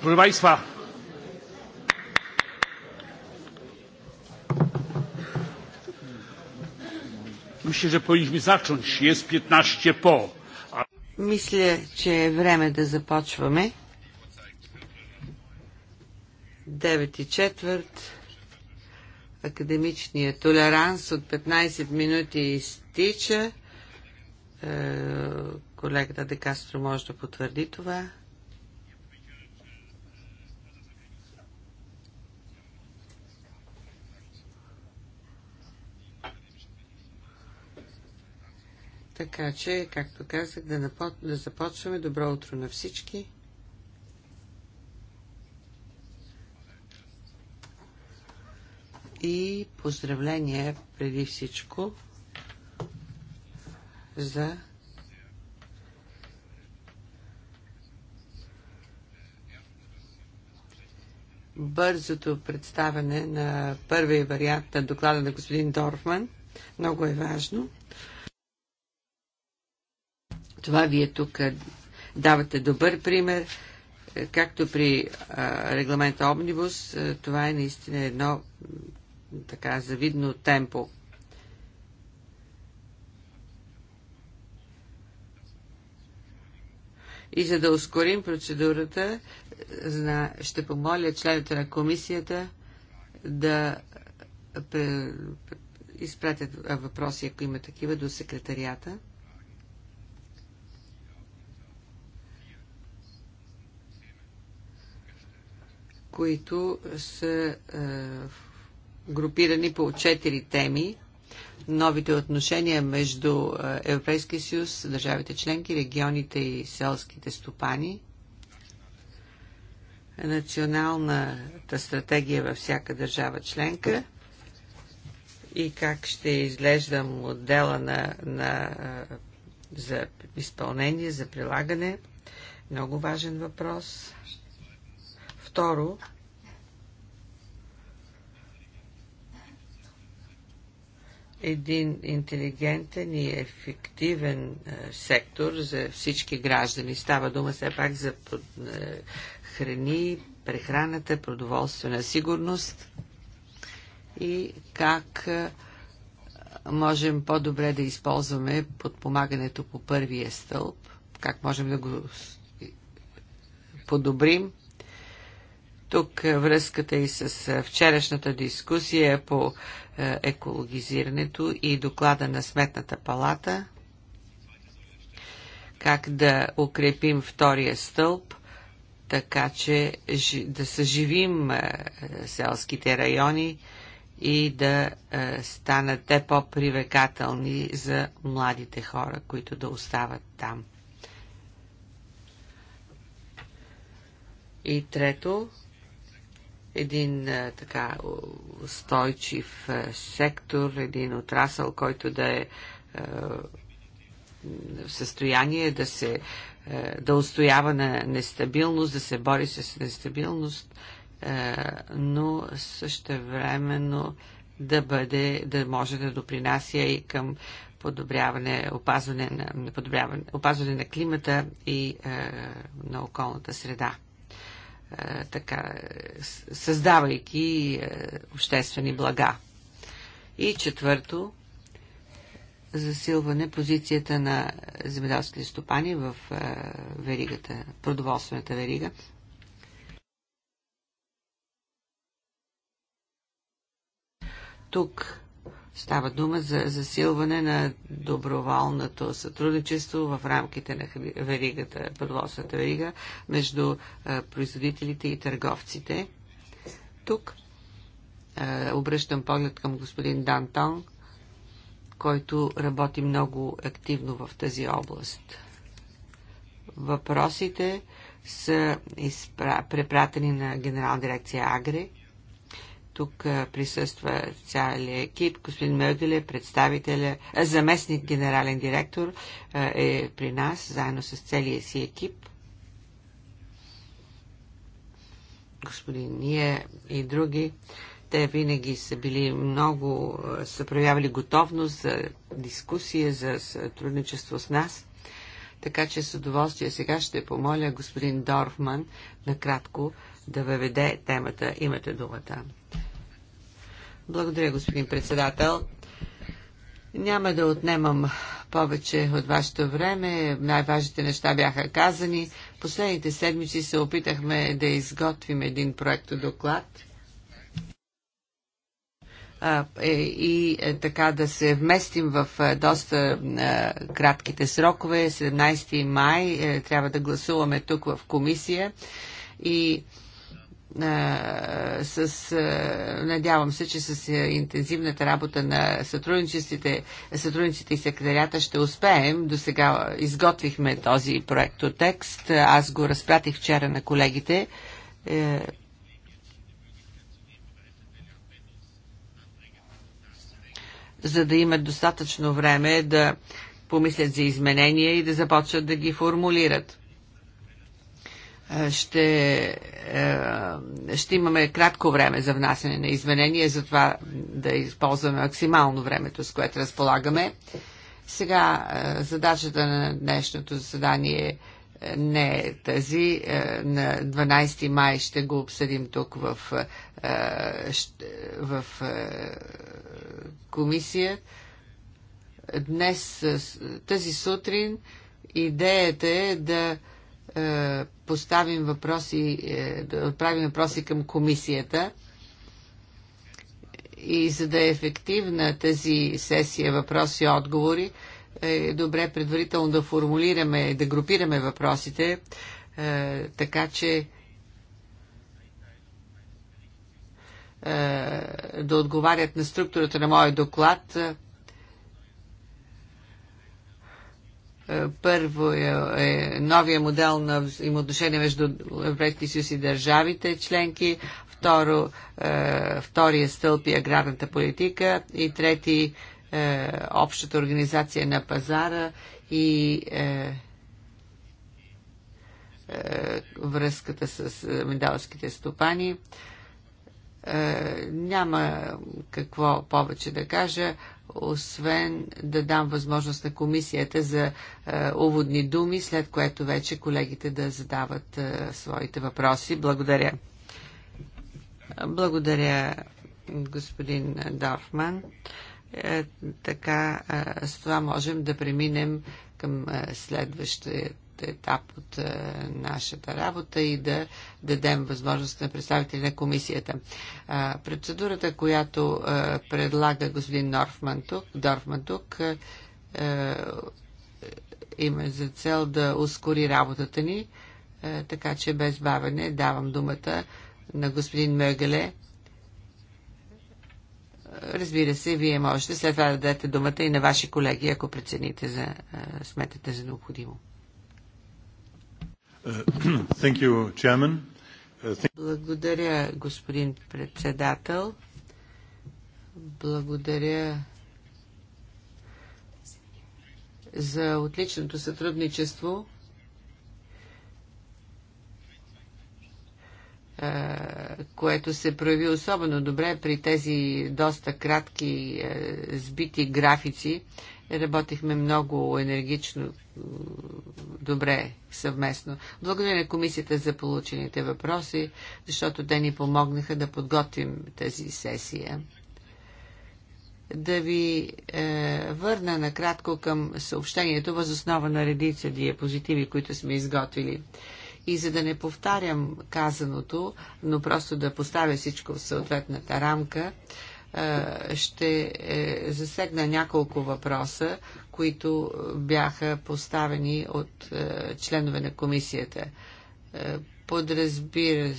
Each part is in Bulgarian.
Proszę Państwa, myślę, że powinniśmy zacząć. Jest 15 po. Мисля, че е време да започваме. 9 и четвърт. Академичният толеранс от 15 минути изтича. Колегата Декастро може да потвърди това. Така че, както казах, да, напо... да започваме. Добро утро на всички. И поздравления преди всичко за бързото представяне на първия вариант на доклада на господин Дорфман. Много е важно. Това вие тук е, давате добър пример. Е, както при регламента Омнибус, е, това е наистина едно така завидно темпо. И за да ускорим процедурата, ще помоля члените на комисията да изпратят въпроси, ако има такива, до секретарията. които са е, групирани по четири теми. Новите отношения между е, Европейския съюз, държавите членки, регионите и селските стопани. Националната стратегия във всяка държава членка и как ще изглежда модела на, на, е, за изпълнение, за прилагане. Много важен въпрос. Второ, един интелигентен и ефективен е, сектор за всички граждани. Става дума все пак за е, храни, прехраната, продоволствена сигурност и как е, можем по-добре да използваме подпомагането по първия стълб, как можем да го подобрим тук е, връзката и с е, вчерашната дискусия по е, екологизирането и доклада на Сметната палата, как да укрепим втория стълб, така че да съживим селските райони и да станат те по привекателни за младите хора, които да остават там. И трето, един е, така устойчив е, сектор, един отрасъл, който да е, е в състояние да се да устоява на нестабилност, да се бори с нестабилност, но също времено да бъде, да може да допринася и към подобряване, опазване на, подобряване, опазване на климата и на околната среда така, създавайки е, обществени блага. И четвърто, засилване позицията на земеделските стопани в е, веригата, продоволствената верига. Тук Става дума за засилване на доброволното сътрудничество в рамките на веригата, продоволствената верига между производителите и търговците. Тук обръщам поглед към господин Дантон, който работи много активно в тази област. Въпросите са изпра... препратени на Генерална дирекция Агри тук присъства цялият екип. Господин Мъгеле, представителя, заместник генерален директор е при нас, заедно с целия си екип. Господин Ние и други. Те винаги са били много, са проявявали готовност за дискусия, за сътрудничество с нас. Така че с удоволствие сега ще помоля господин Дорфман накратко да въведе темата. Имате думата. Благодаря, господин председател. Няма да отнемам повече от вашето време. Най-важните неща бяха казани. Последните седмици се опитахме да изготвим един проект доклад е, и е, така да се вместим в е, доста кратките срокове. 17 май трябва да гласуваме тук в комисия и с, надявам се, че с интензивната работа на сътрудниците, сътрудниците и секретарята ще успеем. До сега изготвихме този проект от текст. Аз го разпратих вчера на колегите. Е, за да имат достатъчно време да помислят за изменения и да започват да ги формулират ще, е, ще имаме кратко време за внасяне на изменения, затова да използваме максимално времето, с което разполагаме. Сега е, задачата на днешното заседание е, не е тази. На 12 май ще го обсъдим тук в, в комисия. Днес, тази сутрин, идеята е да е, поставим въпроси, е, да отправим въпроси към комисията и за да е ефективна тази сесия въпроси и отговори, е добре предварително да формулираме, да групираме въпросите, е, така че да отговарят на структурата на моят доклад. Е, първо е, е новия модел на взаимоотношение между Европейски съюз и държавите членки. Второ, е, втория стълб и аграрната политика. И трети, общата организация на пазара и връзката с медалските стопани. Няма какво повече да кажа освен да дам възможност на комисията за е, уводни думи, след което вече колегите да задават е, своите въпроси. Благодаря. Благодаря, господин Дорфман. Е, така, е, с това можем да преминем към е, следващия етап от е, нашата работа и да дадем възможност на представители на комисията. Процедурата, която е, предлага господин Норфман тук, Дорфман тук, е, има за цел да ускори работата ни, така че без бавене давам думата на господин Мъгеле. Разбира се, вие можете след това да дадете думата и на ваши колеги, ако прецените за, сметате за необходимо. Uh, uh, Благодаря, господин председател. Благодаря за отличното сътрудничество. което се прояви особено добре при тези доста кратки сбити графици Работихме много енергично, добре, съвместно. Благодаря на комисията за получените въпроси, защото те ни помогнаха да подготвим тази сесия. Да ви е, върна накратко към съобщението, възоснова на редица диапозитиви, които сме изготвили. И за да не повтарям казаното, но просто да поставя всичко в съответната рамка, е, е, ще е, засегна няколко въпроса, които бяха поставени от е, членове на комисията. Подразбира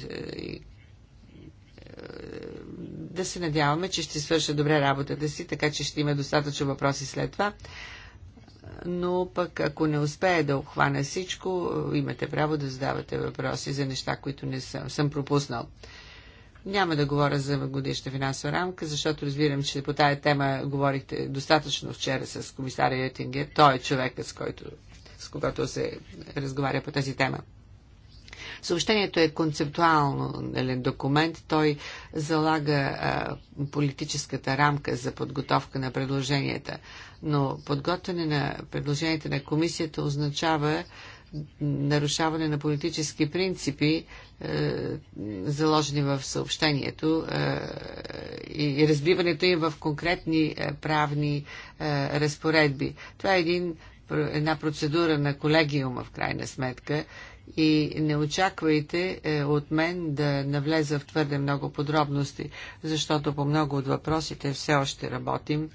да се надяваме, че ще свърша добре работата си, така че ще има достатъчно въпроси след това. Но пък ако не успее да обхвана всичко, имате право да задавате въпроси за неща, които не съм, съм пропуснал. Няма да говоря за годишна финансова рамка, защото разбирам, че по тази тема говорихте достатъчно вчера с комисаря Етингер. Той е човекът, с който с когато се разговаря по тази тема. Съобщението е концептуално нали, документ. Той залага а, политическата рамка за подготовка на предложенията. Но подготвяне на предложенията на комисията означава нарушаване на политически принципи, е, заложени в съобщението е, и разбиването им в конкретни е, правни разпоредби. Това е един, една процедура на колегиума в крайна сметка и не очаквайте от мен да навлеза в твърде много подробности, защото по много от въпросите все още работим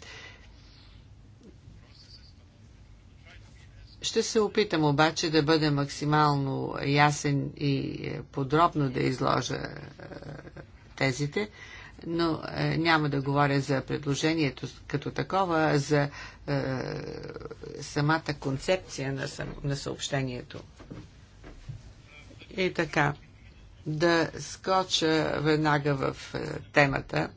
Ще се опитам обаче да бъда максимално ясен и е, подробно да изложа е, тезите, но е, няма да говоря за предложението като такова, а за самата концепция на, на съобщението. И така, да скоча веднага в темата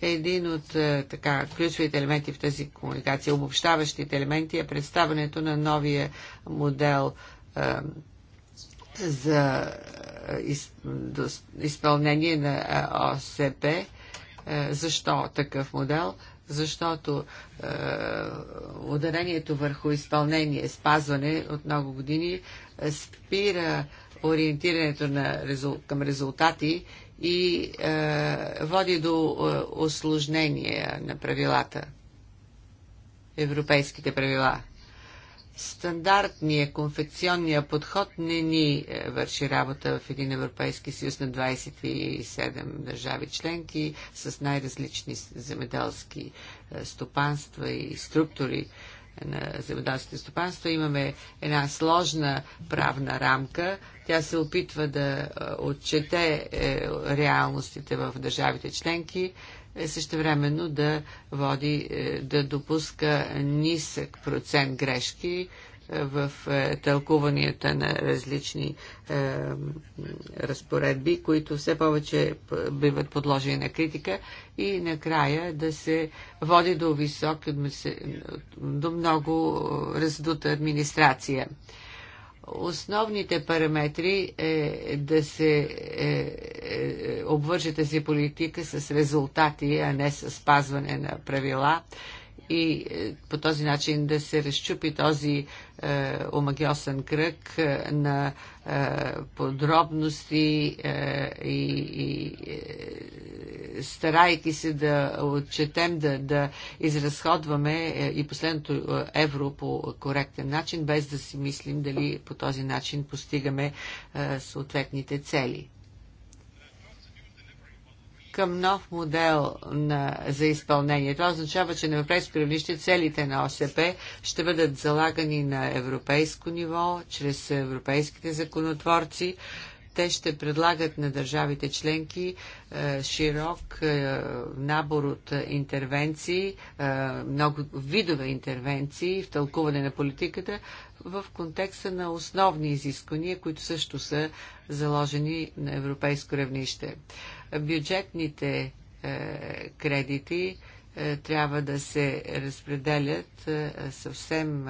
един от е, така, ключовите елементи в тази комуникация, обобщаващите елементи е представането на новия модел е, за е, из, до, изпълнение на е, ОСП. Е, защо такъв модел? Защото е, ударението върху изпълнение, спазване от много години спира ориентирането на, към резултати и е, води до е, осложнения на правилата, европейските правила. Стандартният конфекционния подход не ни е, върши работа в един Европейски съюз на 27 държави членки с най-различни земеделски е, стопанства и структури. Е, на земеделските стопанства. Имаме една сложна правна рамка. Тя се опитва да отчете е, реалностите в държавите членки, е, също времено да води, е, да допуска нисък процент грешки, в е, тълкуванията на различни е, разпоредби, които все повече биват подложени на критика и накрая да се води до висок, до много е, раздута администрация. Основните параметри е да се е, е, е, обвържете си политика с резултати, а не с спазване на правила и е, по този начин да се разчупи този е, омагиосен кръг е, на е, подробности е, и, и е, старайки се да отчетем, да, да изразходваме е, и последното е, евро по коректен начин, без да си мислим дали по този начин постигаме е, съответните цели към нов модел на, за изпълнение. Това означава, че на европейско равнище целите на ОСП ще бъдат залагани на европейско ниво, чрез европейските законотворци. Те ще предлагат на държавите членки е, широк е, набор от интервенции, е, много видове интервенции в тълкуване на политиката в контекста на основни изисквания, които също са заложени на европейско равнище. Е, бюджетните е, кредити е, трябва да се разпределят е, съвсем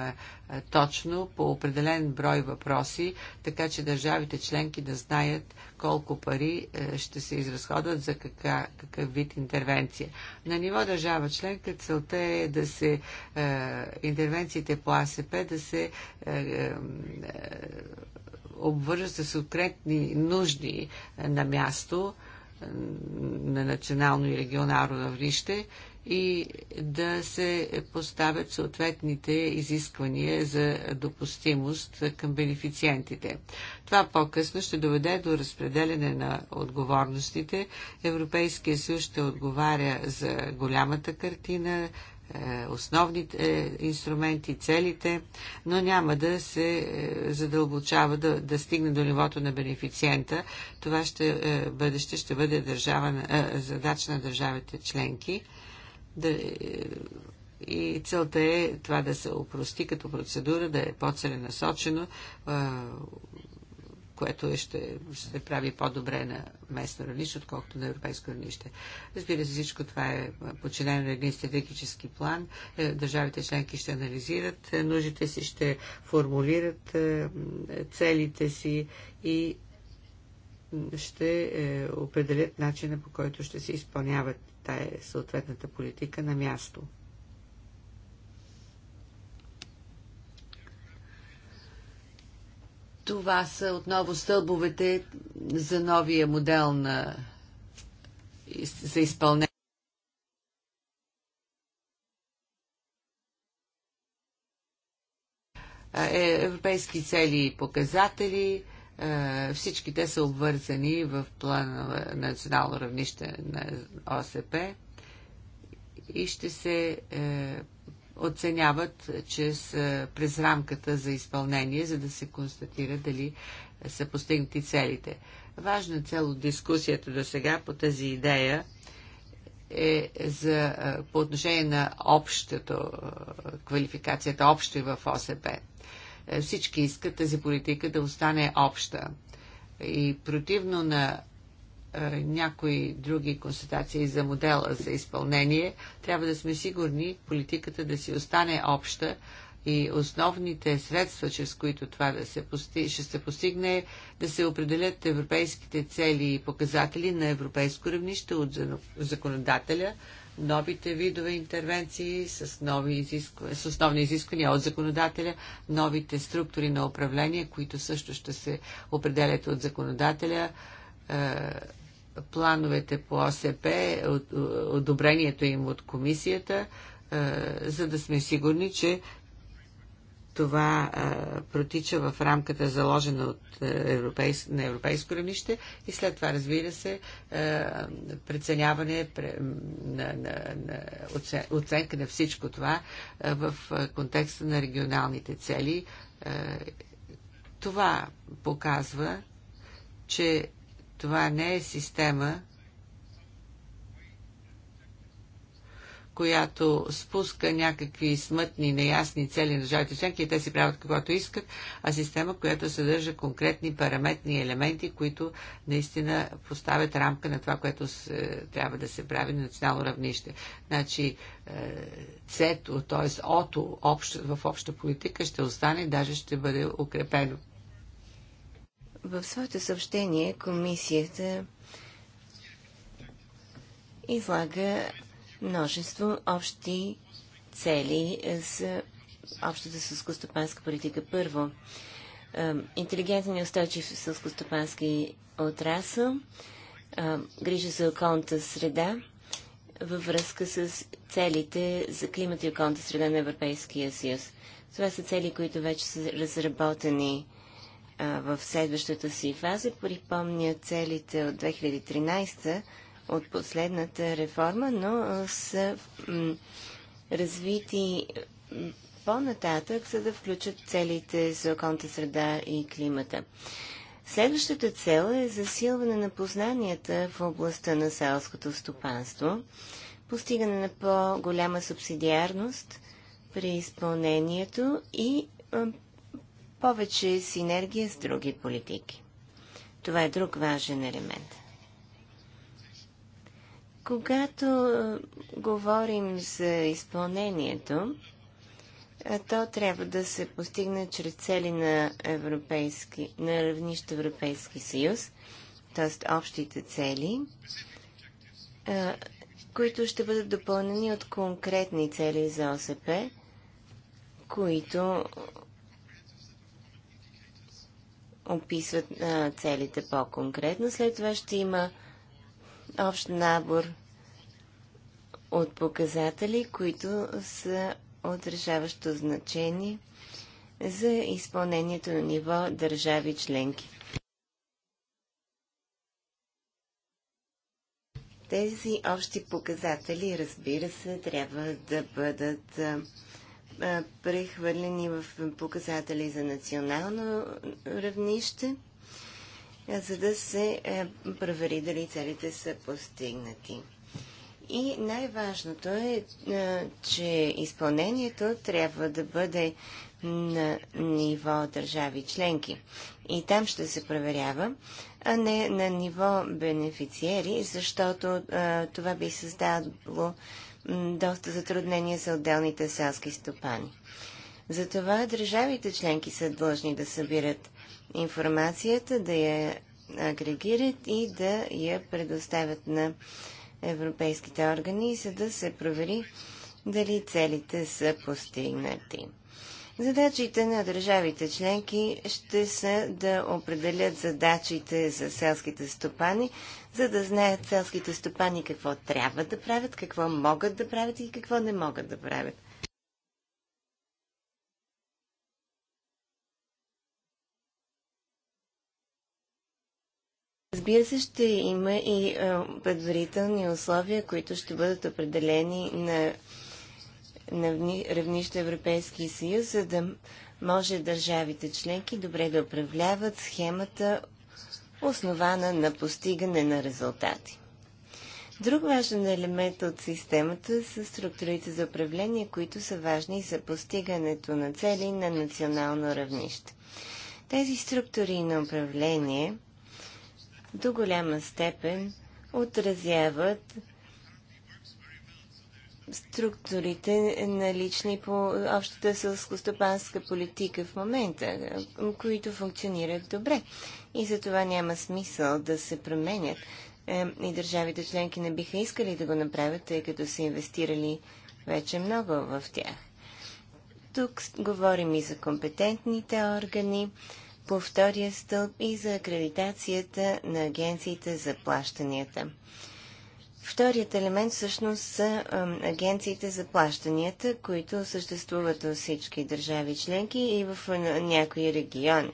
точно по определен брой въпроси, така че държавите членки да знаят колко пари ще се изразходват за кака, какъв вид интервенция. На ниво държава членка целта е да се интервенциите по АСП да се обвържат с конкретни нужди на място, на национално и регионално равнище и да се поставят съответните изисквания за допустимост към бенефициентите. Това по-късно ще доведе до разпределене на отговорностите. Европейския съюз ще отговаря за голямата картина, е, основните е, инструменти, целите, но няма да се е, задълбочава, да, да стигне до нивото на бенефициента. Това ще, бъдеще ще бъде държава, задача на държавите членки. Да, и целта е това да се опрости като процедура, да е по-целенасочено, което е, ще, ще се прави по-добре на местно равнище, отколкото на европейско равнище. Разбира се, всичко това е подчинено на един стратегически план. Е, държавите членки ще анализират е, нуждите си, ще формулират целите си и ще определят начина по който ще се изпълняват тая съответната политика на място. Това са отново стълбовете за новия модел на, за изпълнение. Е, европейски цели и показатели, всички те са обвързани в плана на национално равнище на ОСП и ще се е, оценяват чрез, през рамката за изпълнение, за да се констатира дали са постигнати целите. Важна цел от дискусията до сега по тази идея е за, по отношение на общата квалификацията, общо и в ОСП. Е, всички искат тази политика да остане обща. И противно на е, някои други констатации за модела за изпълнение, трябва да сме сигурни политиката да си остане обща и основните средства, чрез които това да се пости... ще се постигне, да се определят европейските цели и показатели на европейско равнище от законодателя, новите видове интервенции с, нови изиску... с основни изисквания от законодателя, новите структури на управление, които също ще се определят от законодателя, е, плановете по ОСП, одобрението им от комисията, е, за да сме сигурни, че това е, протича в рамката заложена от е, европейс, на европейско равнище и след това, разбира се, преценяване на, на, на оцен, оценка на всичко това в контекста на регионалните цели. това показва, че това не е система, която спуска някакви смътни, неясни цели на държавите членки и те си правят каквото искат, а система, която съдържа конкретни параметни елементи, които наистина поставят рамка на това, което се, трябва да се прави на национално равнище. Значи, е, ЦЕТО, т.е. ОТО в обща политика ще остане, даже ще бъде укрепено. В своето съобщение комисията излага множество общи цели за общата сълскостопанска политика. Първо, е, интелигентен и устойчив сълскостопански отрасъл, е, грижа за околната среда във връзка с целите за климата и околната среда на Европейския съюз. Това са цели, които вече са разработени в следващата си фаза припомня целите от 2013 от последната реформа, но са развити по-нататък, за да включат целите за околната среда и климата. Следващата цел е засилване на познанията в областта на селското стопанство, постигане на по-голяма субсидиарност при изпълнението и повече синергия с други политики. Това е друг важен елемент. Когато е, говорим за изпълнението, е, то трябва да се постигне чрез цели на, европейски, на равнище Европейски съюз, т.е. общите цели, е, които ще бъдат допълнени от конкретни цели за ОСП, които описват а, целите по-конкретно. След това ще има общ набор от показатели, които са отрешаващо значение за изпълнението на ниво държави членки. Тези общи показатели, разбира се, трябва да бъдат прехвърлени в показатели за национално равнище, за да се провери дали целите са постигнати. И най-важното е, че изпълнението трябва да бъде на ниво държави членки. И там ще се проверява, а не на ниво бенефициери, защото а, това би създало доста затруднения са отделните селски стопани. Затова държавите членки са длъжни да събират информацията, да я агрегират и да я предоставят на европейските органи, за да се провери дали целите са постигнати. Задачите на държавите членки ще са да определят задачите за селските стопани, за да знаят селските стопани какво трябва да правят, какво могат да правят и какво не могат да правят. Разбира се, ще има и предварителни условия, които ще бъдат определени на на равнище Европейския съюз, за да може държавите членки добре да управляват схемата, основана на постигане на резултати. Друг важен елемент от системата са структурите за управление, които са важни за постигането на цели на национално равнище. Тези структури на управление до голяма степен отразяват структурите налични по общата сълскостопанска политика в момента, които функционират добре. И за това няма смисъл да се променят. Е, и държавите членки не биха искали да го направят, тъй като са инвестирали вече много в тях. Тук говорим и за компетентните органи, по втория стълб и за акредитацията на агенциите за плащанията. Вторият елемент всъщност са агенциите за плащанията, които съществуват във всички държави членки и в някои региони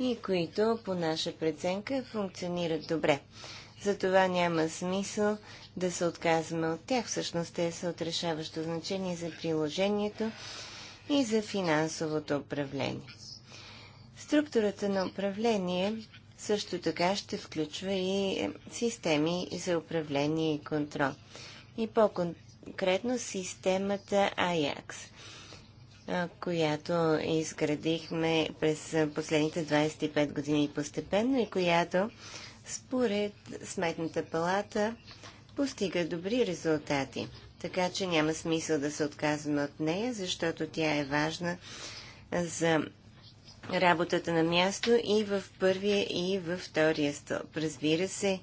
и които по наша преценка функционират добре. Затова няма смисъл да се отказваме от тях. Всъщност те са от решаващо значение за приложението и за финансовото управление. Структурата на управление също така ще включва и системи за управление и контрол. И по-конкретно системата AJAX, която изградихме през последните 25 години постепенно и която според Сметната палата постига добри резултати. Така че няма смисъл да се отказваме от нея, защото тя е важна за работата на място и в първия и във втория стълб. Разбира се,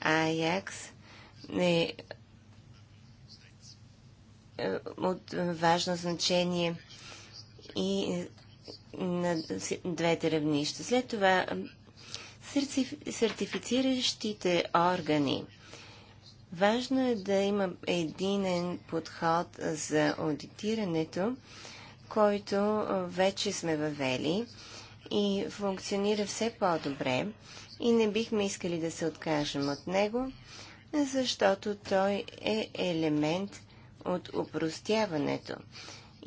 Аякс е, е от важно значение и на двете равнища. След това сертифициращите органи. Важно е да има единен подход за аудитирането, който вече сме въвели и функционира все по-добре и не бихме искали да се откажем от него, защото той е елемент от упростяването.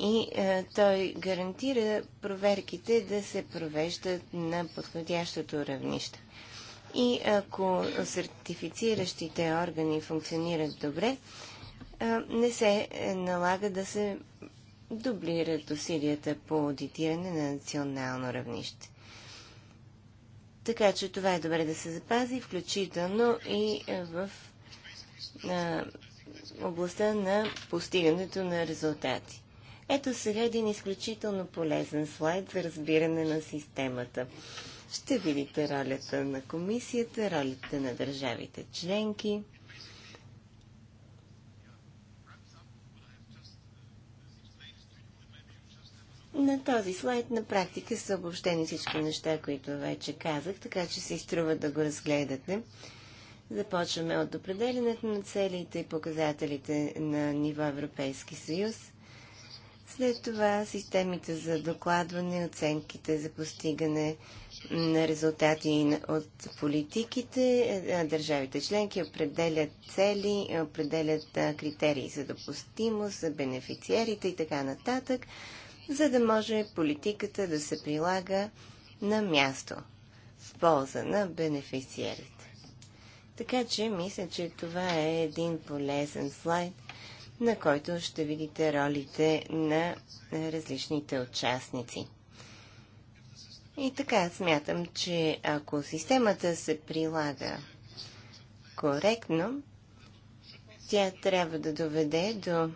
И е, той гарантира проверките да се провеждат на подходящото равнище. И ако сертифициращите органи функционират добре, е, не се е, налага да се дублират усилията по аудитиране на национално равнище. Така че това е добре да се запази, включително и е, в а, областта на постигането на резултати. Ето сега един изключително полезен слайд за разбиране на системата. Ще видите ролята на комисията, ролята на държавите членки. На този слайд на практика са обобщени всички неща, които вече казах, така че се изтрува да го разгледате. Започваме от определенето на целите и показателите на ниво Европейски съюз. След това системите за докладване, оценките за постигане на резултати от политиките. Е, държавите членки определят цели, определят критерии за допустимост, за бенефициерите и така нататък за да може политиката да се прилага на място, в полза на бенефициерите. Така че мисля, че това е един полезен слайд, на който ще видите ролите на различните участници. И така смятам, че ако системата се прилага коректно, тя трябва да доведе до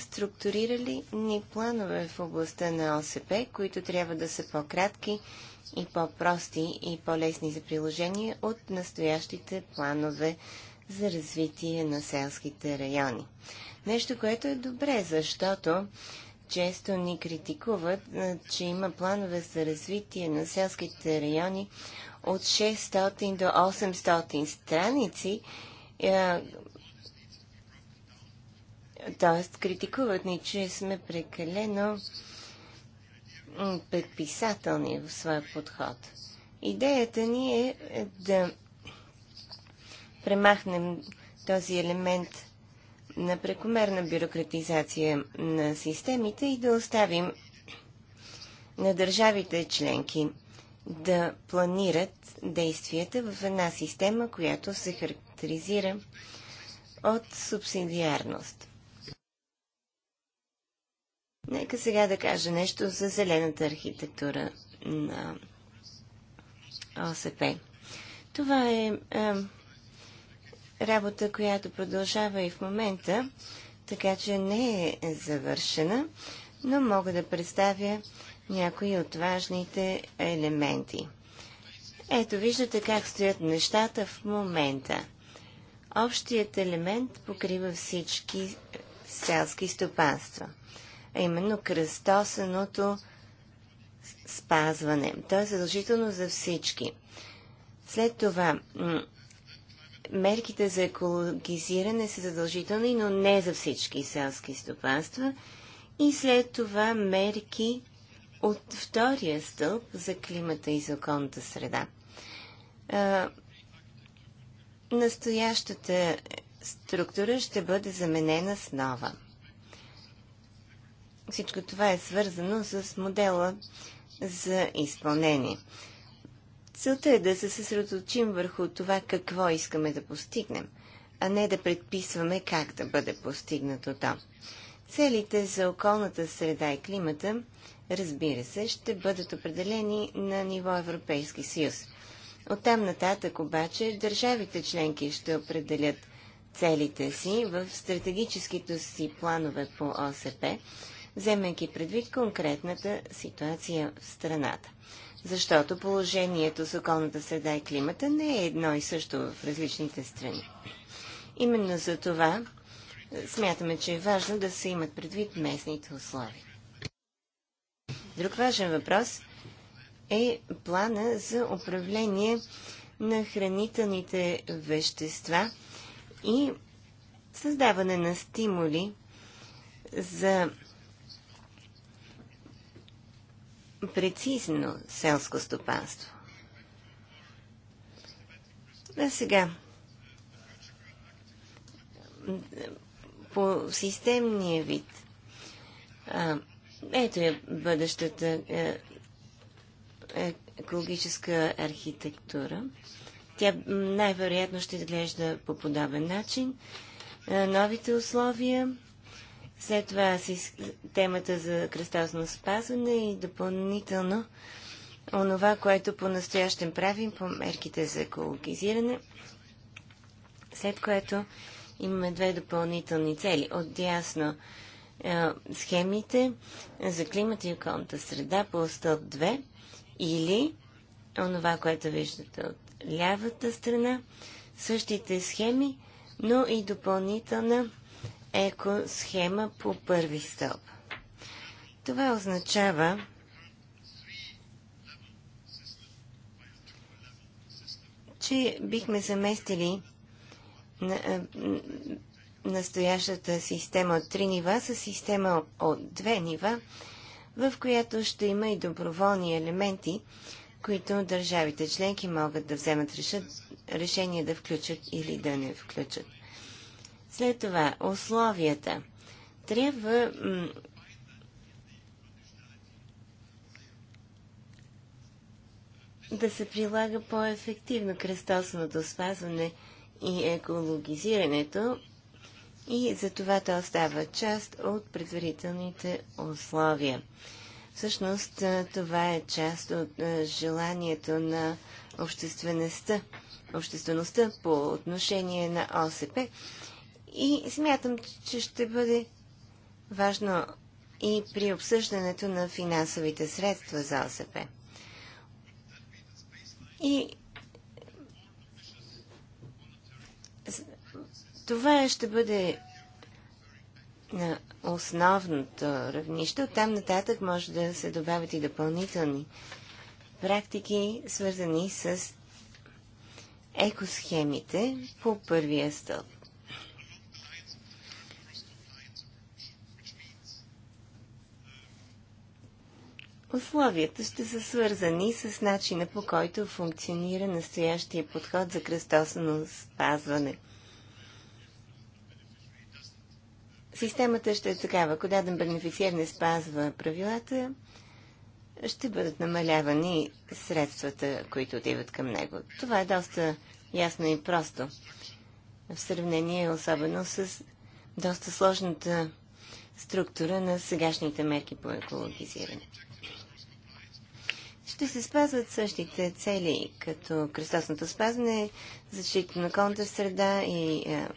структурирали ни планове в областта на ОСП, които трябва да са по-кратки и по-прости и по-лесни за приложение от настоящите планове за развитие на селските райони. Нещо, което е добре, защото често ни критикуват, че има планове за развитие на селските райони от 600 до 800 страници, т.е. критикуват ни, че сме прекалено предписателни в своя подход. Идеята ни е, е да премахнем този елемент на прекомерна бюрократизация на системите и да оставим на държавите членки да планират действията в една система, която се характеризира от субсидиарност. Нека сега да кажа нещо за зелената архитектура на ОСП. Това е, е работа, която продължава и в момента, така че не е завършена, но мога да представя някои от важните елементи. Ето виждате как стоят нещата в момента. Общият елемент покрива всички селски стопанства – а именно кръстосаното спазване. То е задължително за всички. След това, мерките за екологизиране са задължителни, но не за всички селски стопанства. И след това мерки от втория стълб за климата и за околната среда. настоящата структура ще бъде заменена с нова. Всичко това е свързано с модела за изпълнение. Целта е да се съсредоточим върху това какво искаме да постигнем, а не да предписваме как да бъде постигнато то. Целите за околната среда и климата, разбира се, ще бъдат определени на ниво Европейски съюз. Оттам нататък обаче държавите членки ще определят целите си в стратегическите си планове по ОСП, вземайки предвид конкретната ситуация в страната. Защото положението с околната среда и климата не е едно и също в различните страни. Именно за това е, смятаме, че е важно да се имат предвид местните условия. Друг важен въпрос е плана за управление на хранителните вещества и създаване на стимули за прецизно селско стопанство. А сега, по системния вид, а, ето е бъдещата е, екологическа архитектура. Тя най-вероятно ще изглежда по подобен начин. Е, новите условия след това темата за кръстосно спазване и допълнително онова, което по настоящен правим по мерките за екологизиране, след което имаме две допълнителни цели. Отдясно е, схемите за климата и околната среда по стълб 2 или онова, което виждате от лявата страна, същите схеми, но и допълнителна екосхема по първи стълб. Това означава, че бихме заместили е, настоящата система от три нива с система от две нива, в която ще има и доброволни елементи, които държавите членки могат да вземат решение да включат или да не включат. След това, условията. Трябва да се прилага по-ефективно кръстосното спазване и екологизирането и за това то става част от предварителните условия. Всъщност това е част от желанието на обществеността, обществеността по отношение на ОСП и смятам, че ще бъде важно и при обсъждането на финансовите средства за ОСП. И това ще бъде на основното равнище. Оттам нататък може да се добавят и допълнителни практики, свързани с екосхемите по първия стълб. Условията ще са свързани с начина по който функционира настоящия подход за кръстосано спазване. Системата ще е такава. Ако даден бенефициер не спазва правилата, ще бъдат намалявани средствата, които отиват към него. Това е доста ясно и просто. В сравнение особено с доста сложната структура на сегашните мерки по екологизиране ще се спазват същите цели, като кръстосното спазване, защита на околната среда и е,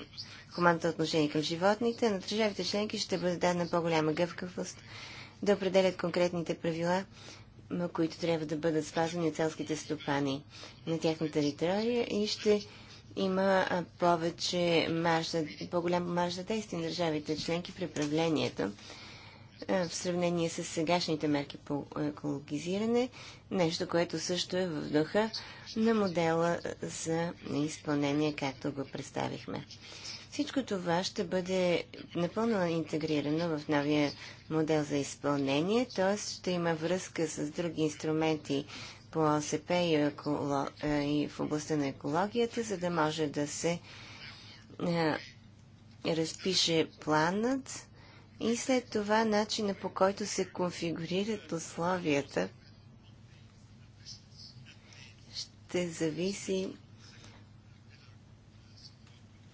хуманното отношение към животните, на държавите членки ще бъде дадена по-голяма гъвкавост да определят конкретните правила, които трябва да бъдат спазвани от селските стопани на тяхна територия и ще има повече марш, по-голям марш за действие на държавите членки при правлението. Е, в сравнение с сегашните мерки по екологизиране, нещо, което също е в духа на модела за изпълнение, както го представихме. Всичко това ще бъде напълно интегрирано в новия модел за изпълнение, т.е. ще има връзка с други инструменти по ОСП и, еколо... Е, и в областта на екологията, за да може да се е, разпише планът и след това начина по който се конфигурират условията ще зависи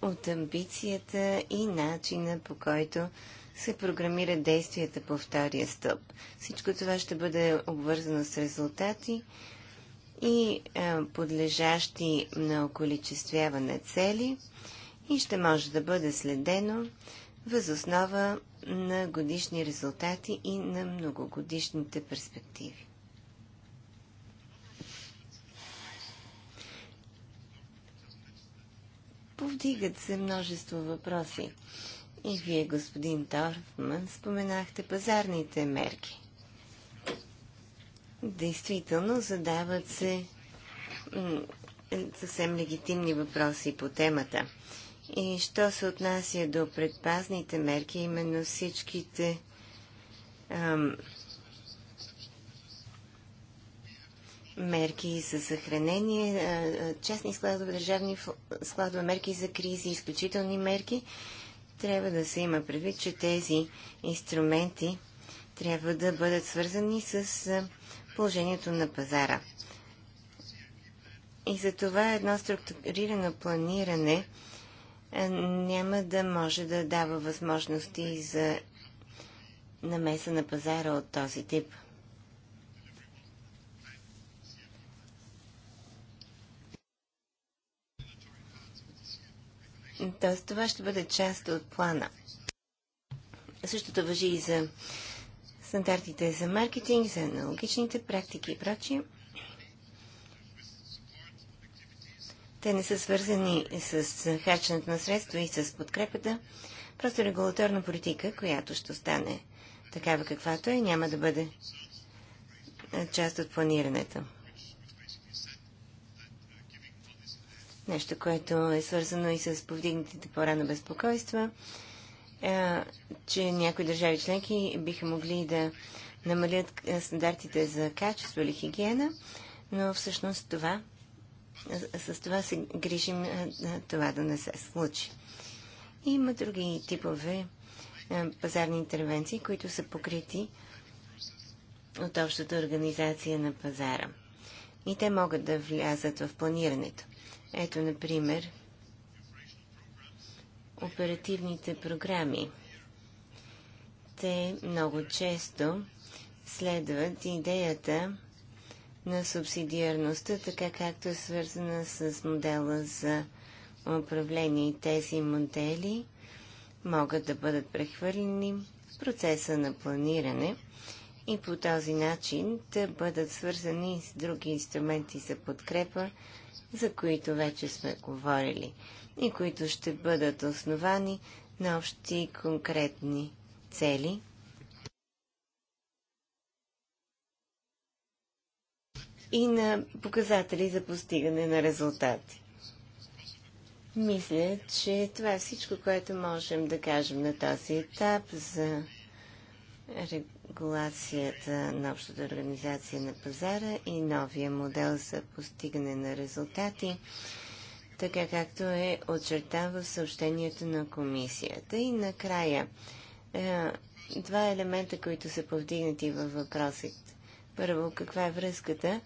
от амбицията и начина по който се програмират действията по втория стълб. Всичко това ще бъде обвързано с резултати и подлежащи на околичествяване цели и ще може да бъде следено възоснова на годишни резултати и на многогодишните перспективи. Повдигат се множество въпроси. И вие, господин Торфман, споменахте пазарните мерки. Действително задават се съвсем легитимни въпроси по темата. И що се отнася до предпазните мерки, именно всичките ам, мерки за съхранение, а, частни складове, държавни складове, мерки за кризи, изключителни мерки, трябва да се има предвид, че тези инструменти трябва да бъдат свързани с положението на пазара. И за това едно структурирано планиране – е, няма да може да дава възможности за намеса на пазара от този тип. Тоест, това ще бъде част от плана. Същото въжи и за стандартите за маркетинг, за аналогичните практики и прочие. Те не са свързани с харченето на средства и с подкрепата. Просто регулаторна политика, която ще стане такава каквато е, няма да бъде част от планирането. Нещо, което е свързано и с повдигнатите по-рано безпокойства, е, че някои държави членки биха могли да намалят стандартите за качество или хигиена, но всъщност това с това се грижим това да не се случи. Има други типове пазарни интервенции, които са покрити от общата организация на пазара. И те могат да влязат в планирането. Ето, например, оперативните програми. Те много често следват идеята на субсидиарността, така както е свързана с модела за управление. И тези модели могат да бъдат прехвърлени в процеса на планиране и по този начин да бъдат свързани с други инструменти за подкрепа, за които вече сме говорили и които ще бъдат основани на общи конкретни цели – и на показатели за постигане на резултати. Мисля, че това е всичко, което можем да кажем на този етап за регулацията на общата организация на пазара и новия модел за постигане на резултати, така както е очертан в съобщението на комисията. И накрая, е, два елемента, които са повдигнати във въпроси първо, каква е връзката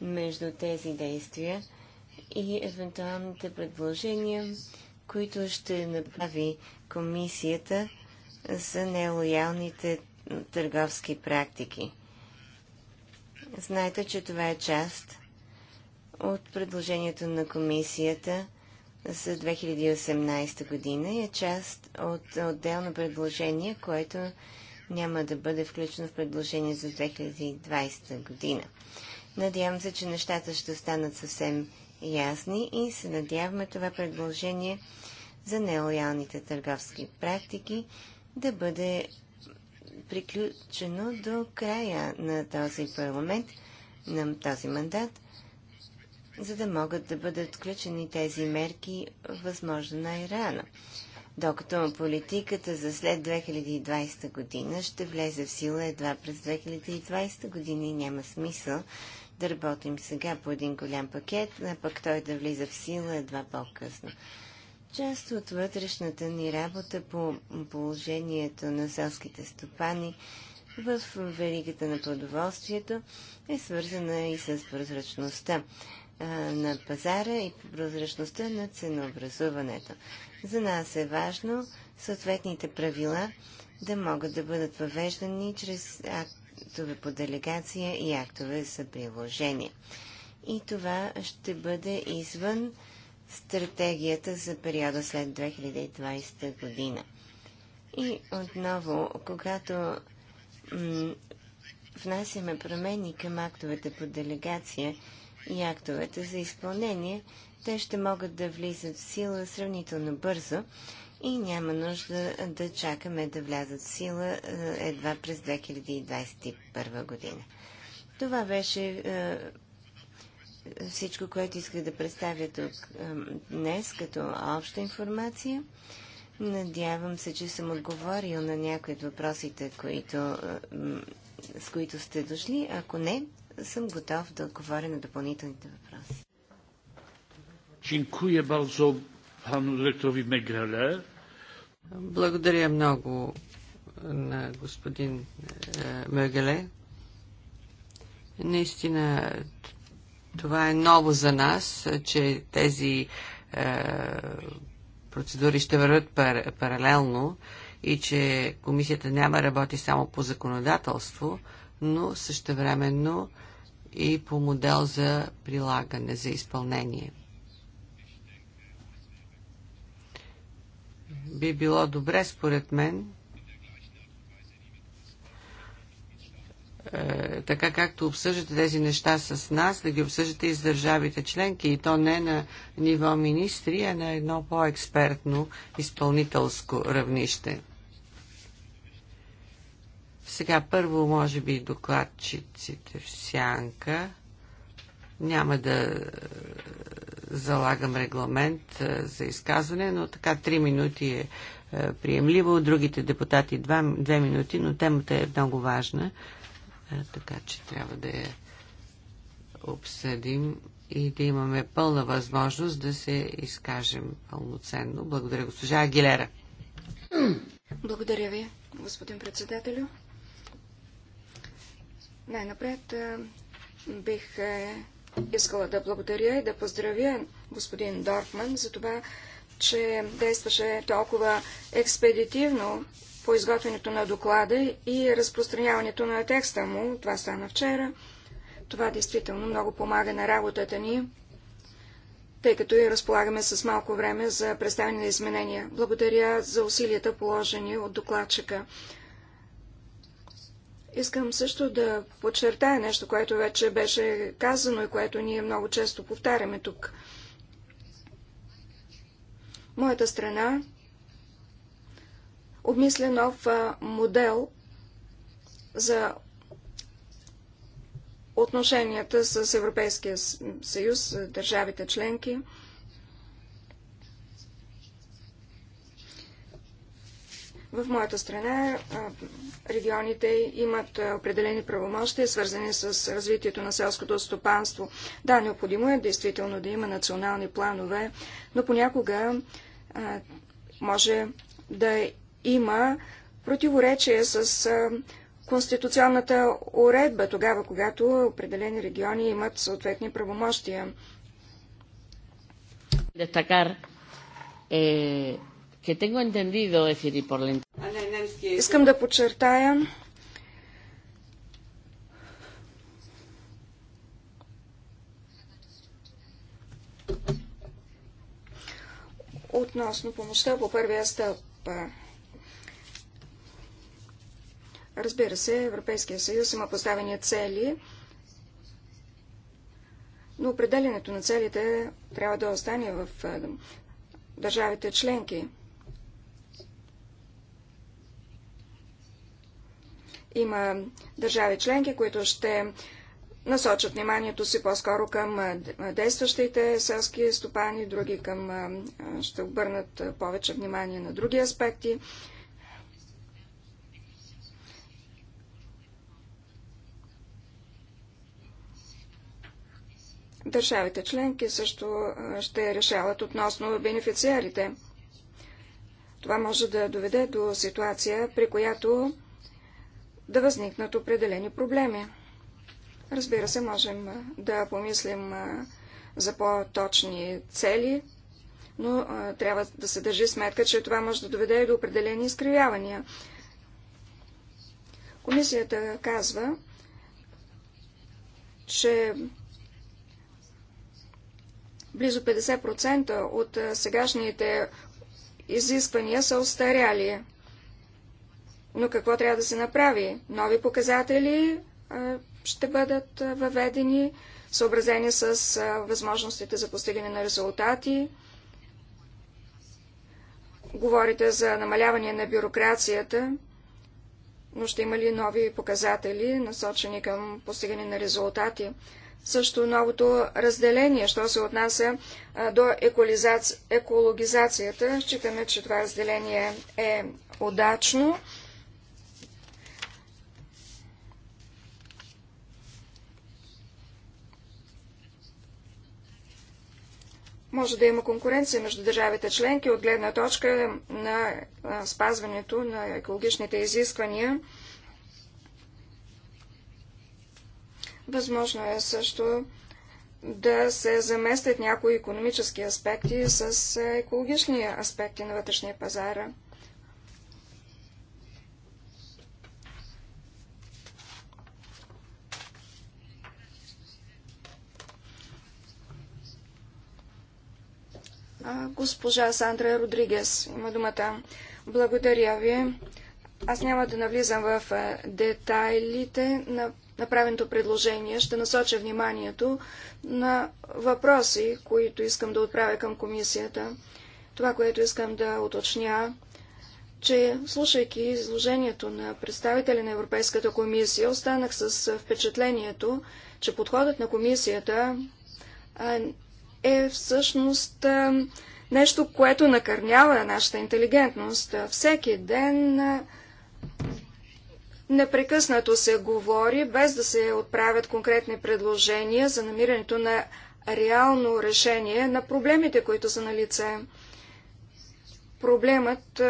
между тези действия и евентуалните предложения, които ще направи комисията за нелоялните търговски практики. Знаете, че това е част от предложението на комисията за 2018 година и е част от отделно предложение, което няма да бъде включено в предложение за 2020 година. Надявам се, че нещата ще станат съвсем ясни и се надяваме това предложение за нелоялните търговски практики да бъде приключено до края на този парламент, на този мандат, за да могат да бъдат включени тези мерки възможно най-рано докато политиката за след 2020 година ще влезе в сила едва през 2020 година и няма смисъл да работим сега по един голям пакет, а пък той да влиза в сила едва по-късно. Част от вътрешната ни работа по положението на селските стопани в веригата на плодоволствието е свързана и с прозрачността на пазара и прозрачността на ценообразуването. За нас е важно съответните правила да могат да бъдат въвеждани чрез актове по делегация и актове за приложение. И това ще бъде извън стратегията за периода след 2020 година. И отново, когато внасяме промени към актовете по делегация и актовете за изпълнение, те ще могат да влизат в сила сравнително бързо и няма нужда да чакаме да влязат в сила е, едва през 2021 година. Това беше е, всичко, което исках да представя тук е, днес като обща информация. Надявам се, че съм отговорил на някои от въпросите, които, с които сте дошли. Ако не, съм готов да отговоря на допълнителните въпроси. Благодаря много на господин е, Мегеле. Наистина това е ново за нас, че тези е, процедури ще върват пар, паралелно и че комисията няма работи само по законодателство, но същевременно времено и по модел за прилагане, за изпълнение. Би било добре, според мен, е, така както обсъждате тези неща с нас, да ги обсъждате и с държавите членки, и то не на ниво министри, а на едно по-експертно изпълнителско равнище. Сега първо, може би, докладчиците в сянка. Няма да е, залагам регламент е, за изказване, но така три минути е, е приемливо. От другите депутати два, две минути, но темата е много важна, така че трябва да я обсъдим и да имаме пълна възможност да се изкажем пълноценно. Благодаря, госпожа Агилера. Благодаря ви, господин председателю. Най-напред е, бих е, искала да благодаря и да поздравя господин Дорфман за това, че действаше толкова експедитивно по изготвянето на доклада и разпространяването на текста му. Това стана вчера. Това действително много помага на работата ни, тъй като и разполагаме с малко време за представяне на изменения. Благодаря за усилията положени от докладчика. Искам също да подчертая нещо, което вече беше казано и което ние много често повтаряме тук. Моята страна обмисля нов модел за отношенията с Европейския съюз, държавите членки – В моята страна регионите имат определени правомощия, свързани с развитието на селското стопанство. Да, необходимо е действително да има национални планове, но понякога може да има противоречие с конституционната уредба, тогава когато определени региони имат съответни правомощия que tengo entendido, decir, y por la... Искам да подчертая, относно помощта по първия стъп. Разбира се, Европейския съюз има поставени цели, но определенето на целите трябва да остане в държавите членки. Има държави членки, които ще насочат вниманието си по-скоро към действащите селски стопани, други към ще обърнат повече внимание на други аспекти. Държавите членки също ще решават относно бенефициарите. Това може да доведе до ситуация, при която да възникнат определени проблеми. Разбира се, можем да помислим за по-точни цели, но трябва да се държи сметка, че това може да доведе и до определени изкривявания. Комисията казва, че близо 50% от сегашните изисквания са остаряли. Но какво трябва да се направи? Нови показатели ще бъдат въведени, съобразени с възможностите за постигане на резултати. Говорите за намаляване на бюрокрацията, но ще има ли нови показатели, насочени към постигане на резултати? Също новото разделение, що се отнася до екологизацията. Считаме, че това разделение е удачно. може да има конкуренция между държавите членки от гледна точка на спазването на екологичните изисквания. Възможно е също да се заместят някои економически аспекти с екологични аспекти на вътрешния пазар. Госпожа Сандра Родригес има думата. Благодаря ви. Аз няма да навлизам в детайлите на направеното предложение. Ще насоча вниманието на въпроси, които искам да отправя към комисията. Това, което искам да уточня, че слушайки изложението на представители на Европейската комисия, останах с впечатлението, че подходът на комисията е всъщност нещо, което накърнява нашата интелигентност. Всеки ден непрекъснато се говори, без да се отправят конкретни предложения за намирането на реално решение на проблемите, които са на лице. Проблемът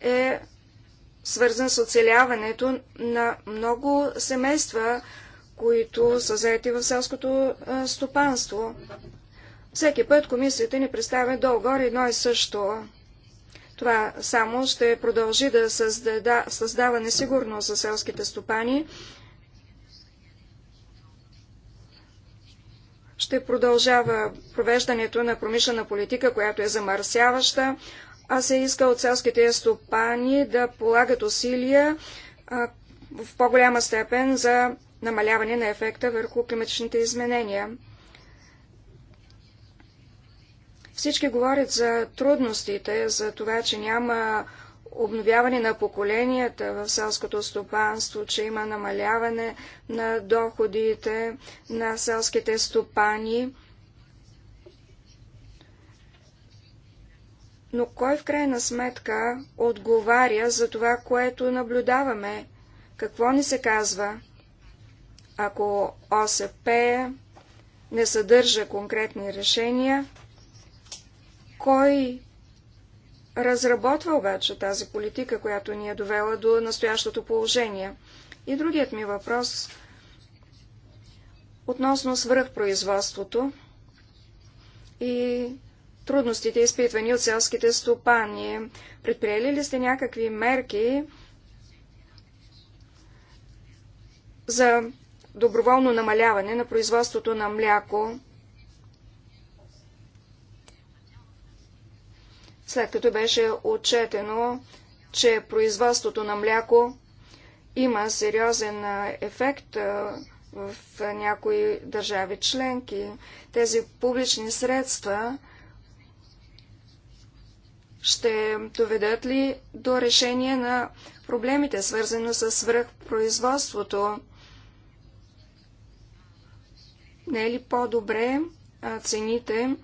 е свързан с оцеляването на много семейства, които са заети в селското стопанство. Всеки път комисията ни представя долу-горе едно и също. Това само ще продължи да създада, създава несигурност за селските стопани. Ще продължава провеждането на промишлена политика, която е замърсяваща, а се иска от селските стопани да полагат усилия а, в по-голяма степен за намаляване на ефекта върху климатичните изменения. Всички говорят за трудностите, за това, че няма обновяване на поколенията в селското стопанство, че има намаляване на доходите на селските стопани. Но кой в крайна сметка отговаря за това, което наблюдаваме? Какво ни се казва? Ако ОСП не съдържа конкретни решения, кой разработва обаче тази политика, която ни е довела до настоящото положение? И другият ми въпрос относно свръхпроизводството и трудностите, изпитвани от селските стопани. Предприели ли сте някакви мерки за доброволно намаляване на производството на мляко, след като беше отчетено, че производството на мляко има сериозен ефект в някои държави членки. Тези публични средства ще доведат ли до решение на проблемите, свързано с свръхпроизводството? Не е ли по-добре цените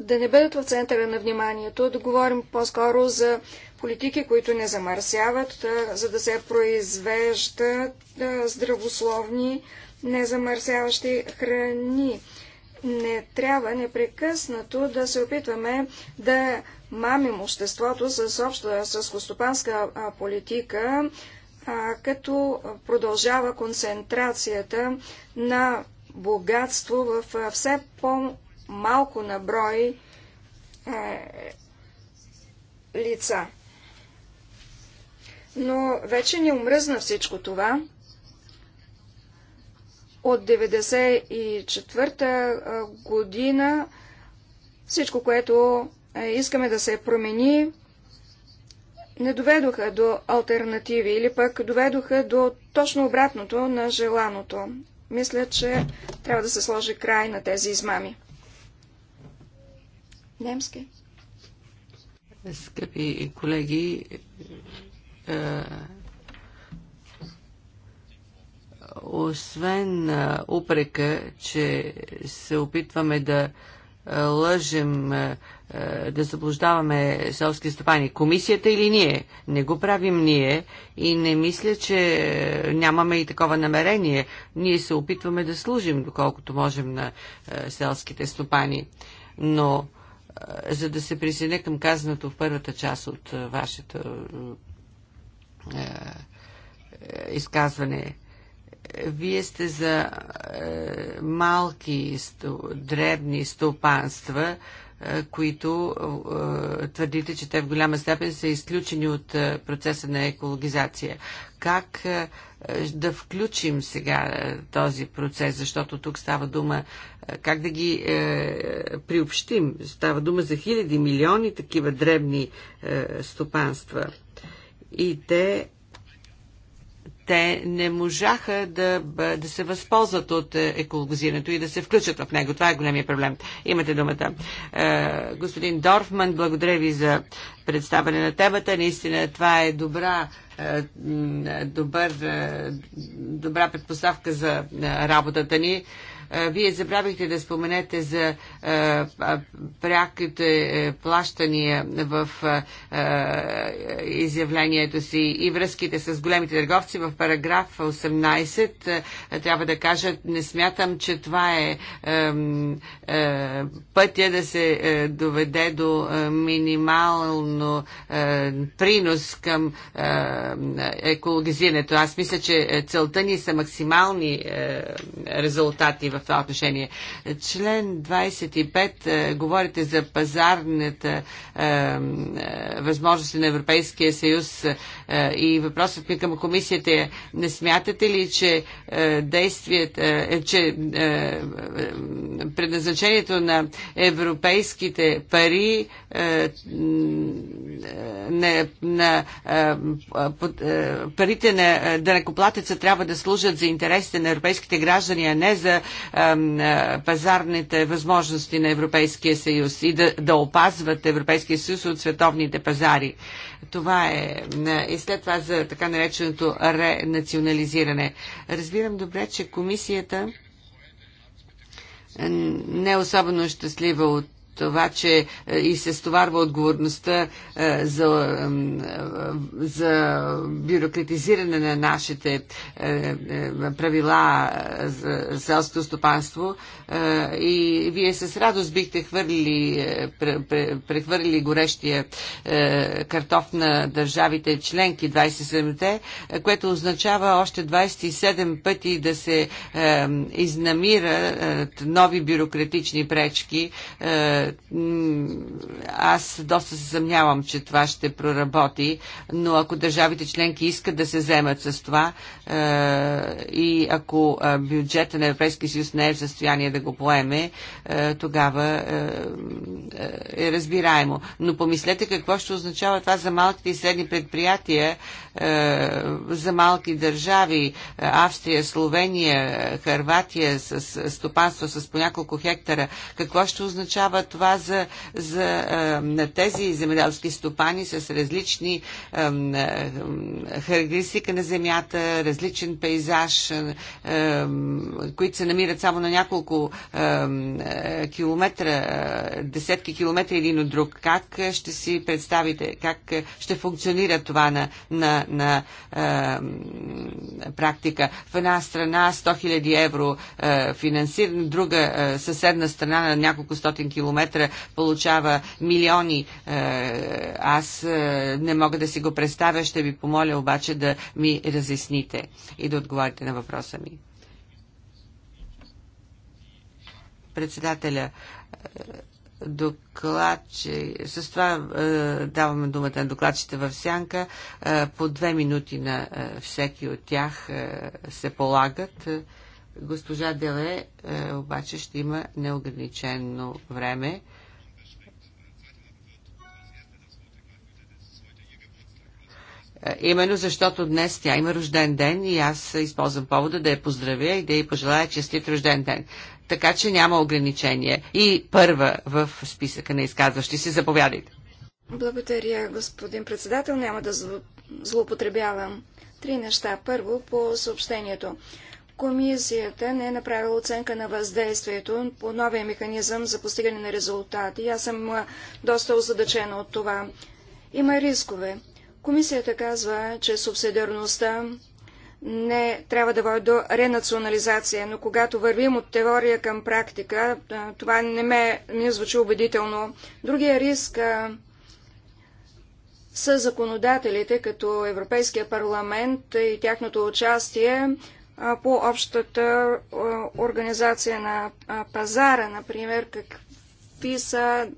да не бъдат в центъра на вниманието, да говорим по-скоро за политики, които не замърсяват, за да се произвеждат здравословни, незамърсяващи храни. Не трябва непрекъснато да се опитваме да мамим обществото с обща съскостопанска политика, като продължава концентрацията на богатство в все по-малко наброй е, лица. Но вече ни омръзна всичко това. От 1994 година всичко, което е, искаме да се промени, не доведоха до альтернативи или пък доведоха до точно обратното на желаното. Мисля, че трябва да се сложи край на тези измами. Немски. Скъпи колеги, е, освен е, упрека, че се опитваме да лъжем, е, е, да заблуждаваме селски стопани. Комисията или ние? Не го правим ние и не мисля, че нямаме и такова намерение. Ние се опитваме да служим, доколкото можем на е, селските стопани. Но за да се присъединя към казаното в първата част от вашето изказване, вие сте за е, малки, сто, дребни стопанства, е, които е, твърдите, че те в голяма степен са изключени от е, процеса на екологизация. Как е, да включим сега е, този процес, защото тук става дума е, как да ги е, приобщим. Става дума за хиляди, милиони такива дребни е, стопанства. И те те не можаха да, да се възползват от е, екологизирането и да се включат в него. Това е големия проблем. Имате думата. Е, господин Дорфман, благодаря ви за представане на темата. Наистина това е добра е, добър, добра предпоставка за работата ни. Вие забравихте да споменете за пряките е, плащания в изявлението си и връзките с големите търговци в параграф 18. Трябва да кажа, не смятам, че това е пътя да се е, доведе до е, минимално принос към екологизирането. Аз мисля, че целта ни са максимални резултати в това отношение. Член 25 е, говорите за пазарната е, е, възможности на Европейския съюз и въпросът ми към комисията е не смятате ли, че действията, че предназначението на европейските пари на, на парите на дънакоплатеца трябва да служат за интересите на европейските граждани, а не за пазарните възможности на Европейския съюз и да, да опазват Европейския съюз от световните пазари. Това е. И след това за така нареченото ренационализиране. Разбирам добре, че комисията не е особено щастлива от това, че е, и се стоварва отговорността е, за, е, за бюрократизиране на нашите правила за селското стопанство. И вие с радост бихте хвърли, прехвърли горещия картоф на държавите членки 27-те, което означава още 27 пъти да се изнамират нови бюрократични пречки аз доста се съмнявам, че това ще проработи, но ако държавите членки искат да се вземат с това е, и ако е, бюджета на Европейския съюз не е в състояние да го поеме, е, тогава е разбираемо. Но помислете какво ще означава това за малките и средни предприятия, за малки държави, Австрия, Словения, Харватия, с стопанство с по няколко хектара. Какво ще означава това? това за, за, на тези земеделски стопани с различни характеристика на земята, различен пейзаж, които се намират само на няколко километра, десетки километри един от друг. Как ще си представите, как ще функционира това на, на, на практика? В една страна 100 000 евро финансиране, друга съседна страна на няколко стотин километра километра получава милиони. Е, аз е, не мога да си го представя, ще ви помоля обаче да ми разясните и да отговорите на въпроса ми. Председателя, е, докладче, с това даваме думата на докладчите в сянка. по две минути на всеки от тях се полагат. Госпожа Деле е, обаче ще има неограничено време. Е, именно защото днес тя има рожден ден и аз използвам повода да я поздравя и да й пожелая честит рожден ден. Така че няма ограничение. И първа в списъка на изказващи си заповядайте. Благодаря, господин председател. Няма да злоупотребявам. Три неща. Първо по съобщението. Комисията не е направила оценка на въздействието по новия механизъм за постигане на резултати. Аз съм доста озадачена от това. Има рискове. Комисията казва, че субсидиарността не трябва да води до ренационализация, но когато вървим от теория към практика, това не ме не звучи убедително. Другия риск са законодателите, като Европейския парламент и тяхното участие по общата организация на пазара, например, какви са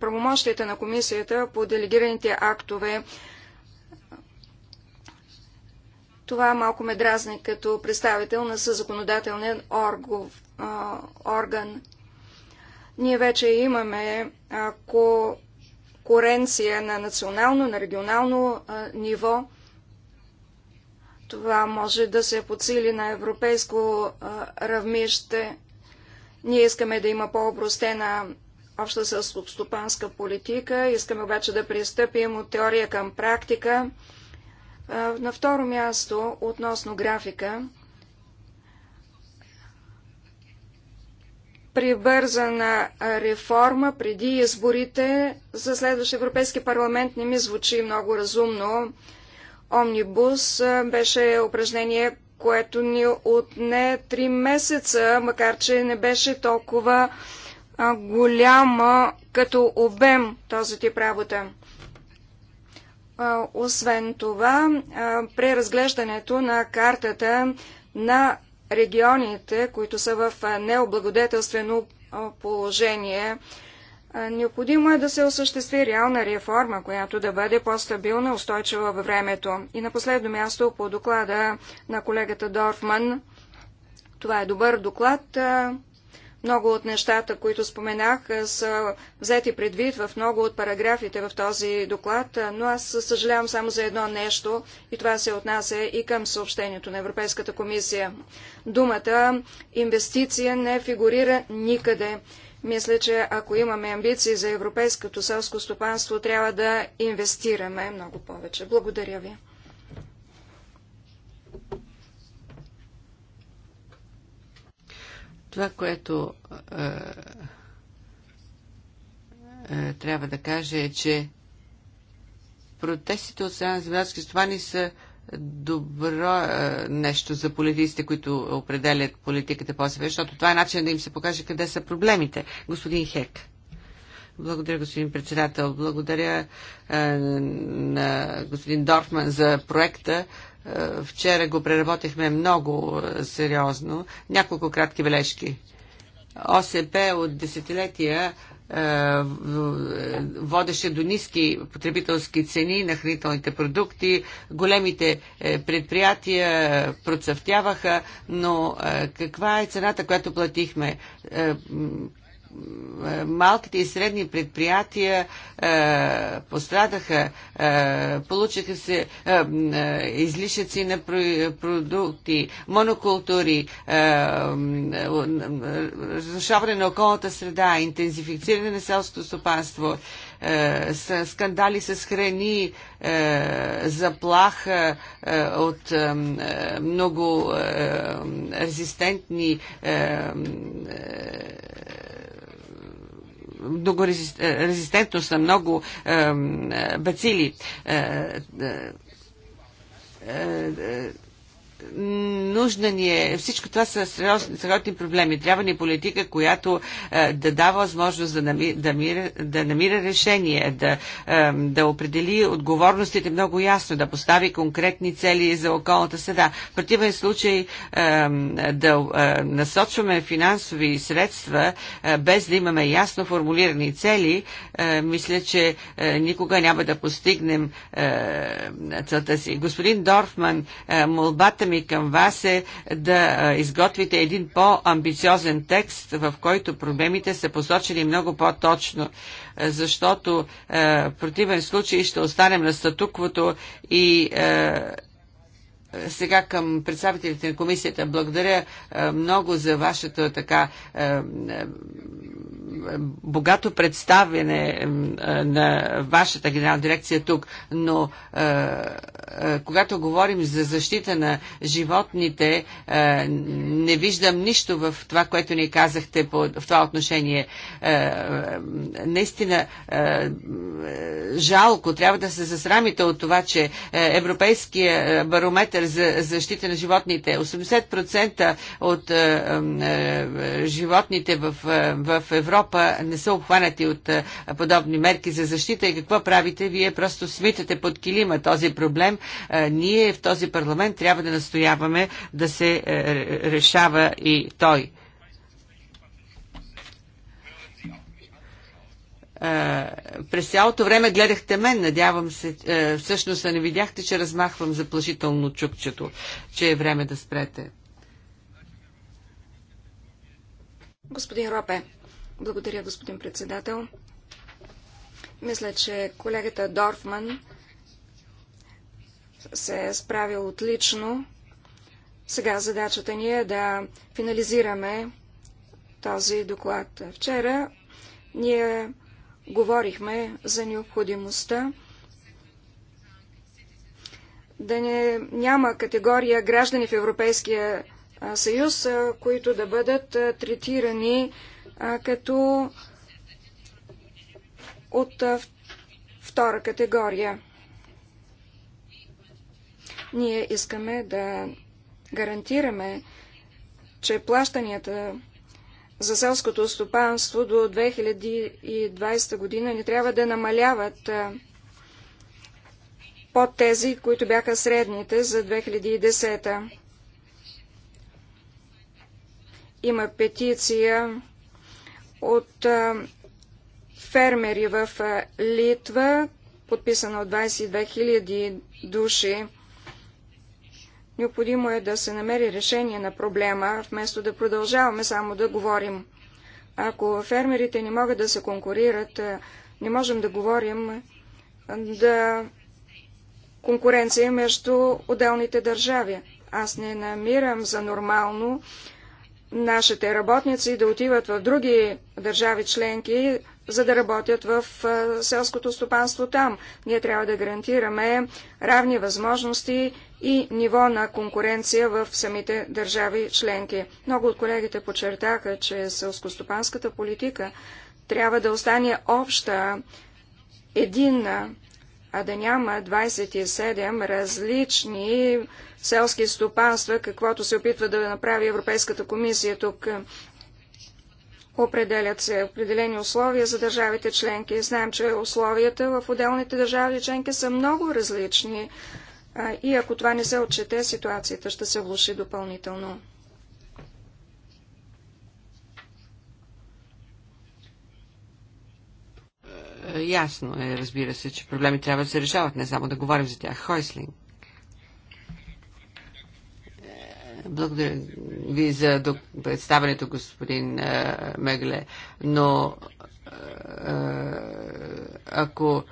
правомощията на комисията по делегираните актове. Това малко ме дразни като представител на съзаконодателния орган. Ние вече имаме конкуренция на национално, на регионално ниво – това може да се подсили на европейско равнище. Ние искаме да има по-обростена обща селскостопанска политика, искаме обаче да пристъпим от теория към практика. На второ място, относно графика, прибързана реформа преди изборите за следващ Европейски парламент не ми звучи много разумно. Омнибус беше упражнение, което ни отне 3 месеца, макар че не беше толкова голяма като обем този тип работа. Освен това, преразглеждането на картата на регионите, които са в необлагодетелствено положение, Необходимо е да се осъществи реална реформа, която да бъде по-стабилна, устойчива във времето. И на последно място по доклада на колегата Дорфман. Това е добър доклад. Много от нещата, които споменах, са взети предвид в много от параграфите в този доклад, но аз съжалявам само за едно нещо и това се отнася и към съобщението на Европейската комисия. Думата инвестиция не фигурира никъде. Мисля, че ако имаме амбиции за европейското селско стопанство, трябва да инвестираме много повече. Благодаря ви. Това, което е, е, трябва да кажа е, че протестите от страна на земеделски стопани са добро е, нещо за политиците, които определят политиката по-себе, защото това е начин да им се покаже къде са проблемите. Господин Хек. Благодаря, господин председател. Благодаря е, на господин Дорфман за проекта. Е, вчера го преработихме много е, сериозно. Няколко кратки бележки. ОСП от десетилетия е, е, водеше до ниски потребителски цени на хранителните продукти. Големите е, предприятия процъфтяваха, но каква е цената, която платихме? Е, малките и средни предприятия е, пострадаха, е, получиха се е, е излишъци на продукти, монокултури, е, разрушаване на околната среда, интензифициране на селското стопанство, скандали с храни, заплаха от много резистентни резистентност на много е, бацили е, е, нужна ни е, всичко това са сериозни проблеми. Трябва ни политика, която е, да дава възможност да, нами, да, мира, да намира решение, да, е, да определи отговорностите много ясно, да постави конкретни цели за околната среда. В противен случай е, да е, насочваме финансови средства е, без да имаме ясно формулирани цели, е, мисля, че е, никога няма да постигнем е, целта си. Господин Дорфман, е, молбата ми към вас е да изготвите един по-амбициозен текст, в който проблемите са посочени много по-точно, защото в противен случай ще останем на статуквото и сега към представителите на комисията. Благодаря много за вашето така богато представяне е, на вашата генерална дирекция тук, но е, е, когато говорим за защита на животните, не виждам нищо в това, което ни казахте в това отношение. Наистина, жалко, трябва да се засрамите от това, че Европейския барометр за защита на животните, 80% от животните в, Европа, Европа не са обхванати от подобни мерки за защита и какво правите? Вие просто смитате под килима този проблем. Ние в този парламент трябва да настояваме да се е, решава и той. през цялото време гледахте мен, надявам се, е, всъщност не видяхте, че размахвам заплашително чукчето, че е време да спрете. Господин Ропе, благодаря, господин председател. Мисля, че колегата Дорфман се е справил отлично. Сега задачата ни е да финализираме този доклад. Вчера ние говорихме за необходимостта да не, няма категория граждани в Европейския съюз, които да бъдат третирани като от втора категория. Ние искаме да гарантираме, че плащанията за селското стопанство до 2020 година не трябва да намаляват под тези, които бяха средните за 2010. Има петиция от фермери в Литва, подписана от 22 000 души. Необходимо е да се намери решение на проблема, вместо да продължаваме само да говорим. Ако фермерите не могат да се конкурират, не можем да говорим да конкуренция между отделните държави. Аз не намирам за нормално нашите работници да отиват в други държави членки, за да работят в селското стопанство там. Ние трябва да гарантираме равни възможности и ниво на конкуренция в самите държави членки. Много от колегите подчертаха, че селскостопанската политика трябва да остане обща, единна, а да няма 27 различни селски стопанства, каквото се опитва да направи Европейската комисия тук. Определят се определени условия за държавите членки. Знаем, че условията в отделните държави членки са много различни. И ако това не се отчете, ситуацията ще се влуши допълнително. Ясно е, разбира се, че проблеми трябва да се решават, не само да говорим за тях. Хойслинг. Благодаря ви за представането, господин Мегле, но ако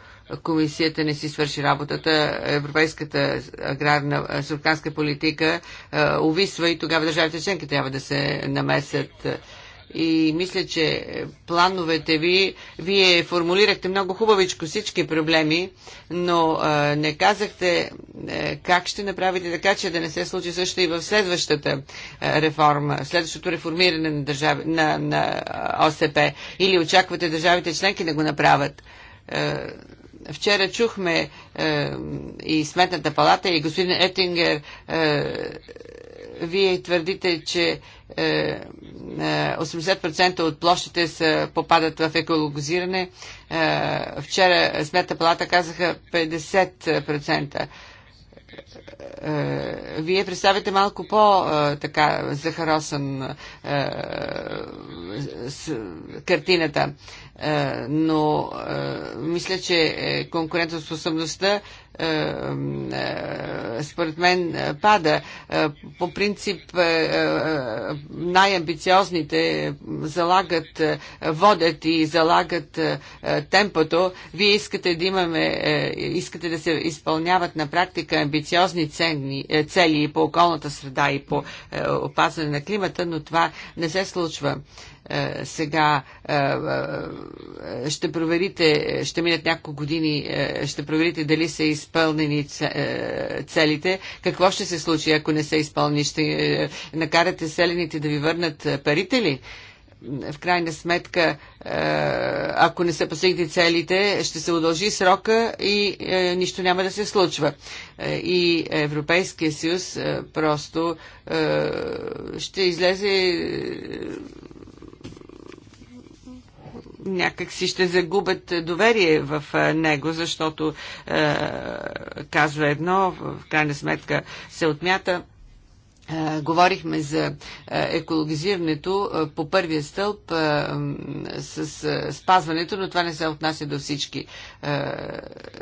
комисията не си свърши работата, европейската аграрна сурканска политика увисва и тогава държавите членки трябва да се намесят и мисля, че плановете ви, вие формулирахте много хубавичко всички проблеми, но а, не казахте а, е, как ще направите така, че да не се случи също и в следващата а, е, реформа, следващото реформиране на, държави, на, на ОСП или очаквате държавите членки да го направят. А, е, вчера чухме е, и Сметната палата, и господин Етингер, е, вие твърдите, че 80% е, е, от площите са, попадат в екологизиране. Е, вчера смета палата казаха 50%. Вие представите малко по-така захаросан картината. Е, но е, мисля, че е, конкурентоспособността според мен пада. По принцип най-амбициозните залагат, водят и залагат темпото. Вие искате да имаме, искате да се изпълняват на практика амбициозни цени, цели и по околната среда и по опазване на климата, но това не се случва. Е, сега е, е, ще проверите, ще минат няколко години, ще проверите дали са изпълнени целите. Какво ще се случи, ако не се изпълни. Ще накарате селените да ви върнат парите ли? в крайна сметка, ако не са постигнати целите, ще се удължи срока и нищо няма да се случва. И Европейския съюз просто ще излезе някак си ще загубят доверие в него, защото е, казва едно, в крайна сметка се отмята. Е, говорихме за екологизирането по първия стълб е, с е, спазването, но това не се отнася до всички.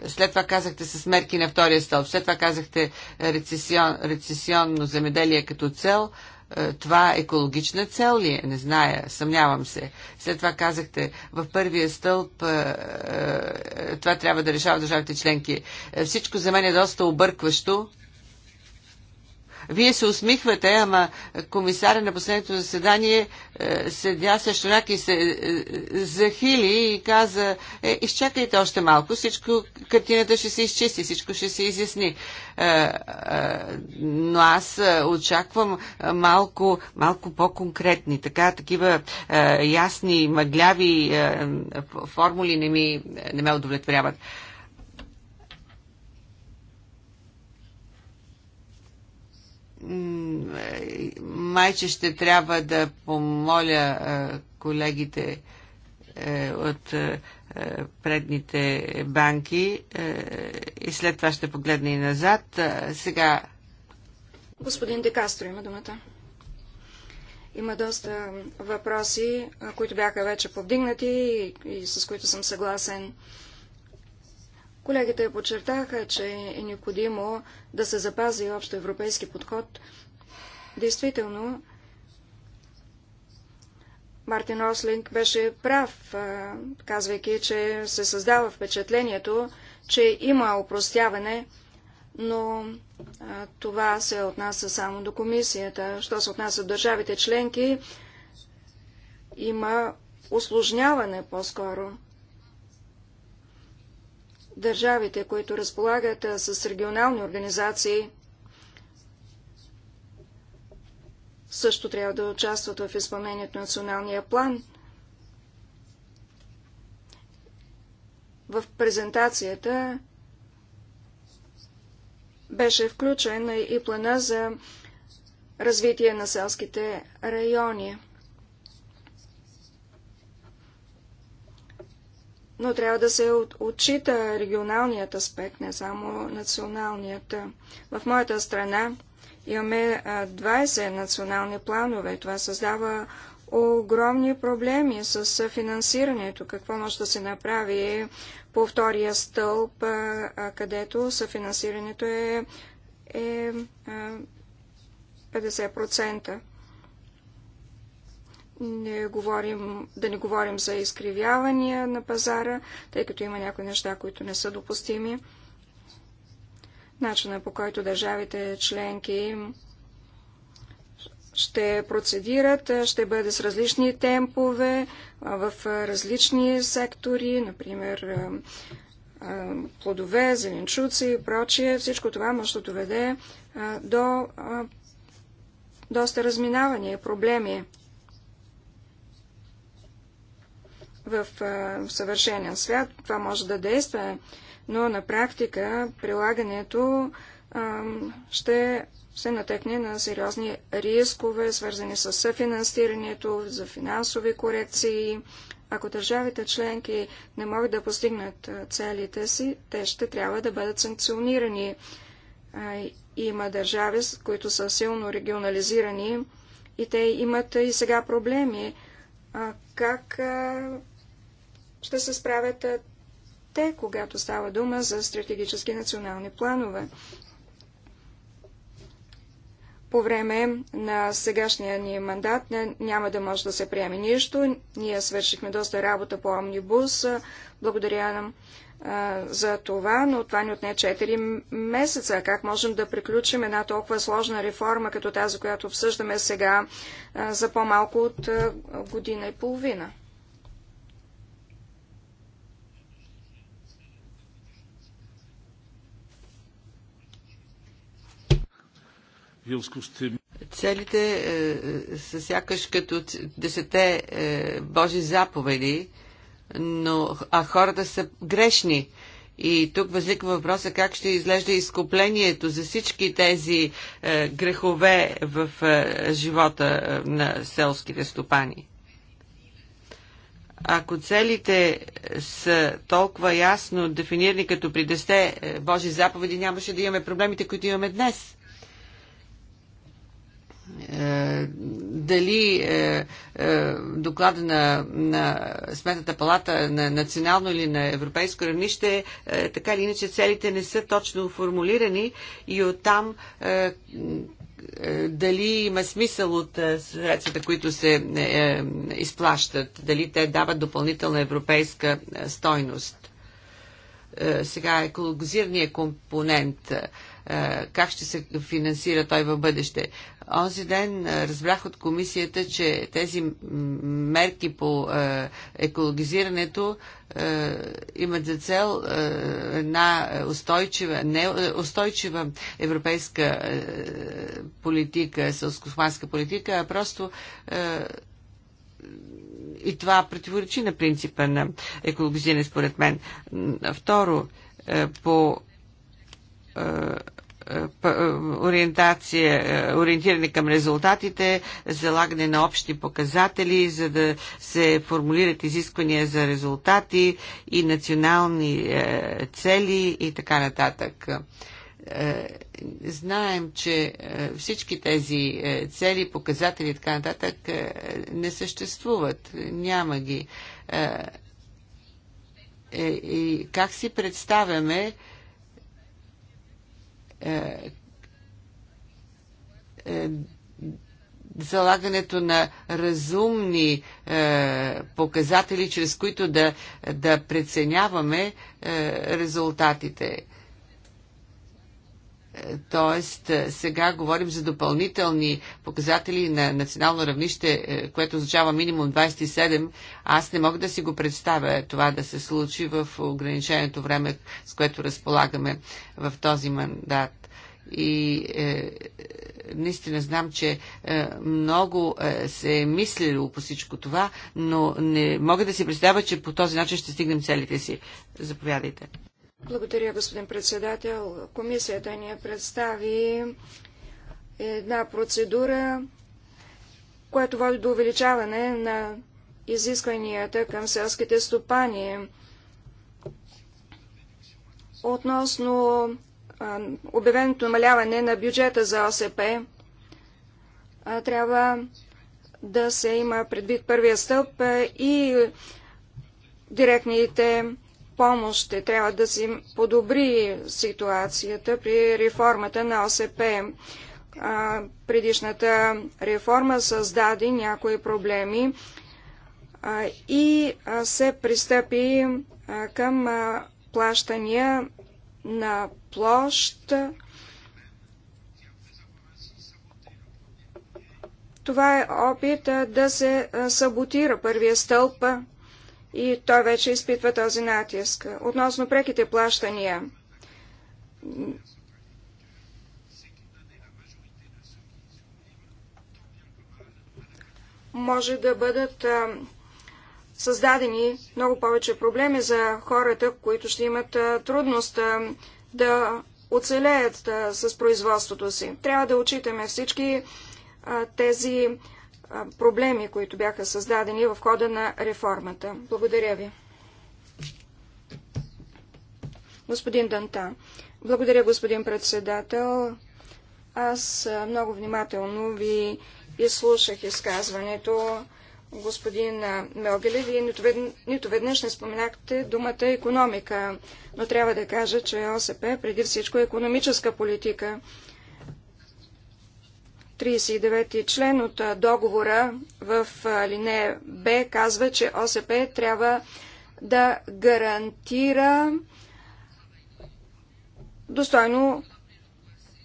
След това казахте с мерки на втория стълб, след това казахте рецесион, рецесионно земеделие като цел – е, това е екологична цел ли е? Не зная, съмнявам се. След това казахте, в първия стълб е, това трябва да решава държавите членки. Всичко за мен е доста объркващо вие се усмихвате, ама комисаря на последното заседание е, седя също няк и се е, захили и каза, е, изчакайте още малко, всичко, картината ще се изчисти, всичко ще се изясни. Е, но аз очаквам малко, малко по-конкретни, така, такива ясни, мъгляви формули не, ми, не ме удовлетворяват. Е, майче ще трябва да помоля е, колегите е, от предните банки и след това ще погледна и назад. Сега... Господин Декастро има думата. Има доста въпроси, които бяха вече повдигнати и, и с които съм съгласен. Колегите подчертаха, че е необходимо да се запази общо европейски подход. Действително, Мартин Ослинг беше прав, казвайки, че се създава впечатлението, че има опростяване, но това се отнася само до комисията. Що се отнася до държавите членки, има осложняване по-скоро държавите, които разполагат с регионални организации, също трябва да участват в изпълнението на националния план. В презентацията беше включен и плана за развитие на селските райони. но трябва да се отчита регионалният аспект, не само националният. В моята страна имаме 20 национални планове. Това създава огромни проблеми с финансирането. Какво може да се направи по втория стълб, където съфинансирането е, е 50% не говорим, да не говорим за изкривявания на пазара, тъй като има някои неща, които не са допустими. Начина по който държавите членки ще процедират, ще бъде с различни темпове в различни сектори, например плодове, зеленчуци и прочие. Всичко това може да доведе до доста разминавания и проблеми. в съвършения свят. Това може да действа, но на практика прилагането ще се натъкне на сериозни рискове, свързани с съфинансирането, за финансови корекции. Ако държавите членки не могат да постигнат целите си, те ще трябва да бъдат санкционирани. Има държави, които са силно регионализирани и те имат и сега проблеми. Как ще се справят те, когато става дума за стратегически национални планове. По време на сегашния ни мандат няма да може да се приеме нищо. Ние свършихме доста работа по Омнибус. Благодаря нам за това, но това ни отне 4 месеца. Как можем да приключим една толкова сложна реформа, като тази, която обсъждаме сега, за по-малко от година и половина? Целите е, е, са сякаш като десете е, Божи заповеди, но, а хората са грешни. И тук възниква въпроса как ще изглежда изкуплението за всички тези е, грехове в е, живота е, на селските стопани. Ако целите е, са толкова ясно дефинирани като при десте Божи заповеди, нямаше да имаме проблемите, които имаме днес. Е, дали е, е, доклада на, на Сметната палата на национално или на европейско равнище, е, така или иначе целите не са точно формулирани и оттам е, е, дали има смисъл от средствата, които се изплащат, дали те дават допълнителна европейска стойност. Сега екологизирания компонент – е, как ще се финансира той в бъдеще. Онзи ден е, разбрах от комисията, че тези мерки по е, екологизирането имат за цел една устойчива, не устойчива европейска политика, сълскохманска политика, а просто и това противоречи на принципа на екологизиране, според мен. Второ, по ориентация, ориентиране към резултатите, залагане на общи показатели, за да се формулират изисквания за резултати и национални е, цели и така нататък. Е, знаем, че е, всички тези цели, показатели и така нататък не съществуват. Няма ги. И как си представяме, е, е, залагането на разумни е, показатели, чрез които да, да преценяваме е, резултатите. Тоест, е, сега говорим за допълнителни показатели на национално равнище, е, което означава минимум 27. Аз не мога да си го представя това да се случи в ограниченото време, с което разполагаме в този мандат. И е, наистина знам, че е, много е, се е мислило по всичко това, но не мога да си представя, че по този начин ще стигнем целите си. Заповядайте. Благодаря, господин председател. Комисията ни представи една процедура, която води до увеличаване на изискванията към селските стопани относно обявеното намаляване на бюджета за ОСП. трябва да се има предвид първия стълб и директните помощ ще трябва да се подобри ситуацията при реформата на ОСП. предишната реформа създаде някои проблеми и се пристъпи към плащания на площ. Това е опит да се саботира първия стълб и той вече изпитва този натиск. Относно преките плащания, може да бъдат а, създадени много повече проблеми за хората, които ще имат а, трудност а, да оцелеят с производството си. Трябва да очитаме всички тези проблеми, които бяха създадени в хода на реформата. Благодаря ви. Господин Данта. Благодаря, господин председател. Аз много внимателно ви изслушах изказването господин Мелгеле. Вие нито, вед... нито веднъж не споменахте думата економика, но трябва да кажа, че ОСП преди всичко е економическа политика. 39 член от договора в линия Б казва, че ОСП трябва да гарантира достойно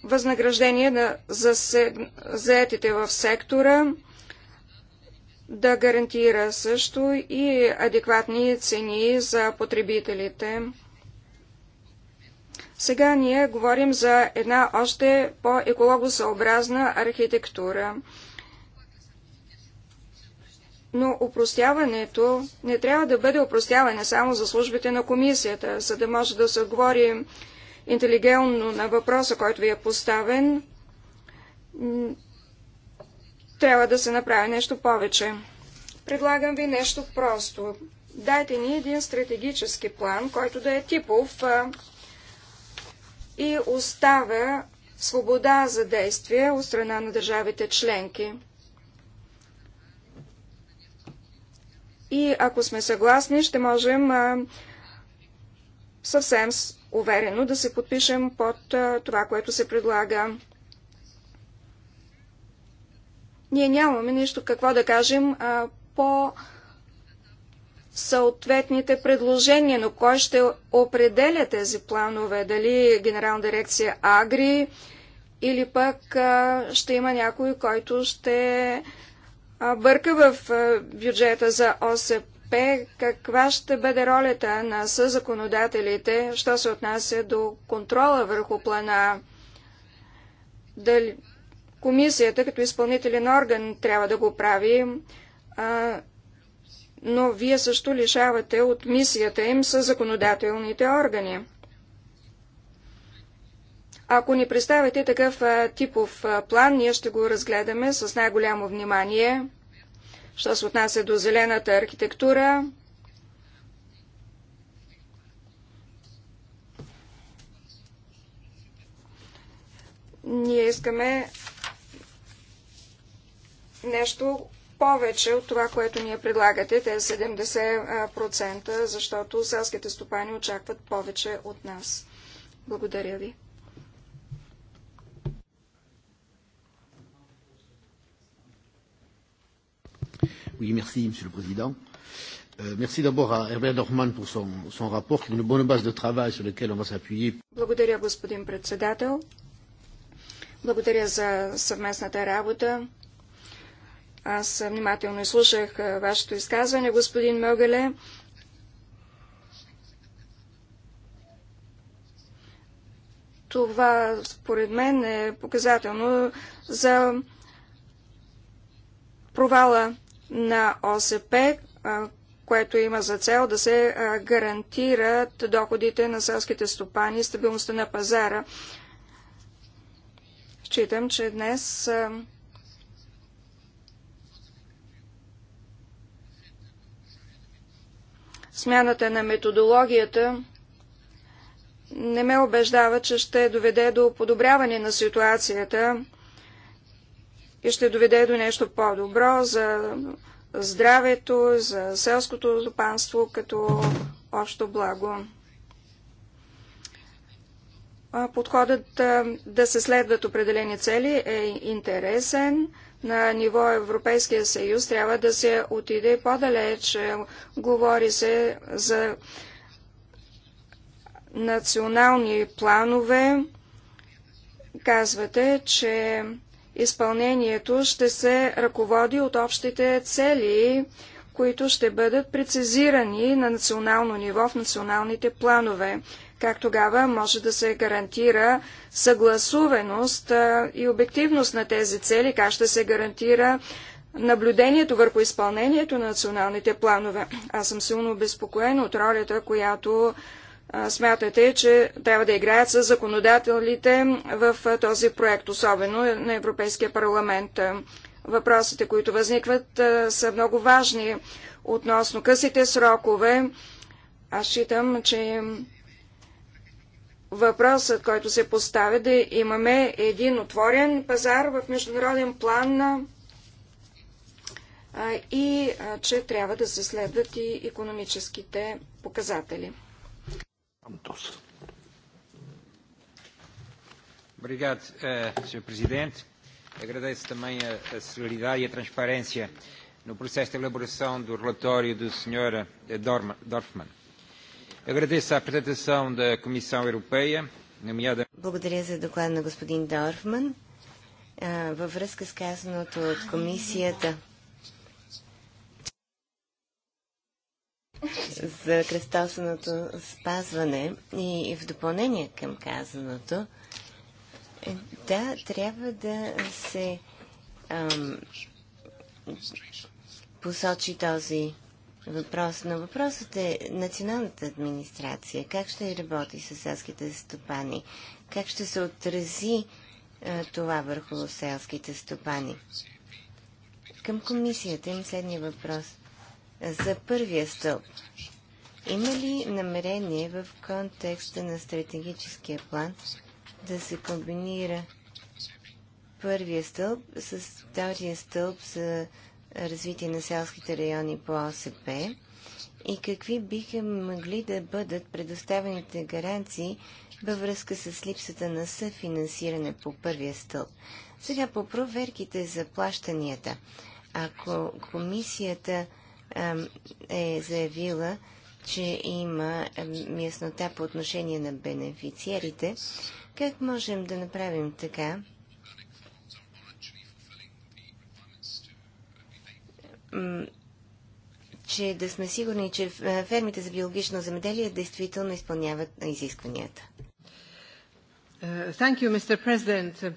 възнаграждение за заетите в сектора, да гарантира също и адекватни цени за потребителите. Сега ние говорим за една още по-екологосъобразна архитектура. Но упростяването не трябва да бъде упростяване само за службите на комисията, за да може да се отговори интелигентно на въпроса, който ви е поставен. Трябва да се направи нещо повече. Предлагам ви нещо просто. Дайте ни един стратегически план, който да е типов и оставя свобода за действие от страна на държавите членки. И ако сме съгласни, ще можем а, съвсем уверено да се подпишем под а, това, което се предлага. Ние нямаме нищо какво да кажем а, по съответните предложения, но кой ще определя тези планове? Дали Генерална дирекция Агри или пък а, ще има някой, който ще а, бърка в а, бюджета за ОСП? Каква ще бъде ролята на съзаконодателите, що се отнася до контрола върху плана? Дали комисията като изпълнителен орган трябва да го прави? но вие също лишавате от мисията им с законодателните органи. Ако ни представите такъв типов план, ние ще го разгледаме с най-голямо внимание. Що се отнася до зелената архитектура, ние искаме нещо, повече от това, което ние предлагате, те 70%, защото селските стопани очакват повече от нас. Благодаря ви. Oui, merci, Monsieur le Président. Euh, merci d'abord à Herbert pour son, son rapport, qui est une bonne base de travail sur laquelle on va s'appuyer. Благодаря, господин председател. Благодаря за съвместната работа. Аз внимателно изслушах вашето изказване, господин Мъгале. Това, според мен, е показателно за провала на ОСП, което има за цел да се гарантират доходите на селските стопани и стабилността на пазара. Считам, че днес смяната на методологията не ме убеждава, че ще доведе до подобряване на ситуацията и ще доведе до нещо по-добро за здравето, за селското стопанство като общо благо. Подходът да се следват определени цели е интересен на ниво Европейския съюз трябва да се отиде по-далеч. Говори се за национални планове. Казвате, че изпълнението ще се ръководи от общите цели, които ще бъдат прецизирани на национално ниво в националните планове. Как тогава може да се гарантира съгласуваност и обективност на тези цели? Как ще се гарантира наблюдението върху изпълнението на националните планове? Аз съм силно обезпокоен от ролята, която смятате, че трябва да играят с законодателите в този проект, особено на Европейския парламент. Въпросите, които възникват, са много важни относно късите срокове. Аз считам, че въпросът, който се поставя, да имаме един отворен пазар в международен план а, и а, че трябва да се следват и економическите показатели. Obrigado, eh, Sr. Presidente. Agradeço também a, a celeridade e a transparência no processo de elaboração do relatório do Sr. Dorfman. Благодаря за доклад на господин Дорфман. във връзка с казаното от комисията за кръстосаното спазване и в допълнение към казаното, е, да, трябва да се ам, посочи този въпрос, но въпросът е националната администрация. Как ще работи с селските стопани? Как ще се отрази а, това върху селските стопани? Към комисията им следния въпрос. За първия стълб. Има ли намерение в контекста на стратегическия план да се комбинира първия стълб с втория стълб за развитие на селските райони по ОСП и какви биха могли да бъдат предоставените гаранции във връзка с липсата на съфинансиране по първия стълб. Сега по проверките за плащанията. Ако комисията е заявила, че има яснота по отношение на бенефициерите, как можем да направим така, че да сме сигурни, че фермите за биологично земеделие действително изпълняват изискванията. Е, thank you, Mr. President. Е,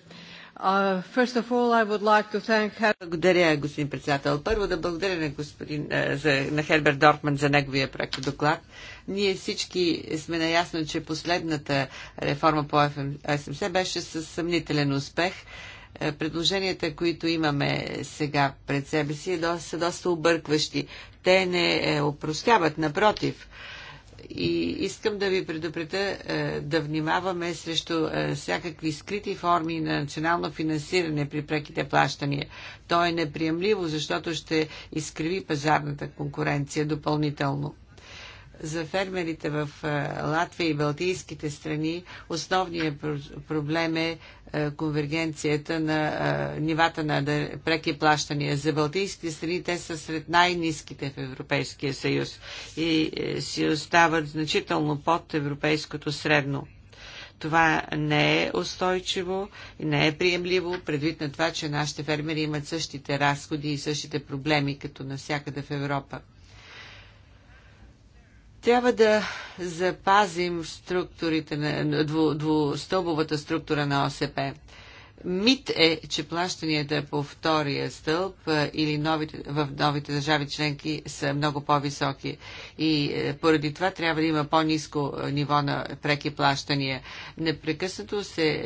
благодаря, господин председател. Първо да благодаря на, господин, е, за, на Херберт Дорфман за неговия проект доклад. Ние всички сме наясно, че последната реформа по ФМС беше със съмнителен успех. Uh, е, предложенията, които имаме сега пред себе си, е са доста объркващи. Те не е, опростяват, напротив. И искам да ви предупредя да внимаваме срещу всякакви скрити форми на национално финансиране при преките плащания. То е неприемливо, защото ще изкриви пазарната конкуренция допълнително за фермерите в Латвия и Балтийските страни основният проблем е конвергенцията на нивата на преки плащания. За Балтийските страни те са сред най-низките в Европейския съюз и е, си остават значително под европейското средно. Това не е устойчиво, не е приемливо, предвид на това, че нашите фермери имат същите разходи и същите проблеми, като навсякъде в Европа. Трябва да запазим структурите на дву, двустълбовата структура на ОСП. Мит е, че плащанията по втория стълб или новите, в новите държави членки са много по-високи. И е, поради това трябва да има по-низко е, ниво на преки плащания. Непрекъснато се,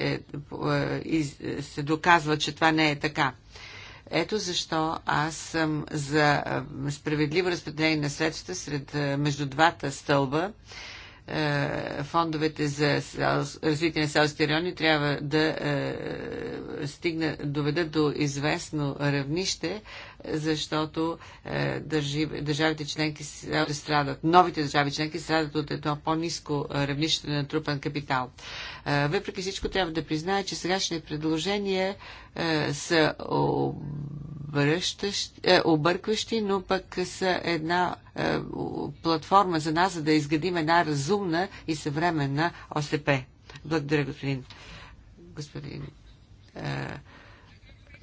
е, се доказва, че това не е така. Ето защо аз съм за е, справедливо разпределение на средствата сред, е, между двата стълба. Е, фондовете за развитие на селските райони трябва да стигна, доведат до известно равнище, защото е, държавите членки страдат, новите държави членки страдат от едно по-низко равнище на трупан капитал. Е, въпреки всичко трябва да призная, че сегашните предложения е, са е, объркващи, но пък са една е, платформа за нас, за да изградим една разумна и съвременна ОСП. Благодаря, господин. Господин. Е,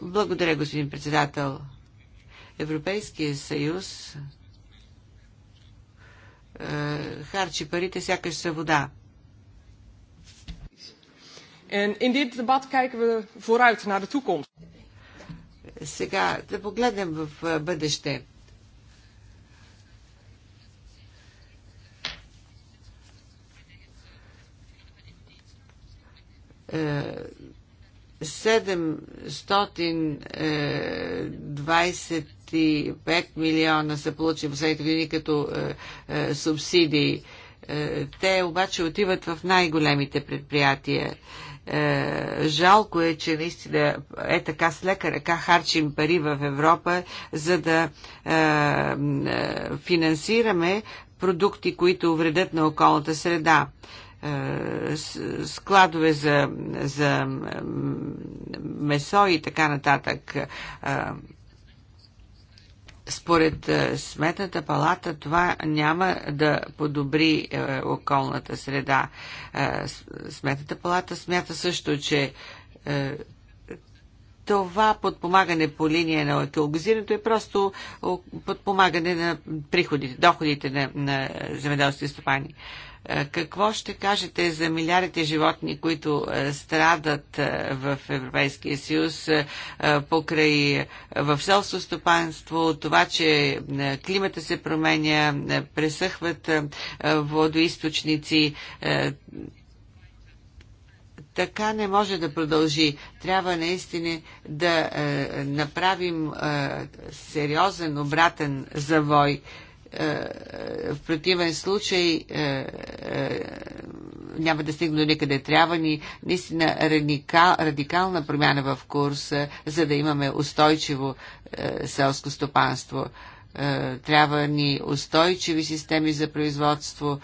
благодаря, господин председател. Европейския съюз е, харчи парите сякаш са вода. En in dit debat kijken we vooruit naar de toekomst. Сега да погледнем в е, бъдеще. Е, седемстотин е, двадесет 25 милиона са получени последните години като е, е, субсидии. Е, те обаче отиват в най-големите предприятия. Е, жалко е, че наистина е така с лека ръка харчим пари в Европа, за да е, е, финансираме продукти, които вредят на околната среда е, складове за, за месо и така нататък. Е, според е, Сметната палата това няма да подобри е, околната среда. Е, сметната палата смята също, че е, това подпомагане по линия на екологизирането е просто е, подпомагане на приходите, доходите на, на земеделски стопани. Е, какво ще кажете за милиардите животни, които е, страдат е, в Европейския съюз покрай в селско стопанство, това, че климата се променя, пресъхват водоисточници, така не може да продължи. Трябва наистина да е, направим е, сериозен обратен завой. Е, в противен случай е, е, няма да стигне до никъде. Трябва ни наистина радикална промяна в курса, за да имаме устойчиво селско стопанство. Трябва ни устойчиви системи за производство.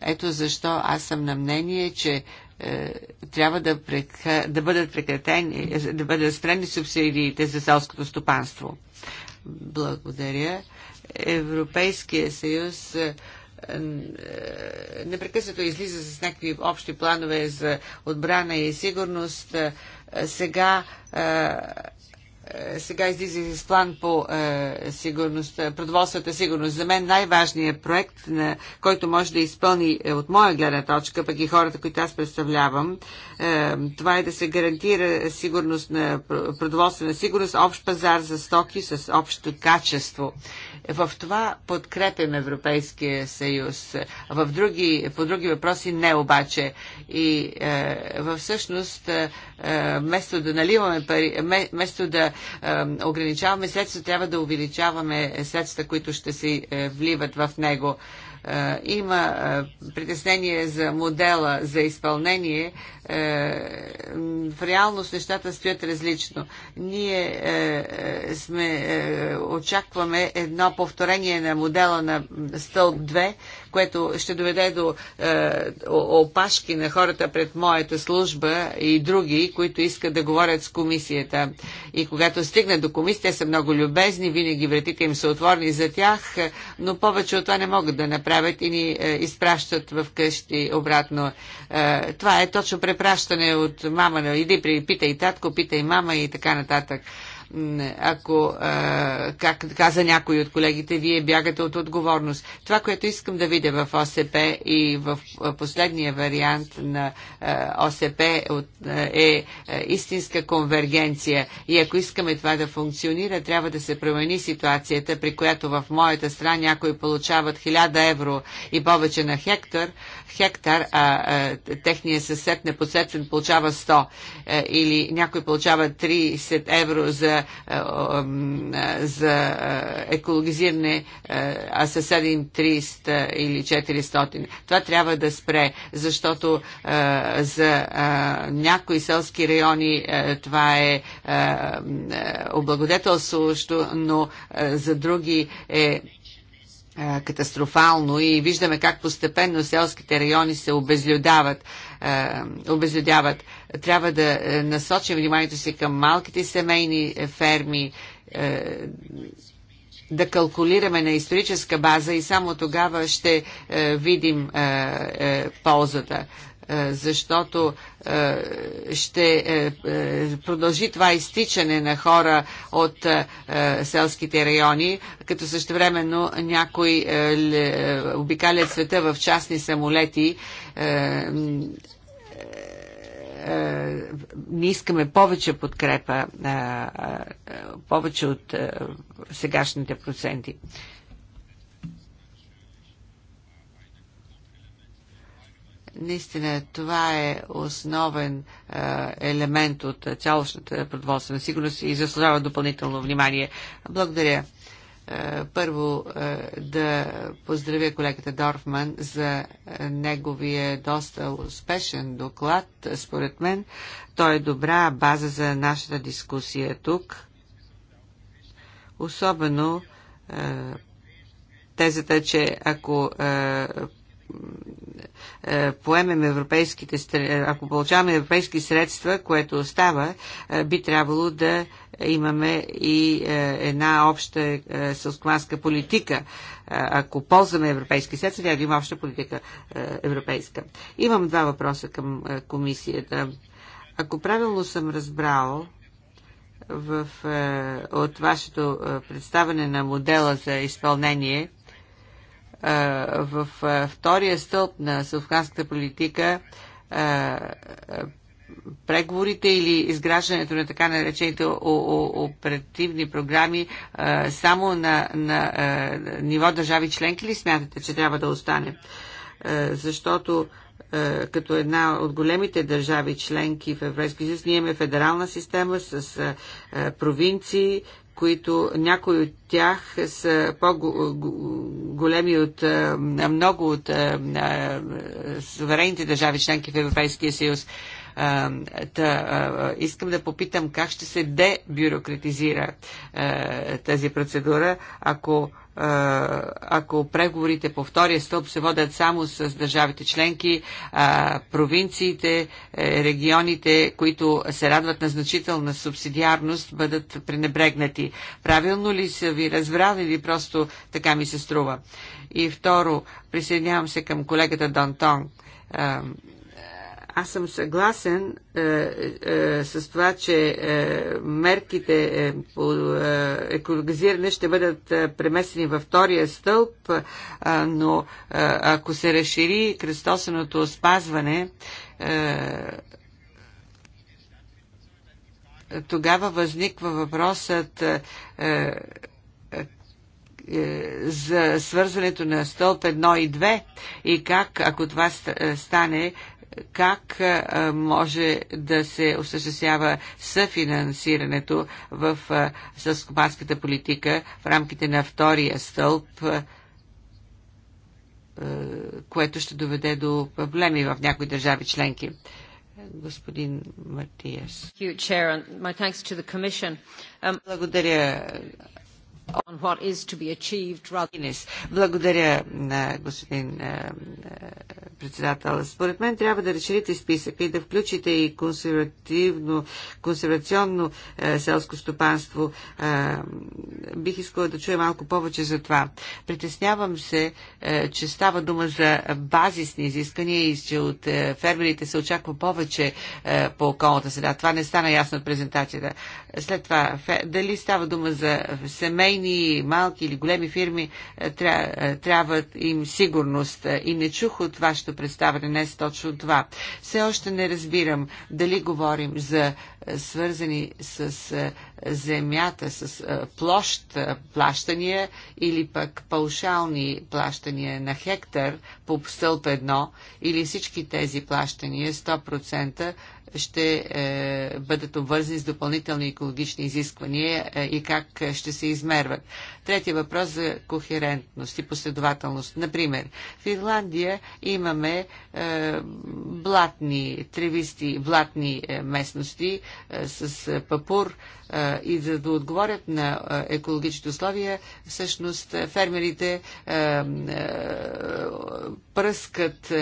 Ето защо аз съм на мнение, че трябва да, прека... да бъдат прекратени, да бъдат спрени субсидиите за селското стопанство. Благодаря. Европейския съюз е, е, непрекъснато излиза с някакви общи планове за отбрана и сигурност. Е, сега е, сега излиза с план по е, сигурността, продоволствата сигурност. За мен най-важният проект, на който може да изпълни е, от моя гледна точка, пък и хората, които аз представлявам, това е да се гарантира сигурност на продоволствена сигурност, общ пазар за стоки с общо качество. В това подкрепям Европейския съюз. В други, по други въпроси не обаче. И е, всъщност, е, вместо да наливаме пари, вместо да ограничаваме средства, трябва да увеличаваме средства, които ще се е, вливат в него е, има е, притеснение за модела за изпълнение, в реалност нещата стоят различно. Ние сме, очакваме едно повторение на модела на стълб 2, което ще доведе до е, опашки на хората пред моята служба и други, които искат да говорят с комисията. И когато стигнат до комисията, са много любезни, винаги вратите им са отворни за тях, но повече от това не могат да направят и ни е, изпращат в къщи обратно. Е, това е точно препращане от мама на иди, питай татко, питай мама и така нататък ако, как каза някой от колегите, вие бягате от отговорност. Това, което искам да видя в ОСП и в последния вариант на ОСП е, е истинска конвергенция. И ако искаме това да функционира, трябва да се промени ситуацията, при която в моята страна някой получават 1000 евро и повече на хектар, хектар, а, а техният съсед непосредствен получава 100 а, е, или някой получава 30 евро за, а, е, е, за екологизиране, а съсед им 300 или 400. Това трябва да спре, защото а, за а, някои селски райони а, това е а, но а, за други е катастрофално и виждаме как постепенно селските райони се обезлюдават. обезлюдяват. Трябва да е, насочим вниманието си към малките семейни е, ферми, е, да калкулираме на историческа база и само тогава ще видим ползата. Е, защото е, ще е, продължи това изтичане на хора от селските райони, като същевременно някои обикалят света в частни самолети ние искаме повече подкрепа, повече от сегашните проценти. Наистина, това е основен елемент от цялостната продоволствена сигурност и заслужава допълнително внимание. Благодаря. Първо да поздравя колегата Дорфман за неговия доста успешен доклад. Според мен той е добра база за нашата дискусия тук. Особено тезата, че ако е, поемем европейските, е, ако получаваме европейски средства, което остава, е, би трябвало да имаме и една обща селскоманска политика. Ако ползваме европейски средства, трябва да има обща политика европейска. Имам два въпроса към комисията. Ако правилно съм разбрал, в, от вашето представане на модела за изпълнение, в втория стълб на съвханската политика преговорите или изграждането на така наречените оперативни програми само на, на ниво държави членки ли смятате, че трябва да остане? Защото като една от големите държави членки в Европейския съюз, ние имаме федерална система с провинции които някои от тях са по-големи от много от суверените държави членки в Европейския съюз. Та, искам да попитам как ще се дебюрократизира тази процедура, ако ако преговорите по втория стълб се водят само с държавите членки, провинциите, е, регионите, които се радват на значителна субсидиарност, бъдат пренебрегнати. Правилно ли са ви разбрали или просто така ми се струва? И второ, присъединявам се към колегата Тонг. Аз съм съгласен е, е, с това, че е, мерките е, по е, екологизиране ще бъдат е, преместени във втория стълб, е, но е, ако се разшири кръстосаното спазване, е, тогава възниква въпросът е, е, е за свързването на стълб 1 и 2 и как, ако това е, стане, как може да се осъществява съфинансирането в съскопанската политика в рамките на втория стълб, което ще доведе до проблеми в някои държави членки. Господин Матиас. Um, благодаря, благодаря на господин председател. Според мен трябва да разширите списъка и да включите и консервативно, консервационно е, селско стопанство. Е, бих искала да чуя малко повече за това. Притеснявам се, е, че става дума за базисни изисквания и че от е, фермерите се очаква повече е, по околната среда. Това не стана ясно от презентацията. След това, фе, дали става дума за семейни, малки или големи фирми, е, трябва, е, трябва им сигурност. Е, и не чух от вашите вашето представяне днес е точно това. Все още не разбирам дали говорим за е, свързани с е, земята, с площ плащания или пък паушални плащания на хектар по стълб едно или всички тези плащания 100% ще е, бъдат обвързани с допълнителни екологични изисквания е, и как ще се измерват. Третия въпрос за кохерентност и последователност. Например, в Ирландия имаме е, блатни, тревисти, блатни е, местности е, с папур е, и за да отговорят на екологичните условия, всъщност фермерите пръскат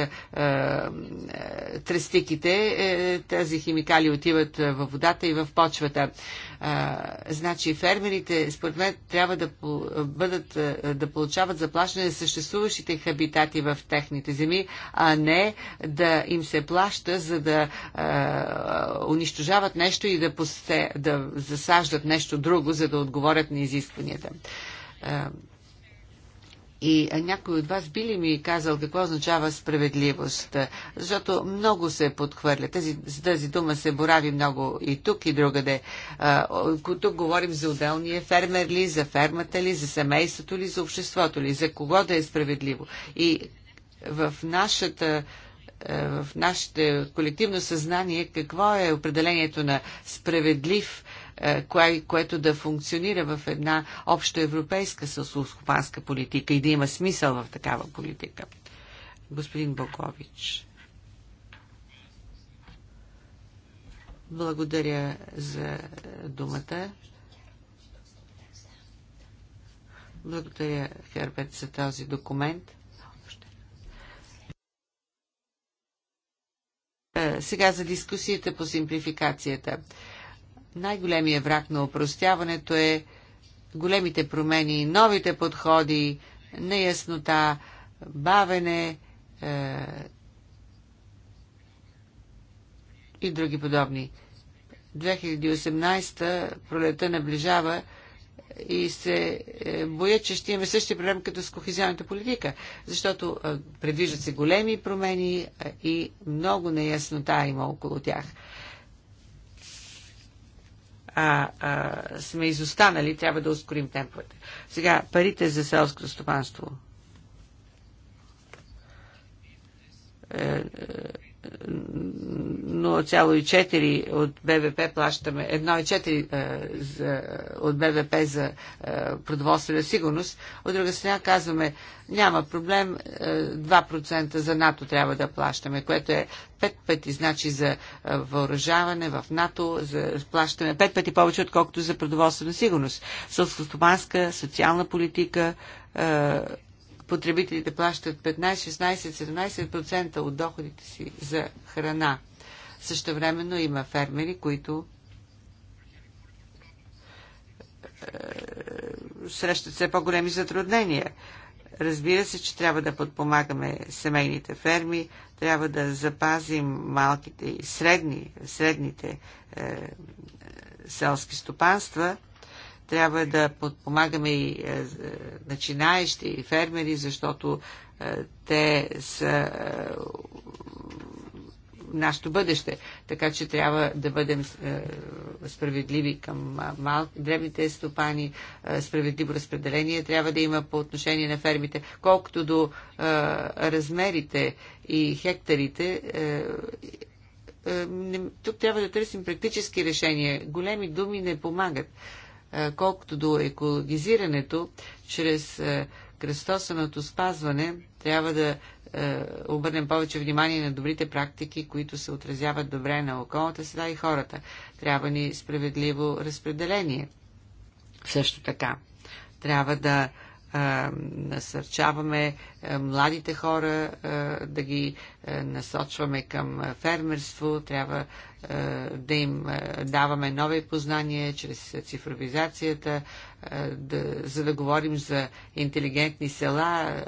тръстиките, тези химикали отиват във водата и в почвата. А, значи фермерите, според мен, трябва да бъдат, да получават заплащане за съществуващите хабитати в техните земи, а не да им се плаща, за да а, унищожават нещо и да, посе, да засаждат нещо друго, за да отговорят на изискванията. А, и някой от вас би ли ми казал какво означава справедливост? Защото много се подхвърля. Тази, с тази дума се борави много и тук, и другаде. Тук говорим за отделния фермер ли, за фермата ли, за семейството ли, за обществото ли, за кого да е справедливо. И в нашата в нашето колективно съзнание какво е определението на справедлив е, което да функционира в една общоевропейска селско-стопанска политика и да има смисъл в такава политика. Господин Бокович. Благодаря за думата. Благодаря, Херберт, за този документ. Е, сега за дискусията по симплификацията. Най-големия враг на опростяването е големите промени, новите подходи, неяснота, бавене е, и други подобни. 2018 пролета наближава и се е, боя, че ще имаме същия проблем като с кохезионната политика, защото е, предвиждат се големи промени е, и много неяснота има около тях а, а, сме изостанали, трябва да ускорим темповете. Сега, парите за селското стопанство. Е, е, 0,4 от БВП плащаме, 1,4 е, от БВП за е, продоволствена сигурност. От друга страна казваме, няма проблем, 2% е, за НАТО трябва да плащаме, което е 5 пъти, значи за въоръжаване в НАТО за, плащаме 5 пъти повече, отколкото за продоволствена сигурност. Сълскостоманска, социална политика, потребителите плащат 15, 16, 17% от доходите си за храна. Също времено има фермери, които е, срещат все по-големи затруднения. Разбира се, че трябва да подпомагаме семейните ферми, трябва да запазим малките и средни, средните е, селски стопанства – трябва да подпомагаме и е, е, начинаещи, и фермери, защото е, те са нашето бъдеще. Така че трябва да бъдем справедливи към мал... древните стопани, справедливо разпределение трябва да има по отношение на фермите. Колкото до размерите и хектарите, тук трябва да търсим практически решения. Големи думи не помагат. Колкото до екологизирането, чрез кръстосаното спазване трябва да обърнем повече внимание на добрите практики, които се отразяват добре на околната среда и хората. Трябва ни справедливо разпределение. Също така, трябва да насърчаваме младите хора да ги насочваме към фермерство, трябва да им даваме нови познания чрез цифровизацията, да, за да говорим за интелигентни села,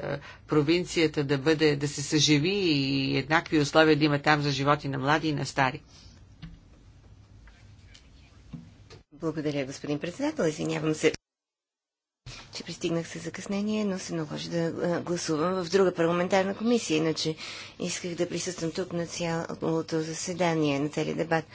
провинцията да, бъде, да се съживи и еднакви условия да има там за животи на млади и на стари. Благодаря, господин председател. Извинявам се че пристигнах с закъснение, но се наложи да гласувам в друга парламентарна комисия, иначе исках да присъствам тук на цялото заседание, на целият дебат.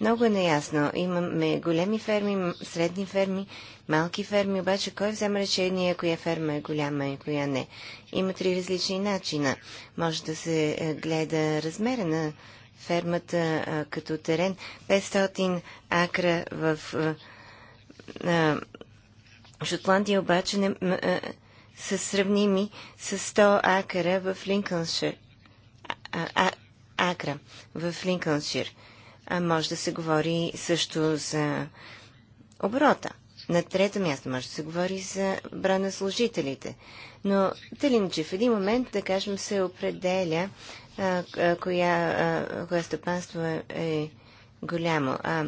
Много е неясно. Имаме големи ферми, средни ферми, малки ферми, обаче кой взема решение, коя ферма е голяма и коя не. Има три различни начина. Може да се гледа размера на фермата като терен. 500 акра в Шотландия обаче не, а, са сравними с 100 акъра в Линкълншир. А, а, акра в Линкълншир. А може да се говори също за оборота. На трето място може да се говори за броя на служителите. Но Телинджи в един момент, да кажем, се определя а, а, коя, а, коя стопанство е, е голямо. А,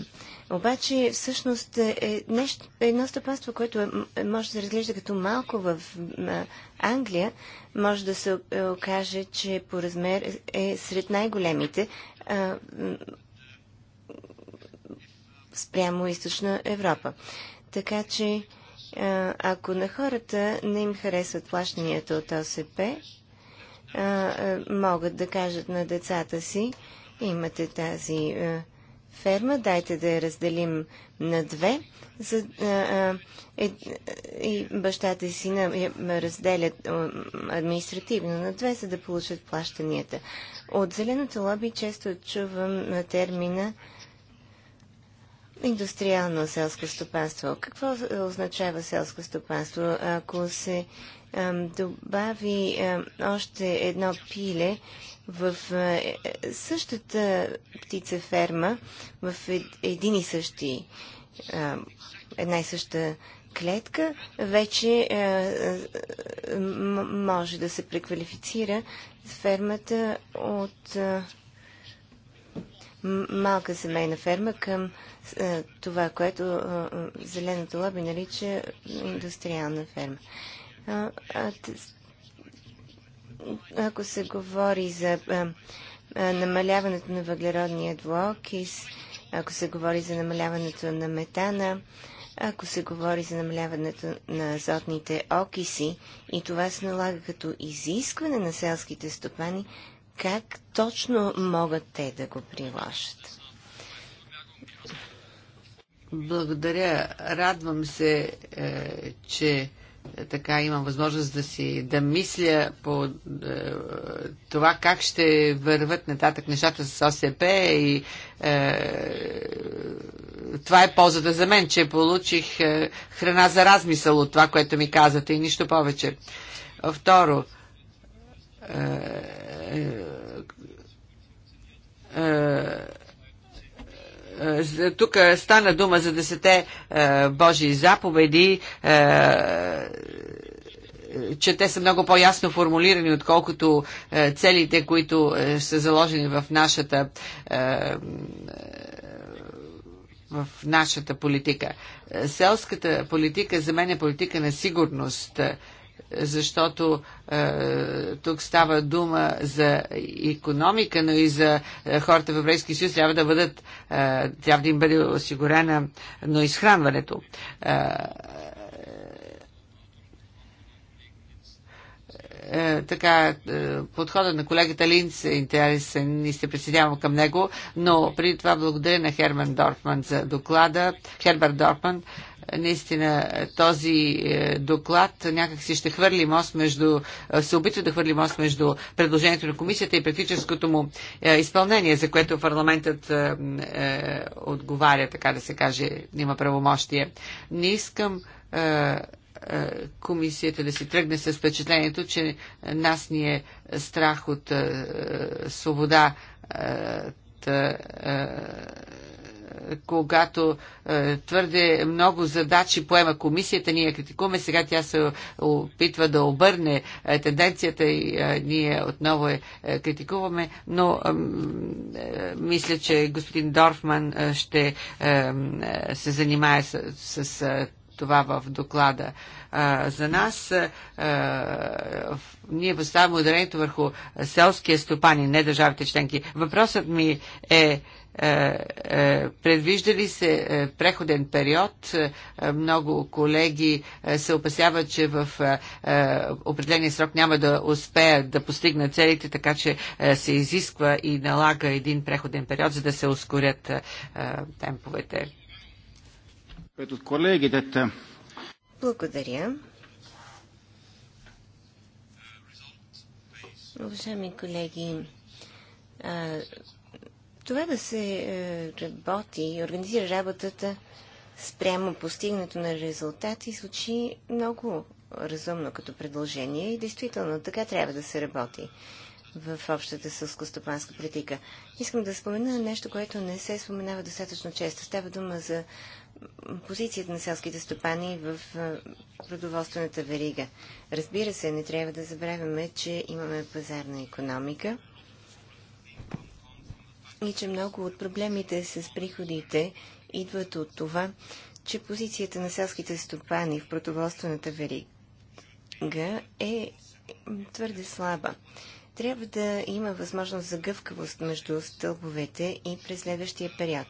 обаче, всъщност, е, е нещо, е едно стопанство, което е, е, може да се разглежда като малко в а, Англия, може да се окаже, че по размер е сред най-големите спрямо източна Европа. Така че, а, ако на хората не им харесват плащанията от ОСП, а, могат да кажат на децата си, имате тази а, ферма, дайте да я разделим на две. За, а, а, е, и бащата и сина разделят административно на две, за да получат плащанията. От зеленото лоби често чувам термина индустриално селско стопанство. Какво означава селско стопанство? Ако се добави още едно пиле в е, същата птица ферма в един и същи, една и съща клетка, вече може да се преквалифицира фермата от малка семейна ферма към това, което зеленото лоби нарича индустриална ферма ако се говори за намаляването на въглеродния двуокис, ако се говори за намаляването на метана, ако се говори за намаляването на азотните окиси и това се налага като изискване на селските стопани, как точно могат те да го приложат? Благодаря. Радвам се, е, че така имам възможност да си да мисля по е, това как ще върват нататък нещата с ОСП и е, това е ползата за мен, че получих е, храна за размисъл от това, което ми казвате и нищо повече. Второ, е, е, е е, тук стана дума за десете е, Божии заповеди е, че те са много по-ясно формулирани, отколкото целите, които са заложени в нашата, в нашата политика. Селската политика за мен е политика на сигурност защото е, тук става дума за економика, но и за е, хората в Европейския съюз трябва да бъдат, е, трябва да им бъде осигурена, но изхранването. Е, е така, е, подходът на колегата Линц е интересен и се присъединявам към него, но преди това благодаря на Херман Дорфман за доклада. Хербер Дорфман. Е, наистина този е, доклад някакси ще хвърли мост между, е, се опитва да хвърли мост между предложението на комисията и практическото му е, изпълнение, за което парламентът отговаря, така да се каже, има правомощие. Не искам комисията да си тръгне с впечатлението, че нас ни е страх от свобода когато е, твърде много задачи поема комисията, ние критикуваме, сега тя се опитва да обърне е, тенденцията и е, ние отново я критикуваме, но мисля, че господин Дорфман ще се занимае с, с това в доклада. А, за нас а, ние поставяме ударението върху селския стопани, не държавите членки. Въпросът ми е е, е, Предвижда ли се е, преходен период? Много колеги се опасяват, че в определения срок няма да успеят да постигнат целите, така че се изисква и налага един преходен период, за да се ускорят темповете. Благодаря. Уважаеми колеги, това да се е, работи и организира работата спрямо постигнато на резултати звучи много разумно като предложение и действително така трябва да се работи в общата сълскостопанска политика. Искам да спомена нещо, което не се споменава достатъчно често. Става дума за позицията на селските стопани в е, продоволствената верига. Разбира се, не трябва да забравяме, че имаме пазарна економика – и че много от проблемите с приходите идват от това, че позицията на селските стопани в продоволствената верига е твърде слаба. Трябва да има възможност за гъвкавост между стълбовете и през следващия период.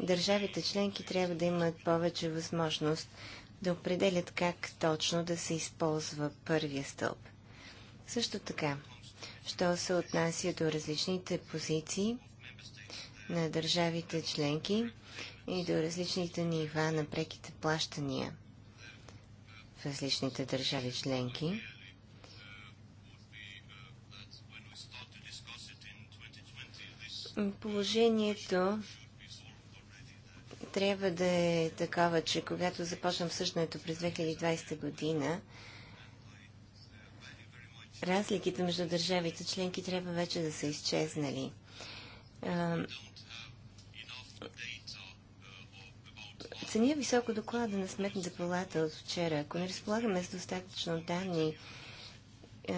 Държавите членки трябва да имат повече възможност да определят как точно да се използва първия стълб. Също така, що се отнася до различните позиции, на държавите членки и до различните нива на преките плащания в различните държави членки. Положението трябва да е такова, че когато започнем всъщането през 2020 година, разликите между държавите членки трябва вече да са изчезнали. Е, Ценя високо доклада на Сметната палата от вчера. Ако не разполагаме с достатъчно данни е,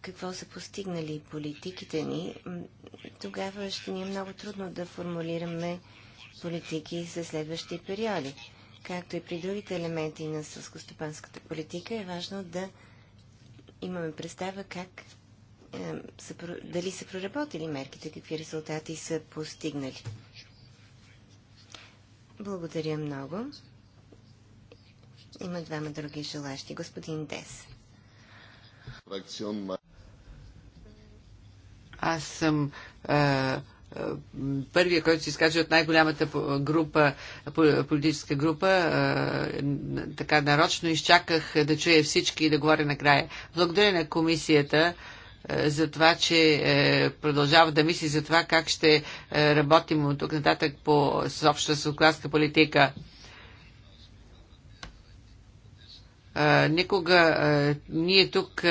какво са постигнали политиките ни, тогава ще ни е много трудно да формулираме политики за следващи периоди. Както и при другите елементи на сълскостопанската политика, е важно да имаме представа как са, дали са проработили мерките, какви резултати са постигнали. Благодаря много. Има двама други желащи. Господин Дес. Аз съм а, е, е, първия, който се изкаже от най-голямата група, политическа група, е, така нарочно изчаках да чуя всички и да говоря накрая. Благодаря на комисията за това, че е, продължава да мисли за това как ще е, работим от тук нататък по с обща селкласна политика. Е, никога ние тук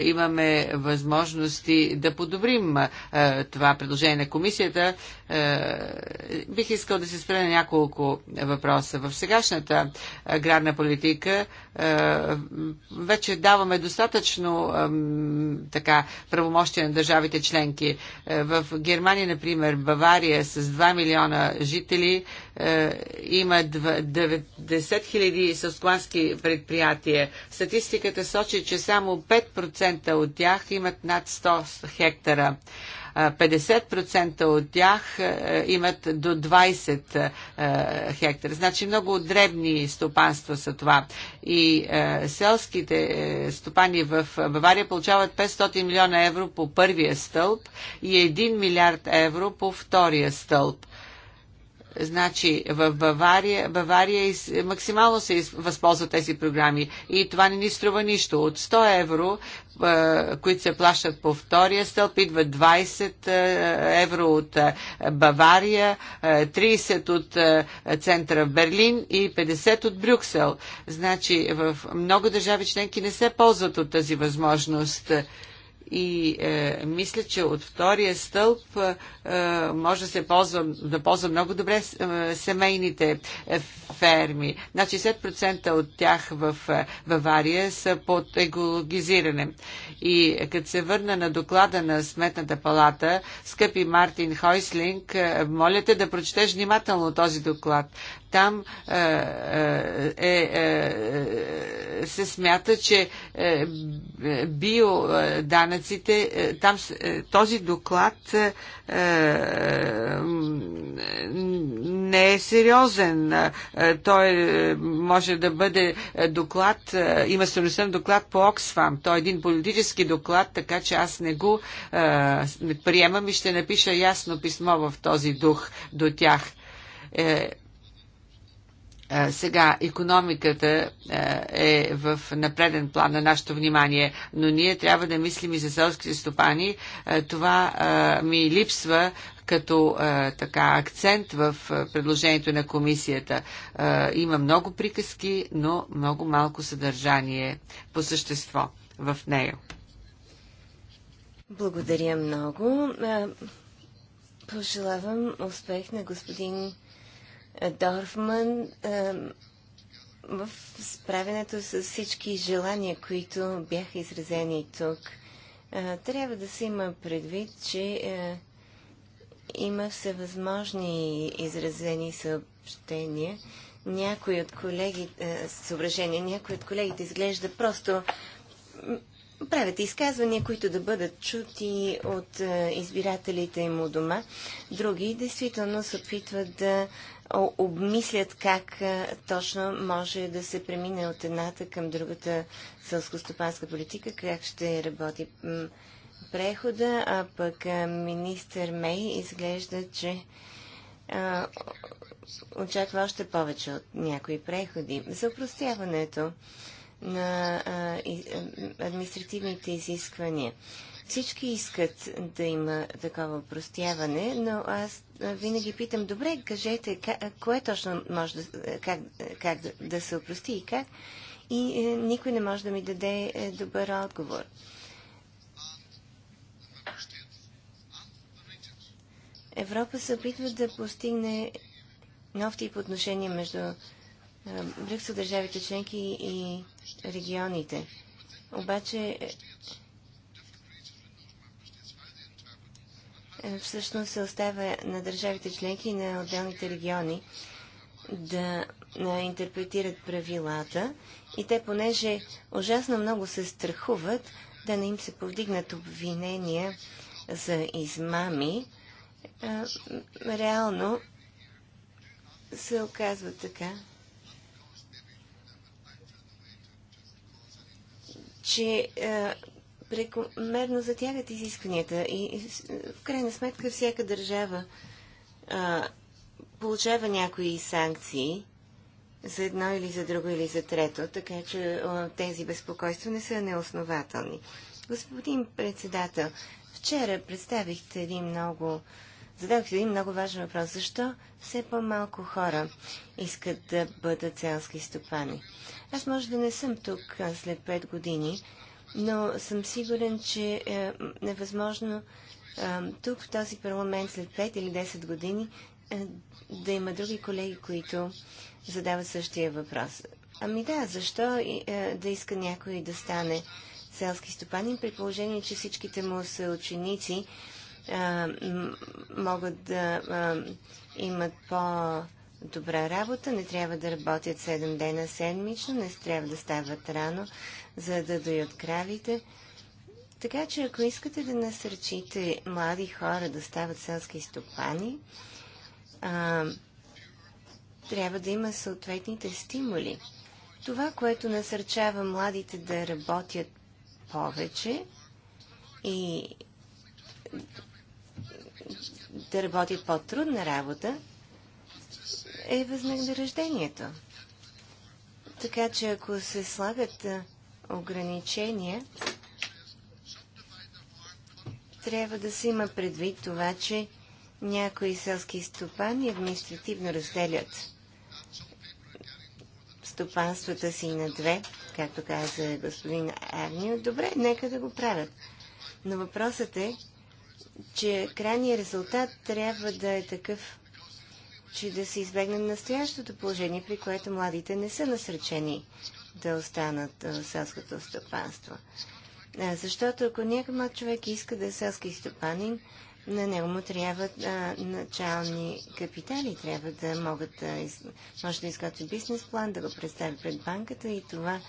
имаме възможности да подобрим това предложение на комисията е, бих искал да се спре на няколко въпроса. В сегашната е, градна политика е, вече даваме достатъчно така правомощия на държавите членки. В Германия, например, Бавария с 2 милиона жители има 90 хиляди съсклански предприятия. Статистиката сочи, че само 5% от тях имат над 100 хектара. 50% от тях е, имат до 20 е, хектара. Значи много дребни стопанства са това. И е, селските стопани в Бавария получават 500 милиона евро по първия стълб и 1 милиард евро по втория стълб Значи в Бавария, Бавария максимално се възползва тези програми и това не ни струва нищо. От 100 евро, които се плащат по втория стълб, идват 20 евро от Бавария, 30 от центъра в Берлин и 50 от Брюксел. Значи в много държави членки не се ползват от тази възможност и е, мисля, че от втория стълб е, е, може да се ползва, да ползва много добре е, семейните е, ферми. Значи 60% от тях в е, Бавария са под екологизиране. И като се върна на доклада на Сметната палата, скъпи Мартин Хойслинг, моля те да прочетеш внимателно този доклад. Там е е, е, е, се смята, че е, биоданъците, там този доклад е, не е сериозен. Той може да бъде доклад, има стойността доклад по Оксфам. Той е един политически доклад, така че аз не го е, приемам и ще напиша ясно писмо в този дух до тях. Е, сега економиката е в напреден план на нашето внимание, но ние трябва да мислим и за селските стопани. Това ми липсва като така акцент в предложението на комисията. Има много приказки, но много малко съдържание по същество в нея. Благодаря много. Пожелавам успех на господин Дорфман в справянето с всички желания, които бяха изразени тук. Е, трябва да се има предвид, че е, има всевъзможни изразени съобщения. Някои от колегите, съображения, някои от колегите изглежда просто правят изказвания, които да бъдат чути от е, избирателите им у дома. Други действително се опитват да обмислят как точно може да се премине от едната към другата сълскостопанска политика, как ще работи прехода, а пък министър Мей изглежда, че а, очаква още повече от някои преходи. За упростяването на а, и, административните изисквания. Всички искат да има такова упростяване, но аз винаги питам, добре, кажете, кое точно може да, как, как да, се опрости и как? И е, никой не може да ми даде е, добър отговор. Европа се опитва да постигне нов тип отношения между е, Брюксел, държавите членки и регионите. Обаче е, Е, всъщност се оставя на държавите членки и на отделните региони да е, интерпретират правилата и те, понеже ужасно много се страхуват да не им се повдигнат обвинения за измами, е, реално се оказва така, че прекомерно затягат изискванията и в крайна сметка всяка държава а, получава някои санкции за едно или за друго или за трето, така че а, тези безпокойства не са неоснователни. Господин председател, вчера представихте един много Зададохте един много важен въпрос. Защо все по-малко хора искат да бъдат селски стопани? Аз може да не съм тук след 5 години, но съм сигурен, че е невъзможно е, тук, в този парламент, след 5 или 10 години, е, да има други колеги, които задават същия въпрос. Ами да, защо е, да иска някой да стане селски стопанин, при положение, че всичките му са ученици, могат да имат по-добра работа, не трябва да работят 7 дена седмично, не трябва да стават рано, за да дойдат кравите. Така че ако искате да насърчите млади хора да стават селски стопани, а, трябва да има съответните стимули. Това, което насърчава младите да работят повече и да работят по-трудна работа, е възнаграждението. Така че ако се слагат ограничения, трябва да се има предвид това, че някои селски стопани административно разделят стопанствата си на две, както каза господин Арнио. Добре, нека да го правят. Но въпросът е, че крайният резултат трябва да е такъв, че да се избегне настоящото положение, при което младите не са насръчени да останат в селското стопанство. Защото ако някой човек иска да е селски стопанин, на него му трябват а, начални капитали. Трябва да могат да, из... може да изготви бизнес план, да го представи пред банката и това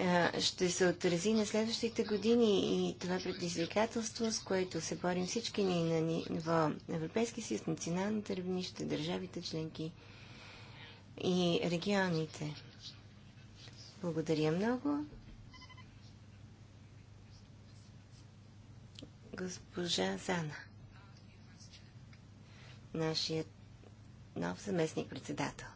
а, ще се отрази на следващите години и това предизвикателство, с което се борим всички ни на ниво Европейски съюз, националните равнища, държавите членки и регионите. Благодаря много. Госпожа Зана, нашият нов заместник-председател.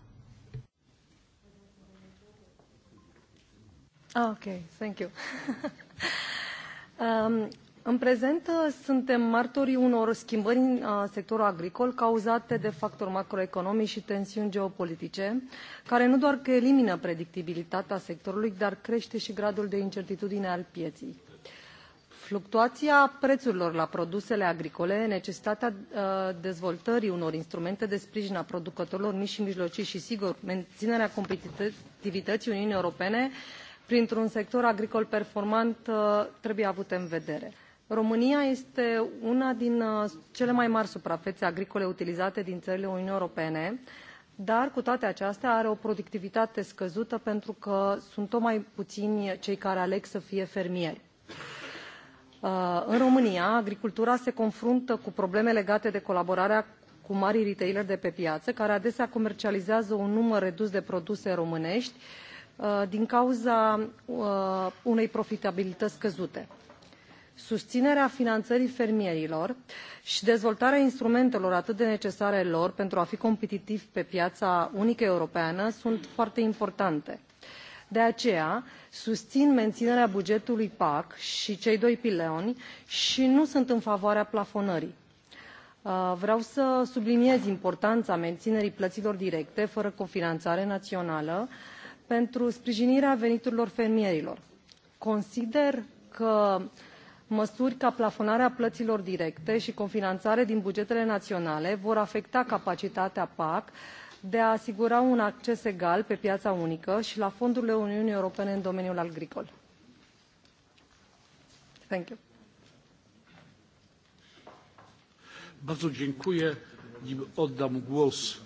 Окей, okay, thank you. um, În prezent suntem martorii unor schimbări în sectorul agricol cauzate de factori macroeconomici și tensiuni geopolitice, care nu doar că elimină predictibilitatea sectorului, dar crește și gradul de incertitudine al pieței. Fluctuația prețurilor la produsele agricole, necesitatea dezvoltării unor instrumente de sprijin a producătorilor mici și mijlocii și, sigur, menținerea competitivității Uniunii Europene printr-un sector agricol performant trebuie avute în vedere România este una din cele mai mari suprafețe agricole utilizate din țările Uniunii Europene, dar cu toate acestea are o productivitate scăzută pentru că sunt tot mai puțini cei care aleg să fie fermieri. În România, agricultura se confruntă cu probleme legate de colaborarea cu mari retailer de pe piață, care adesea comercializează un număr redus de produse românești din cauza unei profitabilități scăzute susținerea finanțării fermierilor și dezvoltarea instrumentelor atât de necesare lor pentru a fi competitivi pe piața unică europeană sunt foarte importante. De aceea, susțin menținerea bugetului PAC și cei doi piloni și nu sunt în favoarea plafonării. Vreau să subliniez importanța menținerii plăților directe fără cofinanțare națională pentru sprijinirea veniturilor fermierilor. Consider că măsuri ca plafonarea plăților directe și cofinanțare din bugetele naționale vor afecta capacitatea pac de a asigura un acces egal pe piața unică și la fondurile uniunii europene în domeniul agricol. Thank you. Bardzo dziękuję. oddam głos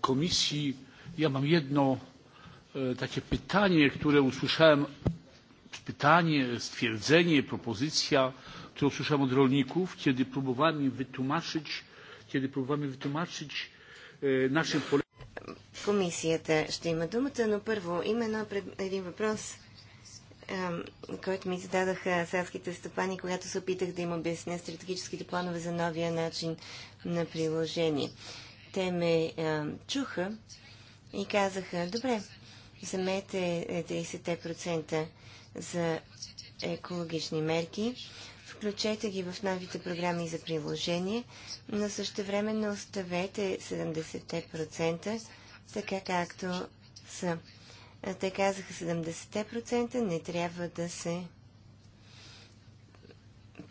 komisji, ja mam jedno takie pytanie, które usłyszałem pytanie, stwierdzenie, propozycja, którą słyszałem od rolników, kiedy próbowałem im wytłumaczyć, kiedy próbowałem wytłumaczyć e, naszym Комисията ще има думата, но първо има едно, един въпрос, който ми зададаха селските стопани, когато се опитах да им обясня стратегическите планове за новия начин на приложение. Те ме чуха и казаха, добре, вземете 30% за екологични мерки. Включете ги в новите програми за приложение, но също време не оставете 70%, така както са. Те казаха 70% не трябва да се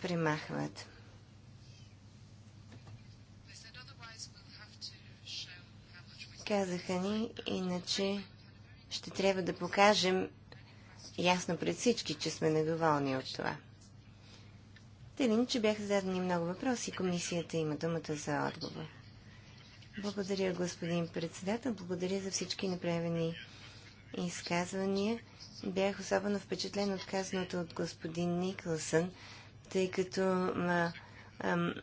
премахват. Казаха ни, иначе ще трябва да покажем ясно пред всички, че сме недоволни от това. Телин, че бяха зададени много въпроси. Комисията има думата за отговор. Благодаря, господин председател. Благодаря за всички направени изказвания. Бях особено впечатлен от казаното от господин Никълсън, тъй като а, а,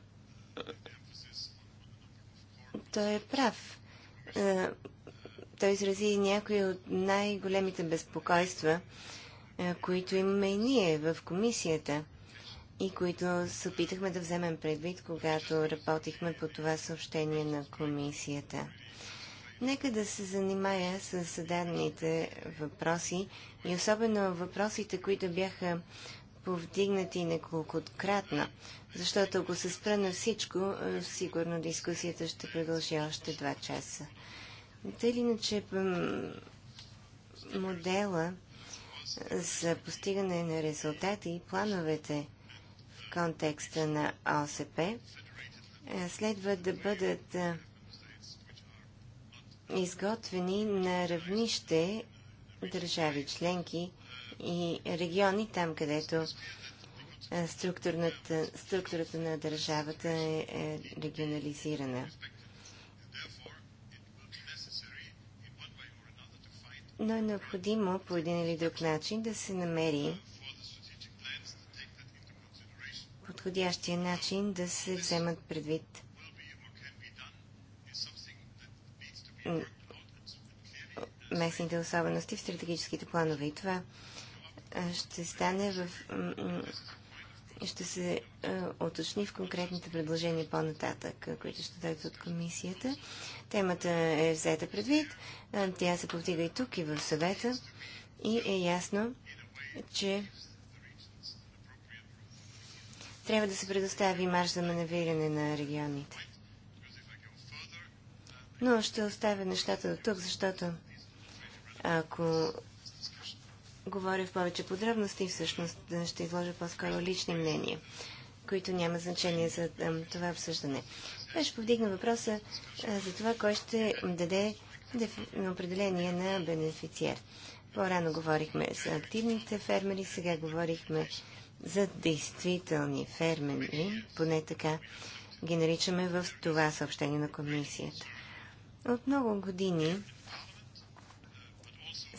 той е прав. А, е, той изрази някои от най-големите безпокойства които имаме и ние в комисията и които се опитахме да вземем предвид, когато работихме по това съобщение на комисията. Нека да се занимая с зададените въпроси и особено въпросите, които бяха повдигнати неколкократно, защото ако се спра на всичко, сигурно дискусията ще продължи още два часа. Тъй ли, иначе модела за постигане на резултати и плановете в контекста на ОСП е, следва да бъдат е, изготвени на равнище държави членки и региони, там където е, структурата на държавата е регионализирана. но е необходимо по един или друг начин да се намери подходящия начин да се вземат предвид местните особености в стратегическите планове. И това ще стане в ще се е, уточни в конкретните предложения по-нататък, е, които ще дойдат от комисията. Темата е взета предвид. Е, тя се повдига и тук, и в съвета. И е ясно, че трябва да се предостави марш за маневриране на регионите. Но ще оставя нещата до тук, защото ако говоря в повече подробности, всъщност ще изложа по-скоро лични мнения, които няма значение за това обсъждане. Беше повдигна въпроса за това, кой ще даде определение на бенефициер. По-рано говорихме за активните фермери, сега говорихме за действителни фермери, поне така ги наричаме в това съобщение на комисията. От много години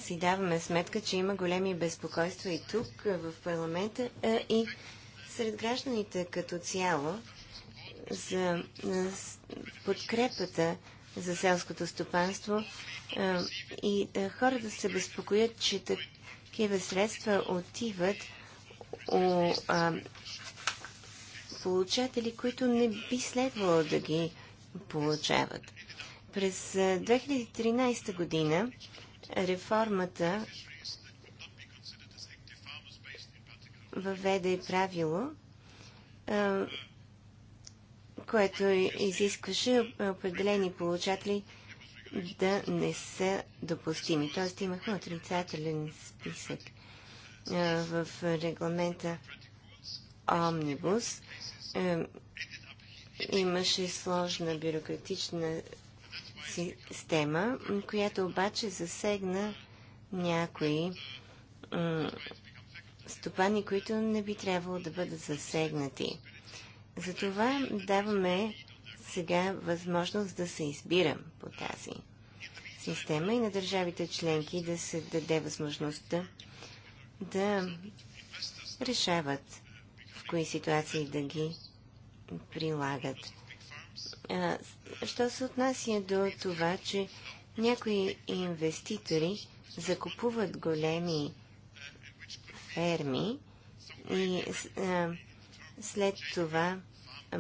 си даваме сметка, че има големи безпокойства и тук, в парламента, и сред гражданите като цяло за подкрепата за селското стопанство и хората се безпокоят, че такива средства отиват у получатели, които не би следвало да ги получават. През 2013 година реформата въведе и правило, което изискваше определени получатели да не са допустими. Тоест имахме отрицателен списък в регламента Омнибус. Е, имаше сложна бюрократична система, която обаче засегна някои стопани, които не би трябвало да бъдат засегнати. Затова даваме сега възможност да се избира по тази система и на държавите членки да се даде възможността да решават в кои ситуации да ги прилагат що се отнася до това, че някои инвеститори закупуват големи ферми и а, след това а,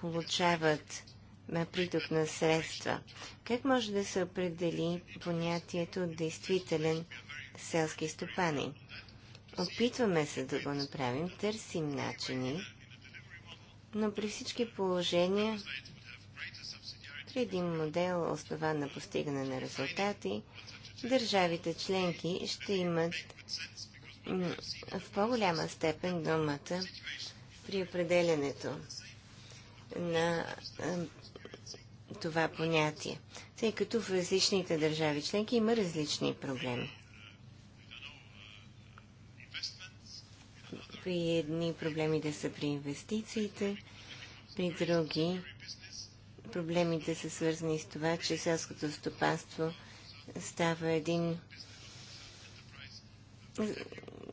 получават на приток на средства. Как може да се определи понятието действителен селски стопанин? Опитваме се да го направим, търсим начини но при всички положения, при един модел, основан на постигане на резултати, държавите членки ще имат в по-голяма степен думата при определенето на това понятие, тъй като в различните държави членки има различни проблеми. При едни проблемите са при инвестициите, при други проблемите са свързани с това, че селското стопанство става един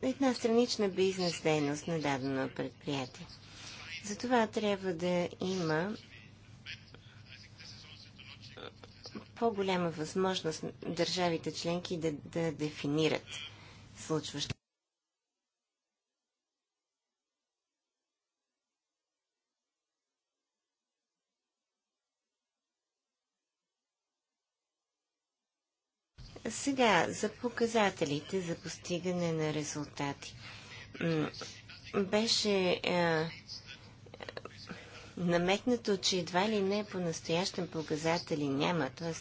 една странична бизнес дейност на дадено предприятие. Затова трябва да има по-голяма възможност държавите членки да, да дефинират случващото. Сега за показателите за постигане на резултати. Беше а, е, намекнато, че едва ли не по-настоящен показатели няма, т.е.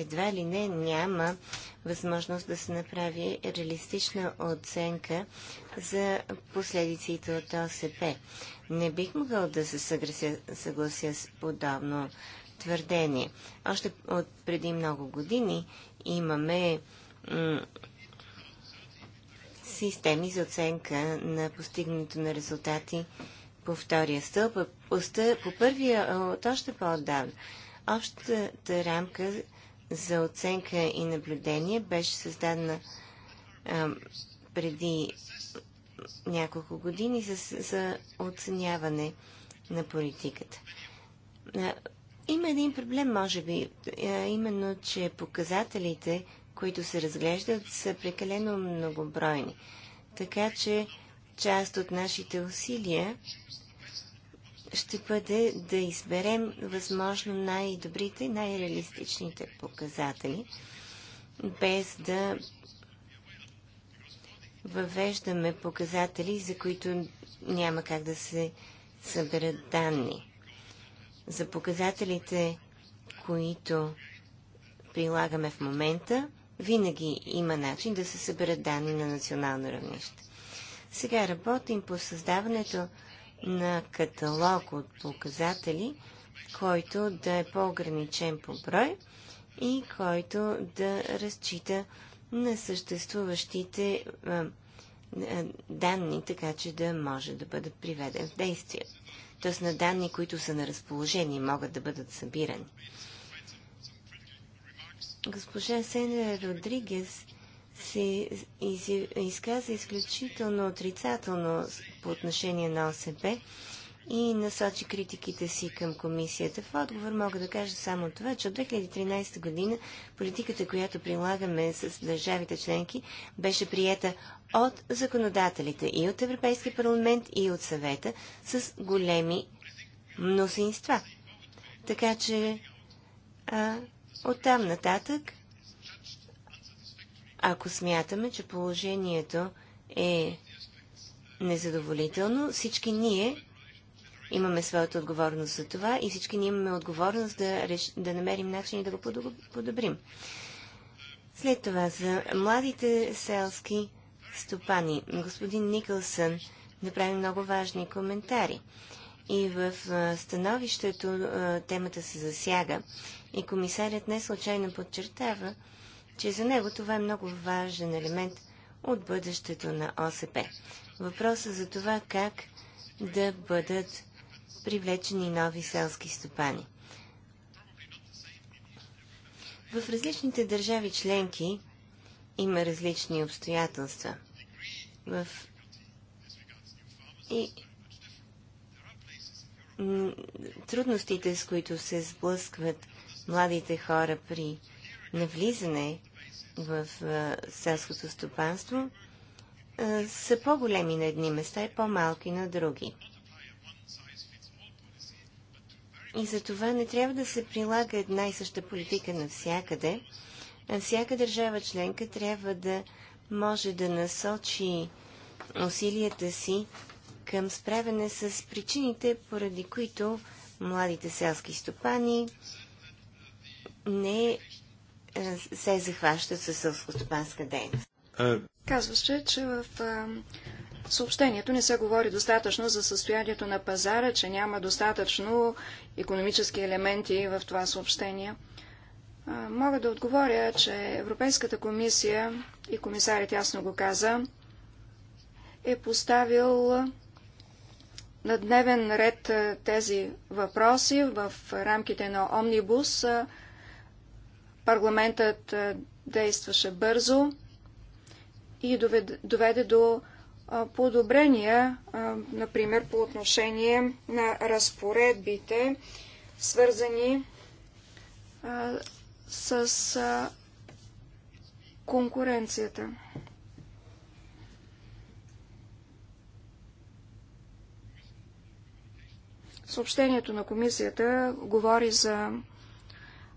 едва ли не няма възможност да се направи реалистична оценка за последиците от ОСП. Не бих могъл да се съглася, съглася с подобно твърдение. Още от преди много години имаме системи за оценка на постигнато на резултати по втория стълб, по, по първия от още по-отдавна. Общата рамка за оценка и наблюдение беше създадена а, преди няколко години за, за оценяване на политиката. Има един проблем, може би, е, именно, че показателите, които се разглеждат, са прекалено многобройни. Така че част от нашите усилия ще бъде да изберем възможно най-добрите, най-реалистичните показатели, без да въвеждаме показатели, за които няма как да се съберат данни за показателите, които прилагаме в момента, винаги има начин да се съберат данни на национално равнище. Сега работим по създаването на каталог от показатели, който да е по-ограничен по брой и който да разчита на съществуващите данни, така че да може да бъде приведен в действие т.е. на данни, които са на разположение, могат да бъдат събирани. Госпожа Сенера Родригес се изказа изключително отрицателно по отношение на ОСП и насочи критиките си към комисията. В отговор мога да кажа само това, че от 2013 година политиката, която прилагаме с държавите членки, беше приета от законодателите и от Европейски парламент и от съвета с големи мнозинства. Така че а, оттам нататък, ако смятаме, че положението е незадоволително, всички ние имаме своята отговорност за това и всички ние имаме отговорност да, реш... да намерим начин да го подобрим. След това за младите селски стопани. Господин Никълсън направи много важни коментари. И в становището темата се засяга. И комисарят не случайно подчертава, че за него това е много важен елемент от бъдещето на ОСП. Въпросът за това как да бъдат привлечени нови селски стопани. В различните държави членки има различни обстоятелства. В... И трудностите, с които се сблъскват младите хора при навлизане в селското стопанство, са по-големи на едни места и по-малки на други. И за това не трябва да се прилага една и съща политика навсякъде, всяка държава членка трябва да може да насочи усилията си към справяне с причините, поради които младите селски стопани не се захващат със селскостопанска дейност. Казваше, че в съобщението не се говори достатъчно за състоянието на пазара, че няма достатъчно економически елементи в това съобщение. Мога да отговоря, че Европейската комисия, и комисарят ясно го каза, е поставил на дневен ред тези въпроси в рамките на Омнибус. Парламентът действаше бързо и доведе до подобрения, например, по отношение на разпоредбите, свързани с конкуренцията. Съобщението на комисията говори за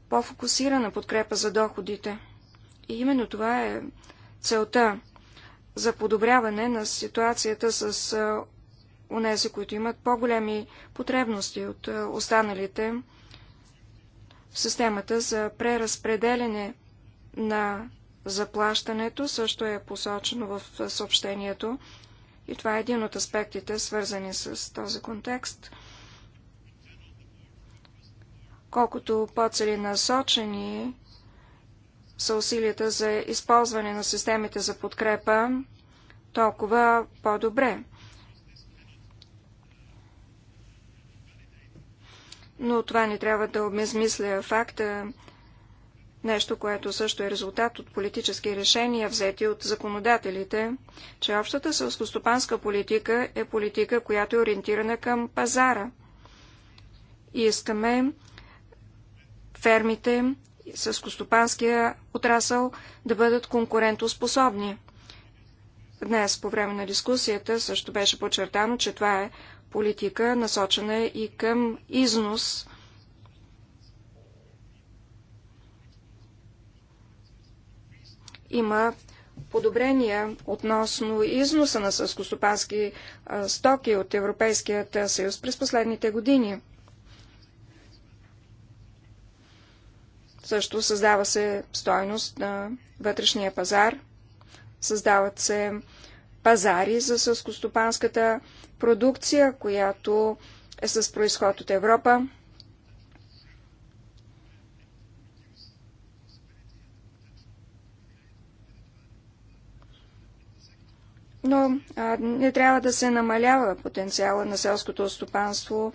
по-фокусирана подкрепа за доходите. И именно това е целта за подобряване на ситуацията с унези, които имат по-големи потребности от останалите в системата за преразпределене на заплащането също е посочено в съобщението и това е един от аспектите, свързани с този контекст. Колкото по-целенасочени са усилията за използване на системите за подкрепа, толкова по-добре. но това не трябва да обезмисля факта, нещо, което също е резултат от политически решения, взети от законодателите, че общата селскостопанска политика е политика, която е ориентирана към пазара. И искаме фермите костопанския отрасъл да бъдат конкурентоспособни. Днес, по време на дискусията, също беше подчертано, че това е политика, насочена и към износ. Има подобрения относно износа на съскостопански стоки от Европейският съюз през последните години. Също създава се стойност на вътрешния пазар, създават се пазари за сълскостопанската продукция, която е с происход от Европа. но а, не трябва да се намалява потенциала на селското стопанство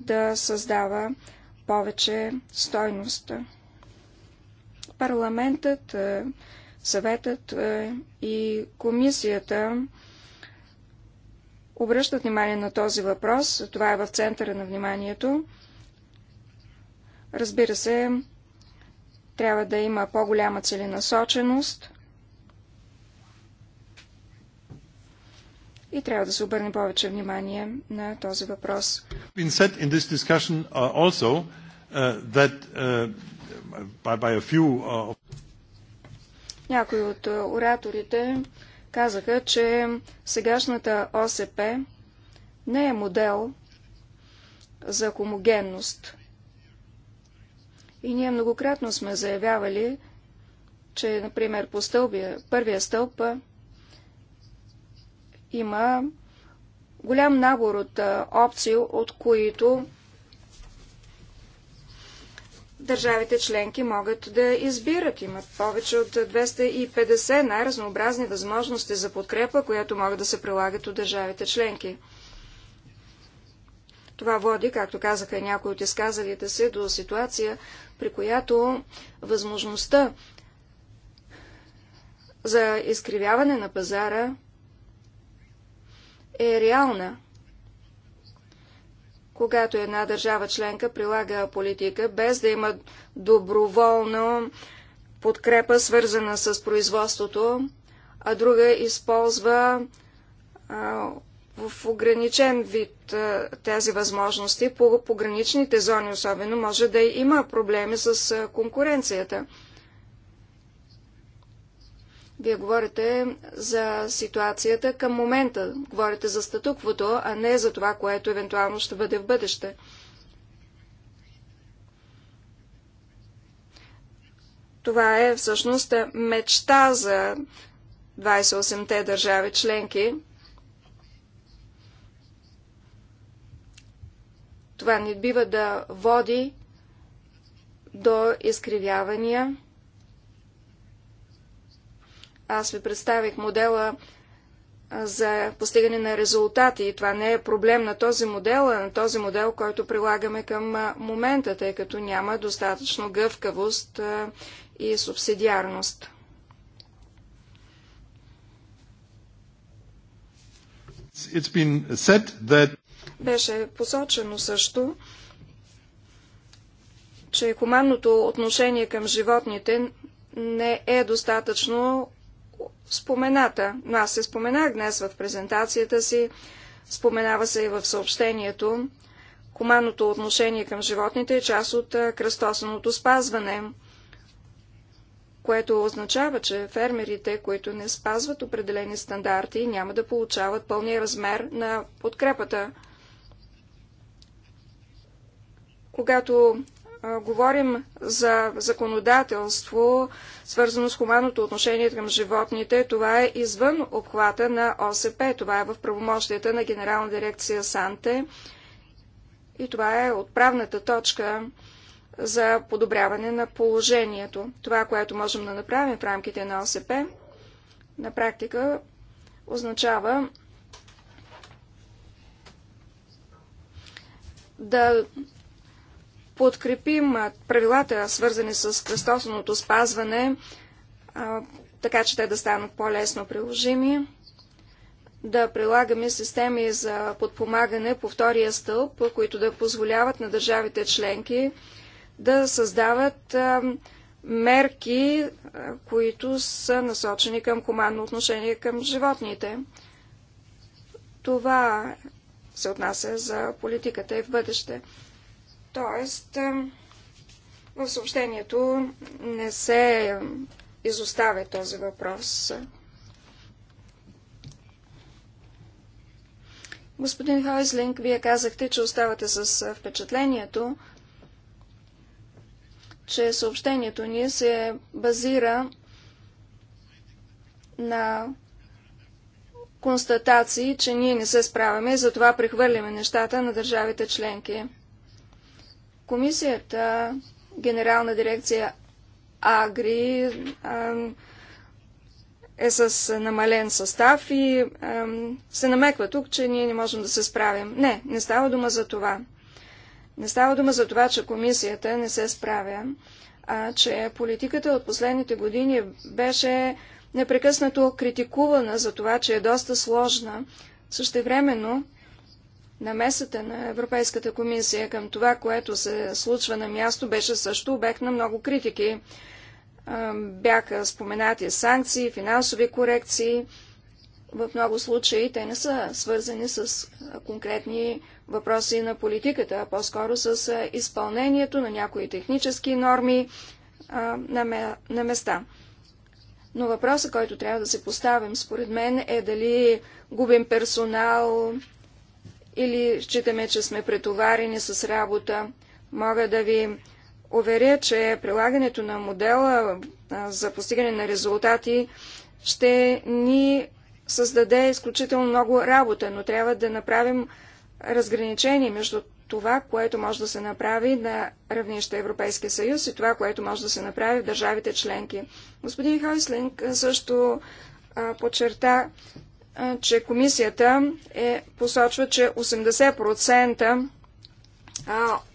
да създава повече стойност. Парламентът а, Съветът е, и комисията обръщат внимание на този въпрос. Това е в центъра на вниманието. Разбира се, трябва да има по-голяма целенасоченост и трябва да се обърне повече внимание на този въпрос. Uh, also, uh, that, uh, by, by few, uh... Някои от е, ораторите казаха, че сегашната ОСП не е модел за хомогенност. И ние многократно сме заявявали, че, например, по стълбия, първия стълб е, има голям набор от е, опции, от които държавите членки могат да избират. Имат повече от 250 най-разнообразни възможности за подкрепа, която могат да се прилагат от държавите членки. Това води, както казаха някои от изказалите се, до ситуация, при която възможността за изкривяване на пазара е реална когато една държава членка прилага политика без да има доброволно подкрепа, свързана с производството, а друга използва в ограничен вид тези възможности. По пограничните зони особено може да има проблеми с конкуренцията. Вие говорите за ситуацията към момента, говорите за статуквото, а не за това, което евентуално ще бъде в бъдеще. Това е всъщност мечта за 28-те държави членки. Това не бива да води до изкривявания аз ви представих модела за постигане на резултати. И това не е проблем на този модел, а на този модел, който прилагаме към момента, тъй като няма достатъчно гъвкавост и субсидиарност. That... Беше посочено също, че хуманното отношение към животните не е достатъчно спомената, но аз се споменах днес в презентацията си, споменава се и в съобщението. Хуманното отношение към животните е част от кръстосаното спазване, което означава, че фермерите, които не спазват определени стандарти, няма да получават пълния размер на подкрепата. Когато говорим за законодателство, свързано с хуманното отношение към животните, това е извън обхвата на ОСП. Това е в правомощията на Генерална дирекция Санте. И това е отправната точка за подобряване на положението. Това, което можем да направим в рамките на ОСП, на практика означава да подкрепим правилата, свързани с кръстосаното спазване, така че те да станат по-лесно приложими, да прилагаме системи за подпомагане по втория стълб, които да позволяват на държавите членки да създават мерки, които са насочени към командно отношение към животните. Това се отнася за политиката и в бъдеще. Тоест, в съобщението не се изоставя този въпрос. Господин Хойзлинг, вие казахте, че оставате с впечатлението, че съобщението ни се базира на констатации, че ние не се справяме и затова прехвърляме нещата на държавите членки. Комисията, Генерална дирекция Агри, е с намален състав и се намеква тук, че ние не можем да се справим. Не, не става дума за това. Не става дума за това, че комисията не се справя, а че политиката от последните години беше непрекъснато критикувана за това, че е доста сложна. Същевременно Намесата на Европейската комисия към това, което се случва на място, беше също обект на много критики. Бяха споменати санкции, финансови корекции. В много случаи те не са свързани с конкретни въпроси на политиката, а по-скоро с изпълнението на някои технически норми на места. Но въпросът, който трябва да се поставим, според мен, е дали губим персонал, или считаме, че сме претоварени с работа. Мога да ви уверя, че прилагането на модела за постигане на резултати ще ни създаде изключително много работа, но трябва да направим разграничение между това, което може да се направи на равнище Европейския съюз и това, което може да се направи в държавите членки. Господин Хойслинг също подчерта че комисията е, посочва, че 80%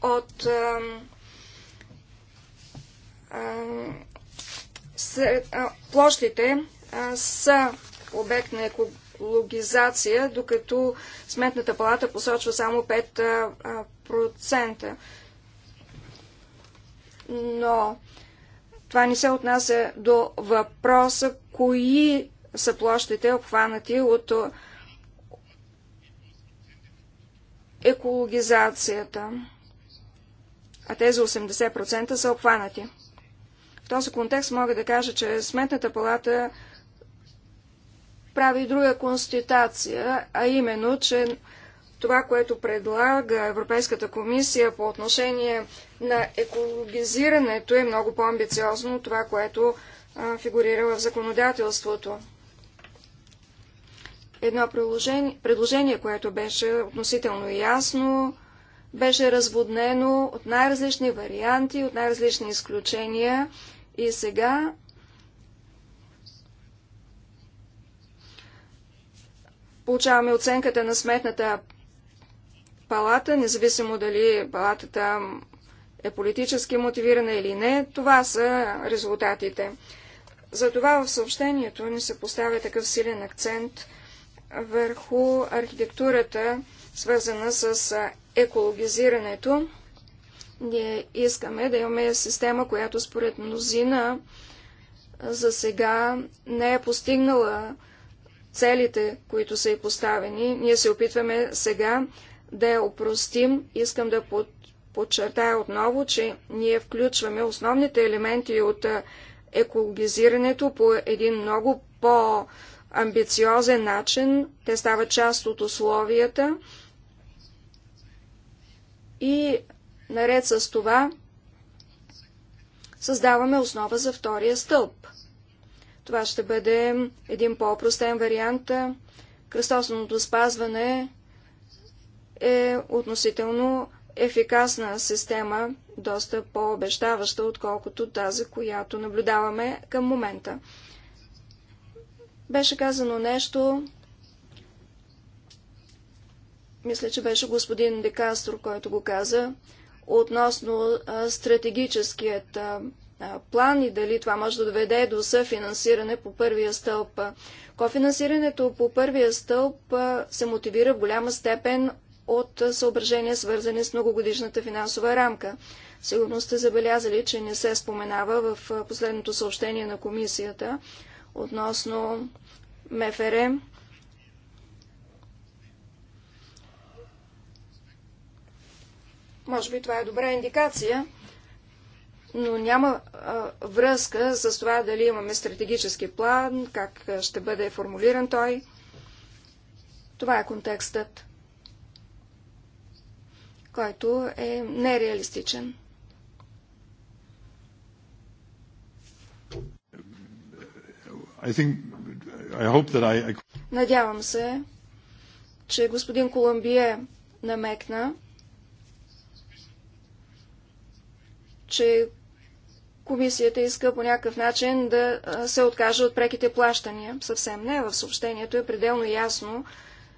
от площите са обект на екологизация, докато Сметната палата посочва само 5%. Но това не се отнася до въпроса, кои са площите обхванати от екологизацията, а тези 80% са обхванати. В този контекст мога да кажа, че Сметната палата прави друга конститация, а именно, че това, което предлага Европейската комисия по отношение на екологизирането е много по-амбициозно от това, което фигурира в законодателството едно предложение, предложение, което беше относително ясно, беше разводнено от най-различни варианти, от най-различни изключения и сега получаваме оценката на сметната палата, независимо дали палатата е политически мотивирана или не, това са резултатите. Затова в съобщението ни се поставя такъв силен акцент – върху архитектурата, свързана с екологизирането. Ние искаме да имаме система, която според мнозина за сега не е постигнала целите, които са и поставени. Ние се опитваме сега да я опростим. Искам да подчертая отново, че ние включваме основните елементи от екологизирането по един много по- амбициозен начин. Те стават част от условията. И наред с това създаваме основа за втория стълб. Това ще бъде един по-простен вариант. Кръстосното спазване е относително ефикасна система, доста по-обещаваща, отколкото тази, която наблюдаваме към момента. Беше казано нещо, мисля, че беше господин Декастро, който го каза, относно а, стратегическият а, план и дали това може да доведе до съфинансиране по първия стълб. Кофинансирането по първия стълб се мотивира в голяма степен от съображения, свързани с многогодишната финансова рамка. Сигурно сте забелязали, че не се споменава в последното съобщение на комисията, относно МФРМ. Може би това е добра индикация, но няма а, връзка с това дали имаме стратегически план, как ще бъде формулиран той. Това е контекстът, който е нереалистичен. I think, I hope that I... Надявам се, че господин Колумбие намекна, че комисията иска по някакъв начин да се откаже от преките плащания. Съвсем не. В съобщението е пределно ясно,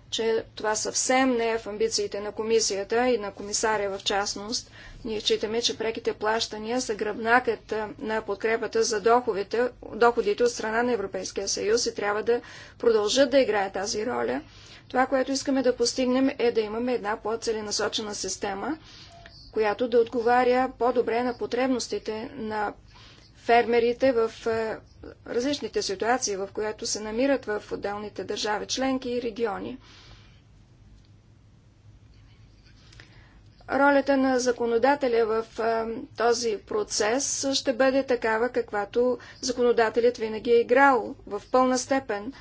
че това съвсем не е в амбициите на комисията и на комисаря в частност – ние считаме, че преките плащания са гръбнакът на подкрепата за доходите, доходите от страна на Европейския съюз и трябва да продължат да играят тази роля. Това, което искаме да постигнем е да имаме една по-целенасочена система, която да отговаря по-добре на потребностите на фермерите в различните ситуации, в които се намират в отделните държави членки и региони. Ролята на законодателя в а, този процес ще бъде такава, каквато законодателят винаги е играл в пълна степен,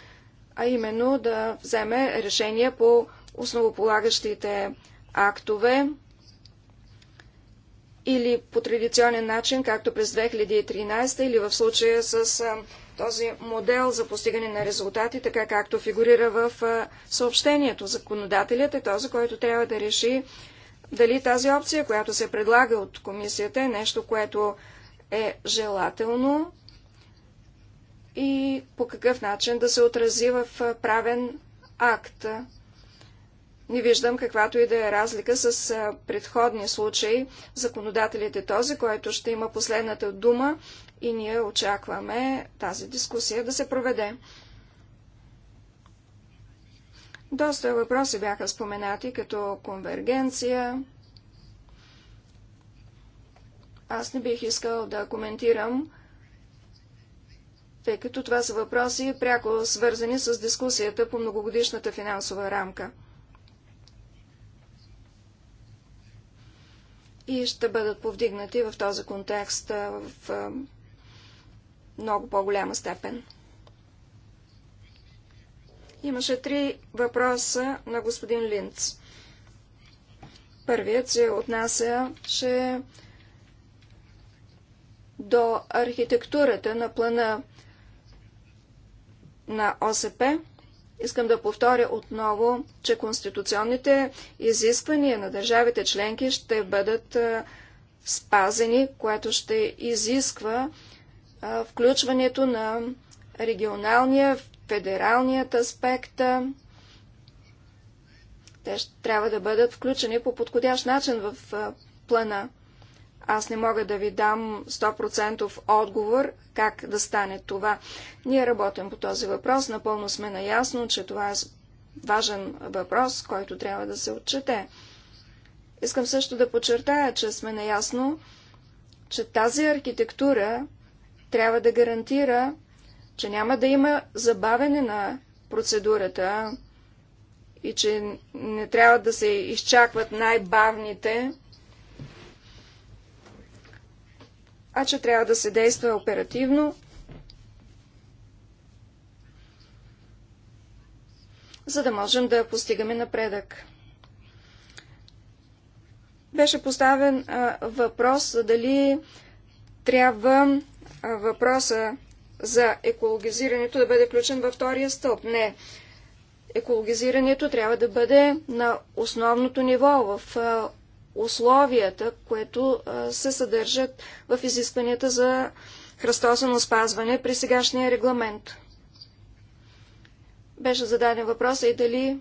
а именно да вземе решение по основополагащите актове или по традиционен начин, както през 2013 или в случая с а, този модел за постигане на резултати, така както фигурира в а, съобщението. Законодателят е този, който трябва да реши дали тази опция, която се предлага от комисията, е нещо, което е желателно и по какъв начин да се отрази в правен акт. Не виждам каквато и да е разлика с предходни случаи. Законодателят е този, който ще има последната дума и ние очакваме тази дискусия да се проведе. Доста въпроси бяха споменати, като конвергенция. Аз не бих искал да коментирам, тъй като това са въпроси пряко свързани с дискусията по многогодишната финансова рамка. И ще бъдат повдигнати в този контекст в много по-голяма степен. Имаше три въпроса на господин Линц. Първият се че до архитектурата на плана на ОСП. Искам да повторя отново, че конституционните изисквания на държавите членки ще бъдат спазени, което ще изисква включването на регионалния федералният аспект. Те трябва да бъдат включени по подходящ начин в плана. Аз не мога да ви дам 100% отговор как да стане това. Ние работим по този въпрос. Напълно сме наясно, че това е важен въпрос, който трябва да се отчете. Искам също да подчертая, че сме наясно, че тази архитектура трябва да гарантира че няма да има забавене на процедурата и че не трябва да се изчакват най-бавните, а че трябва да се действа оперативно, за да можем да постигаме напредък. Беше поставен а, въпрос дали трябва а, въпроса за екологизирането да бъде включен във втория стълб. Не. Екологизирането трябва да бъде на основното ниво, в условията, което се съдържат в изискванията за хръстосано спазване при сегашния регламент. Беше зададен въпрос и дали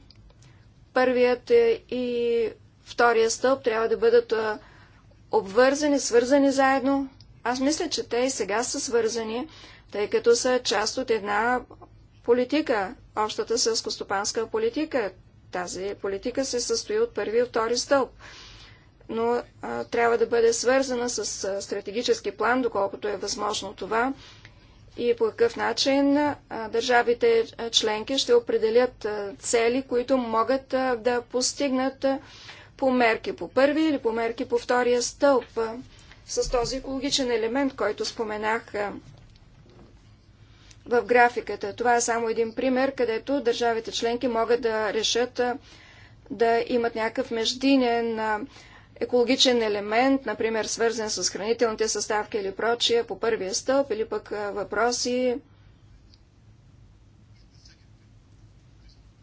първият е, и втория стълб трябва да бъдат обвързани, свързани заедно. Аз мисля, че те и сега са свързани, тъй като са част от една политика, общата селскостопанска политика. Тази политика се състои от първи и втори стълб, но а, трябва да бъде свързана с а, стратегически план, доколкото е възможно това, и по какъв начин а, държавите членки ще определят а, цели, които могат а, да постигнат а, по мерки по първи или по мерки по втория стълб. А, с този екологичен елемент, който споменах, а, в графиката. Това е само един пример, където държавите членки могат да решат да имат някакъв междинен екологичен елемент, например свързан с хранителните съставки или прочие, по първия стълб, или пък въпроси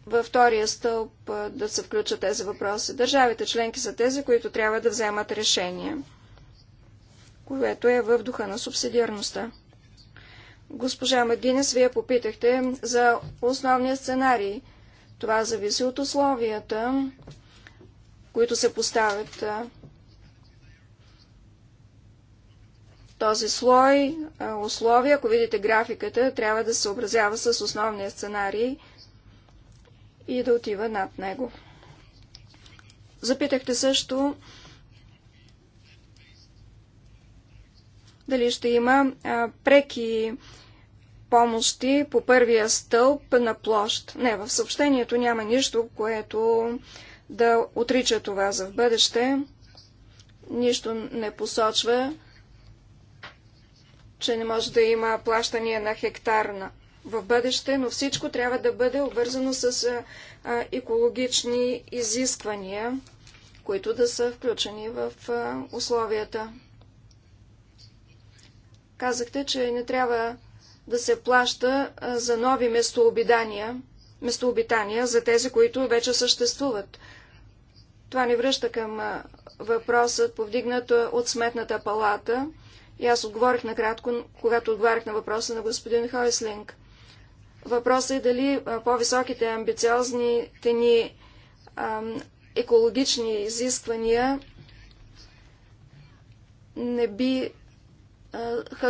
във втория стълб да се включат тези въпроси. Държавите членки са тези, които трябва да вземат решение, което е в духа на субсидиарността. Госпожа Магинес, вие попитахте за основния сценарий. Това зависи от условията, които се поставят. Този слой условия, ако видите графиката, трябва да се съобразява с основния сценарий и да отива над него. Запитахте също дали ще има преки помощи по първия стълб на площ. Не, в съобщението няма нищо, което да отрича това за в бъдеще. Нищо не посочва, че не може да има плащания на хектарна в бъдеще, но всичко трябва да бъде обвързано с екологични изисквания, които да са включени в условията. Казахте, че не трябва да се плаща за нови местообитания, местообитания за тези, които вече съществуват. Това ни връща към въпросът, повдигнат от Сметната палата. И аз отговорих накратко, когато отговарях на въпроса на господин Хойслинг. Въпросът е дали по-високите амбициозните ни ам, екологични изисквания не би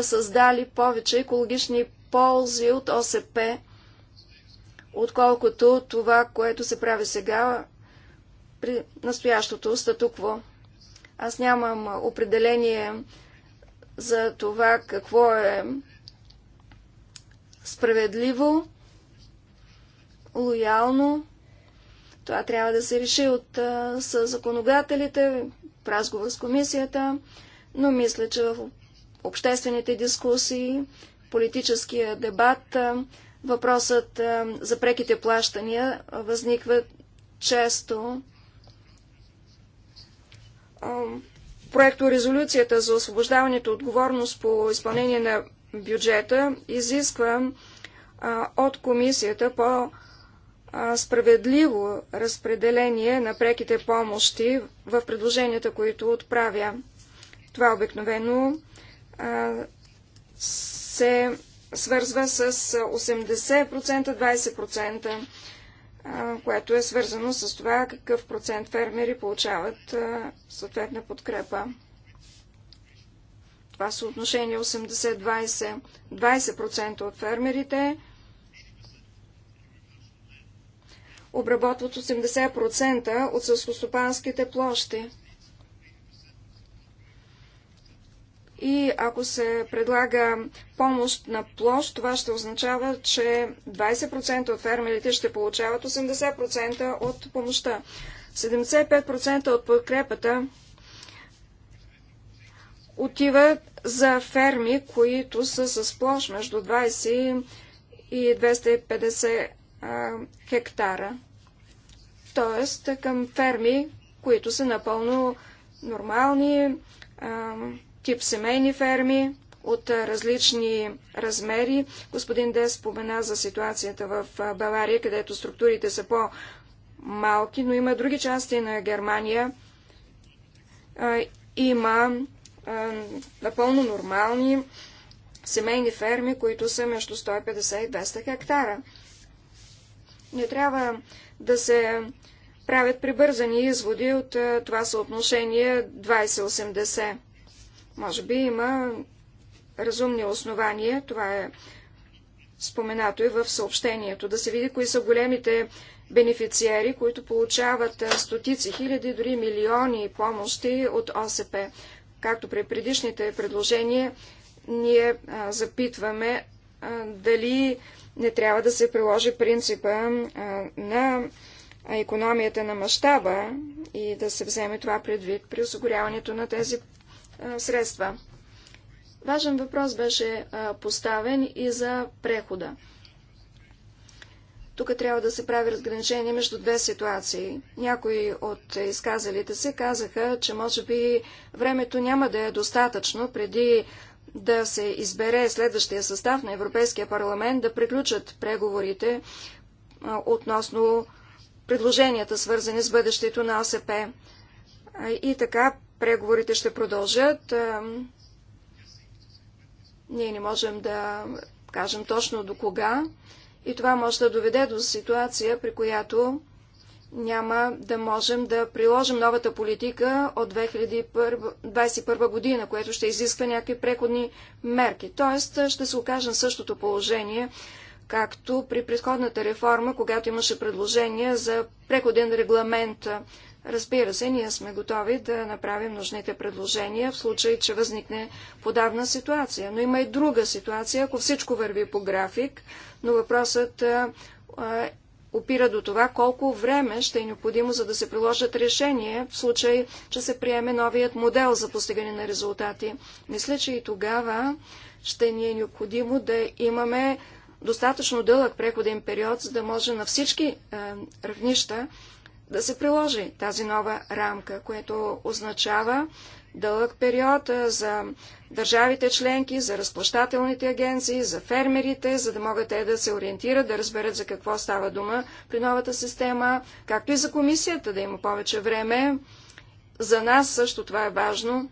създали повече екологични ползи от ОСП, отколкото това, което се прави сега при настоящото статукво. Аз нямам определение за това какво е справедливо, лоялно. Това трябва да се реши от законодателите, разговор с комисията, но мисля, че в обществените дискусии, политическия дебат, въпросът за преките плащания възниква често. Проекто резолюцията за освобождаването отговорност по изпълнение на бюджета изисква от комисията по справедливо разпределение на преките помощи в предложенията, които отправя. Това обикновено се свързва с 80%, 20%, което е свързано с това какъв процент фермери получават съответна подкрепа. Това съотношение 80-20. 20% от фермерите обработват 80% от сълскостопанските площи. И ако се предлага помощ на площ, това ще означава, че 20% от фермерите ще получават 80% от помощта. 75% от подкрепата отива за ферми, които са с площ между 20 и 250 хектара. Тоест към ферми, които са напълно нормални, тип семейни ферми от различни размери. Господин Дес спомена за ситуацията в Бавария, където структурите са по-малки, но има други части на Германия. Има напълно нормални семейни ферми, които са между 150 и 200 хектара. Не трябва да се правят прибързани изводи от това съотношение 20-80. Може би има разумни основания, това е споменато и в съобщението, да се види кои са големите бенефициери, които получават стотици хиляди, дори милиони помощи от ОСП. Както при предишните предложения, ние а, запитваме а, дали не трябва да се приложи принципа а, на економията на мащаба и да се вземе това предвид при осигуряването на тези средства. Важен въпрос беше поставен и за прехода. Тук трябва да се прави разграничение между две ситуации. Някои от изказалите се казаха, че може би времето няма да е достатъчно преди да се избере следващия състав на Европейския парламент, да приключат преговорите относно предложенията, свързани с бъдещето на ОСП. и така преговорите ще продължат. Ние не можем да кажем точно до кога и това може да доведе до ситуация, при която няма да можем да приложим новата политика от 2021 година, което ще изисква някакви преходни мерки. Тоест ще се окажем същото положение, както при предходната реформа, когато имаше предложение за преходен регламент. Разбира се, ние сме готови да направим нужните предложения в случай, че възникне подавна ситуация. Но има и друга ситуация, ако всичко върви по график, но въпросът а, а, опира до това колко време ще е необходимо, за да се приложат решения в случай, че се приеме новият модел за постигане на резултати. Мисля, че и тогава ще ни е необходимо да имаме достатъчно дълъг преходен период, за да може на всички е, равнища да се приложи тази нова рамка, което означава дълъг период за държавите членки, за разплащателните агенции, за фермерите, за да могат те да се ориентират, да разберат за какво става дума при новата система, както и за комисията да има повече време. За нас също това е важно,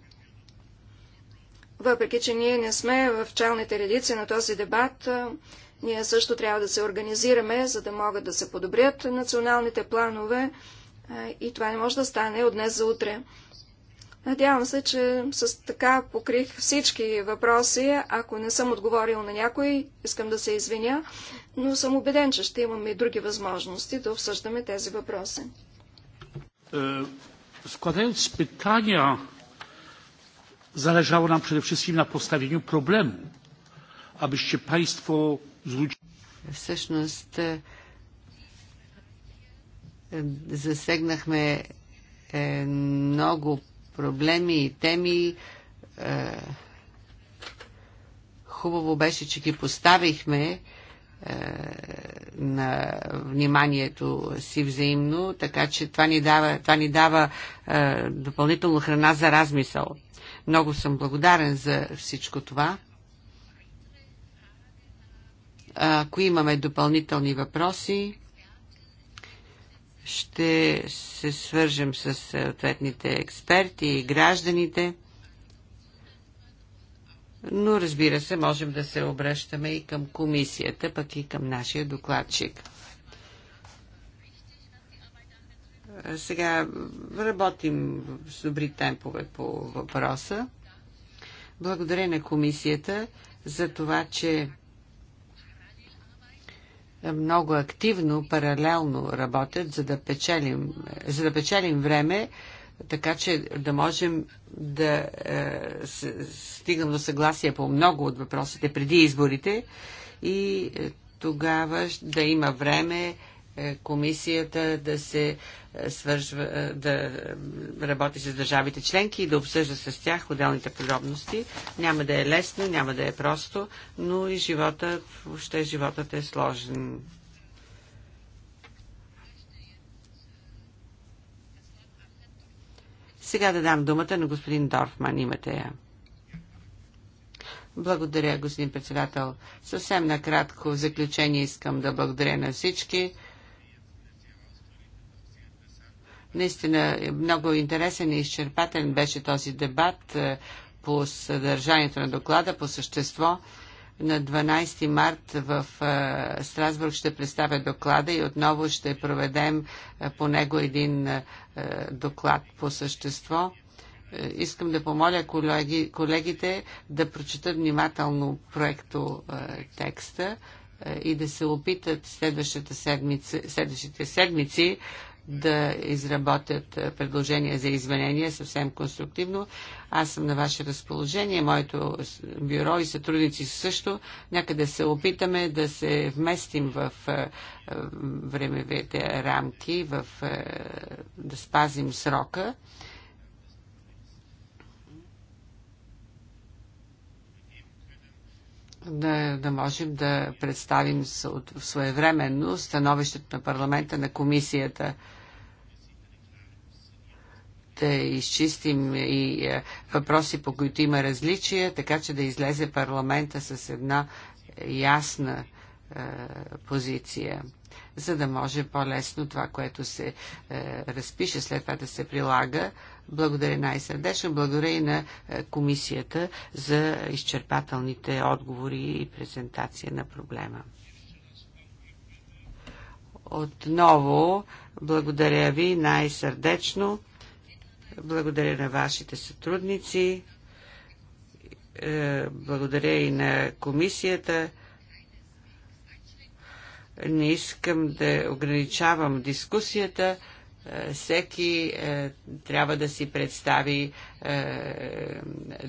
въпреки че ние не сме в чалните редици на този дебат, ние също трябва да се организираме, за да могат да се подобрят националните планове и това не може да стане от днес за утре. Надявам се, че с така покрих всички въпроси. Ако не съм отговорил на някой, искам да се извиня, но съм убеден, че ще имаме и други възможности да обсъждаме тези въпроси. Е, Складенец питания zależało nam przede wszystkim na postawieniu problemu, abyście Państwo звучи. Всъщност е, засегнахме е, много проблеми и теми. Е, хубаво беше, че ги поставихме на вниманието си взаимно, така че това ни дава, това ни дава допълнително храна за размисъл. Много съм благодарен за всичко това. Ако имаме допълнителни въпроси, ще се свържем с съответните експерти и гражданите. Но разбира се, можем да се обръщаме и към комисията, пък и към нашия докладчик. Сега работим с добри темпове по въпроса. Благодаря на комисията за това, че много активно, паралелно работят, за да печелим, за да печелим време, така че да можем да е, стигнем до съгласие по много от въпросите преди изборите и е, тогава да има време е, комисията да се е, свържва, е, да работи с държавите членки и да обсъжда с тях отделните подробности. Няма да е лесно, няма да е просто, но и живота, въобще животът е сложен. Сега да дам думата на господин Дорфман. Имате я. Благодаря, господин председател. Съвсем накратко в заключение искам да благодаря на всички. Наистина много интересен и изчерпателен беше този дебат е, по съдържанието на доклада, по същество. На 12 март в е, Страсбург ще представя доклада и отново ще проведем е, по него един доклад по същество. Искам да помоля колеги, колегите да прочитат внимателно проекто текста и да се опитат следващите седмици да изработят е, предложения за изменения съвсем конструктивно. Аз съм на ваше разположение, моето бюро и сътрудници също. Някъде се опитаме да се вместим в е, е, времевите рамки, в, да спазим срока да, да можем да представим своевременно становището на парламента, на комисията да изчистим и е, въпроси, по които има различия, така че да излезе парламента с една ясна е, позиция за да може по-лесно това, което се е, разпише, след това да се прилага. Благодаря най-сърдечно, благодаря и на е, комисията за изчерпателните отговори и презентация на проблема. Отново благодаря ви най-сърдечно. Благодаря на вашите сътрудници. Е, благодаря и на комисията. Не искам да ограничавам дискусията. Е, всеки е, трябва да си представи, е,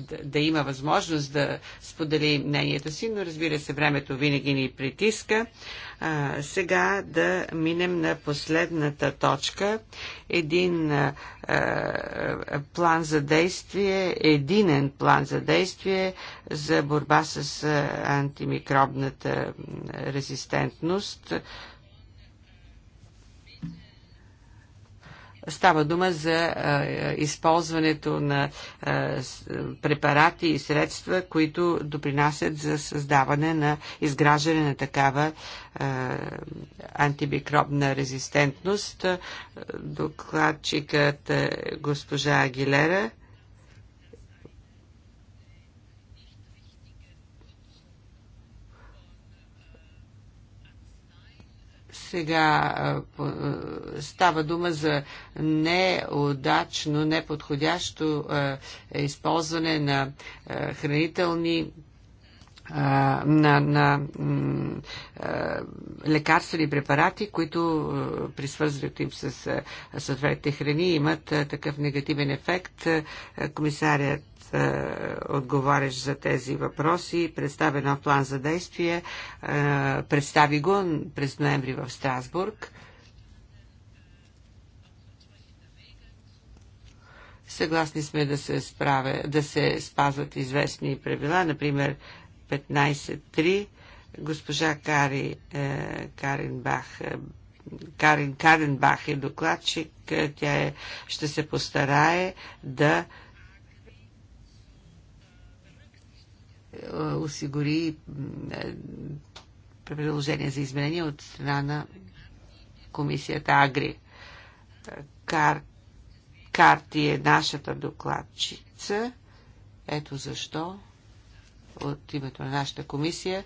да, да има възможност да сподели мнението си, но разбира се, времето винаги ни притиска. А, сега да минем на последната точка. Един е, е, план за действие, единен план за действие за борба с антимикробната резистентност. Става дума за използването на препарати и средства, които допринасят за създаване на изграждане на такава антимикробна резистентност. Докладчикът госпожа Агилера Сега става дума за неудачно, неподходящо използване на хранителни на, на лекарствени препарати, които при свързването им с съответните храни имат такъв негативен ефект. Комисарият е, отговарящ за тези въпроси, представя нов план за действие, е, представи го през ноември в Страсбург. Съгласни сме да се, справя, да се спазват известни правила, например 15.3. Госпожа Кари, е, Каренбах, е, Карин, Каренбах е докладчик. Е, тя е, ще се постарае да е, Е, осигури е, предложение за изменение от страна на комисията Агри. Кар... Карти е нашата докладчица. Ето защо от името на нашата комисия.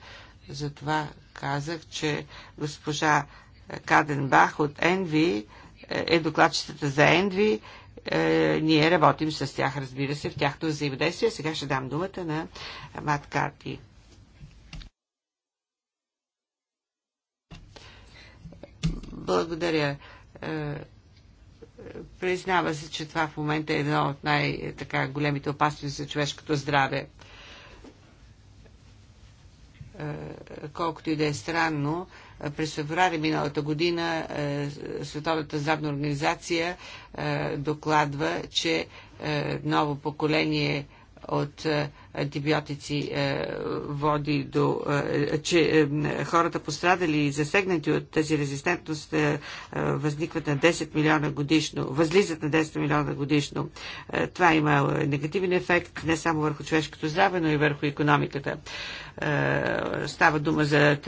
Затова казах, че госпожа Каденбах от Енви е, е докладчицата за Енви е, ние работим с тях, разбира се, в тяхто взаимодействие. Сега ще дам думата на Мат Карпи. Благодаря. Е, признава се, че това в момента е едно от най-големите опасности за човешкото здраве. Е, колкото и да е странно, през феврари миналата година е, Световната здравна организация е, докладва, че е, ново поколение от антибиотици води до... че хората пострадали и засегнати от тази резистентност възникват на 10 милиона годишно, възлизат на 10 милиона годишно. Това има негативен ефект не само върху човешкото здраве, но и върху економиката. Е, става дума за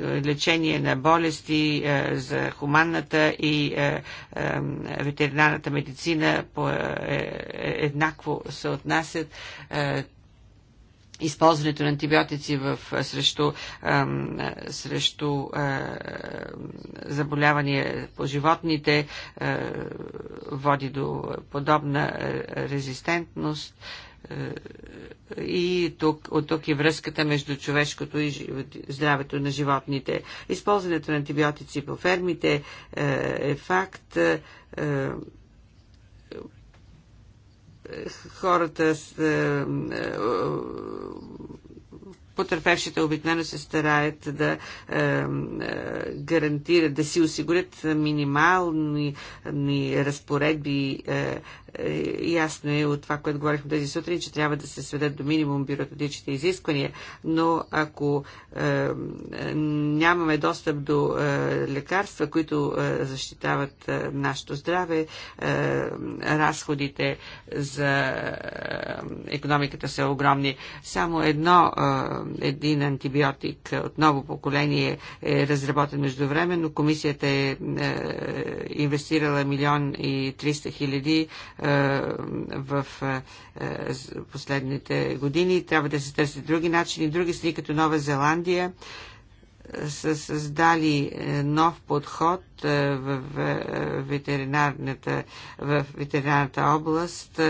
лечение на болести, е, за хуманната и е, ветеринарната медицина по еднакво се отнасят използването на антибиотици в, срещу, ам, срещу а, заболявания по животните а, води до подобна резистентност. А, и тук, от тук и е връзката между човешкото и здравето на животните. Използването на антибиотици по фермите е, е факт. Е, хората с Потърпевшите обикновено се стараят да е, е, гарантират, да си осигурят минимални ни разпоредби. Е, е, ясно е от това, което говорихме тези сутрин, че трябва да се сведат до минимум бюрократичните изисквания, но ако е, нямаме достъп до е, лекарства, които е, защитават е, нашето здраве, е, разходите за е, економиката са огромни. Само едно е, един антибиотик от ново поколение е разработен междувременно. Комисията е, е инвестирала милион и 300 хиляди е, в е, последните години. Трябва да се търсят други начини. Други страни, като Нова Зеландия, са създали нов подход в ветеринарната, в ветеринарната област.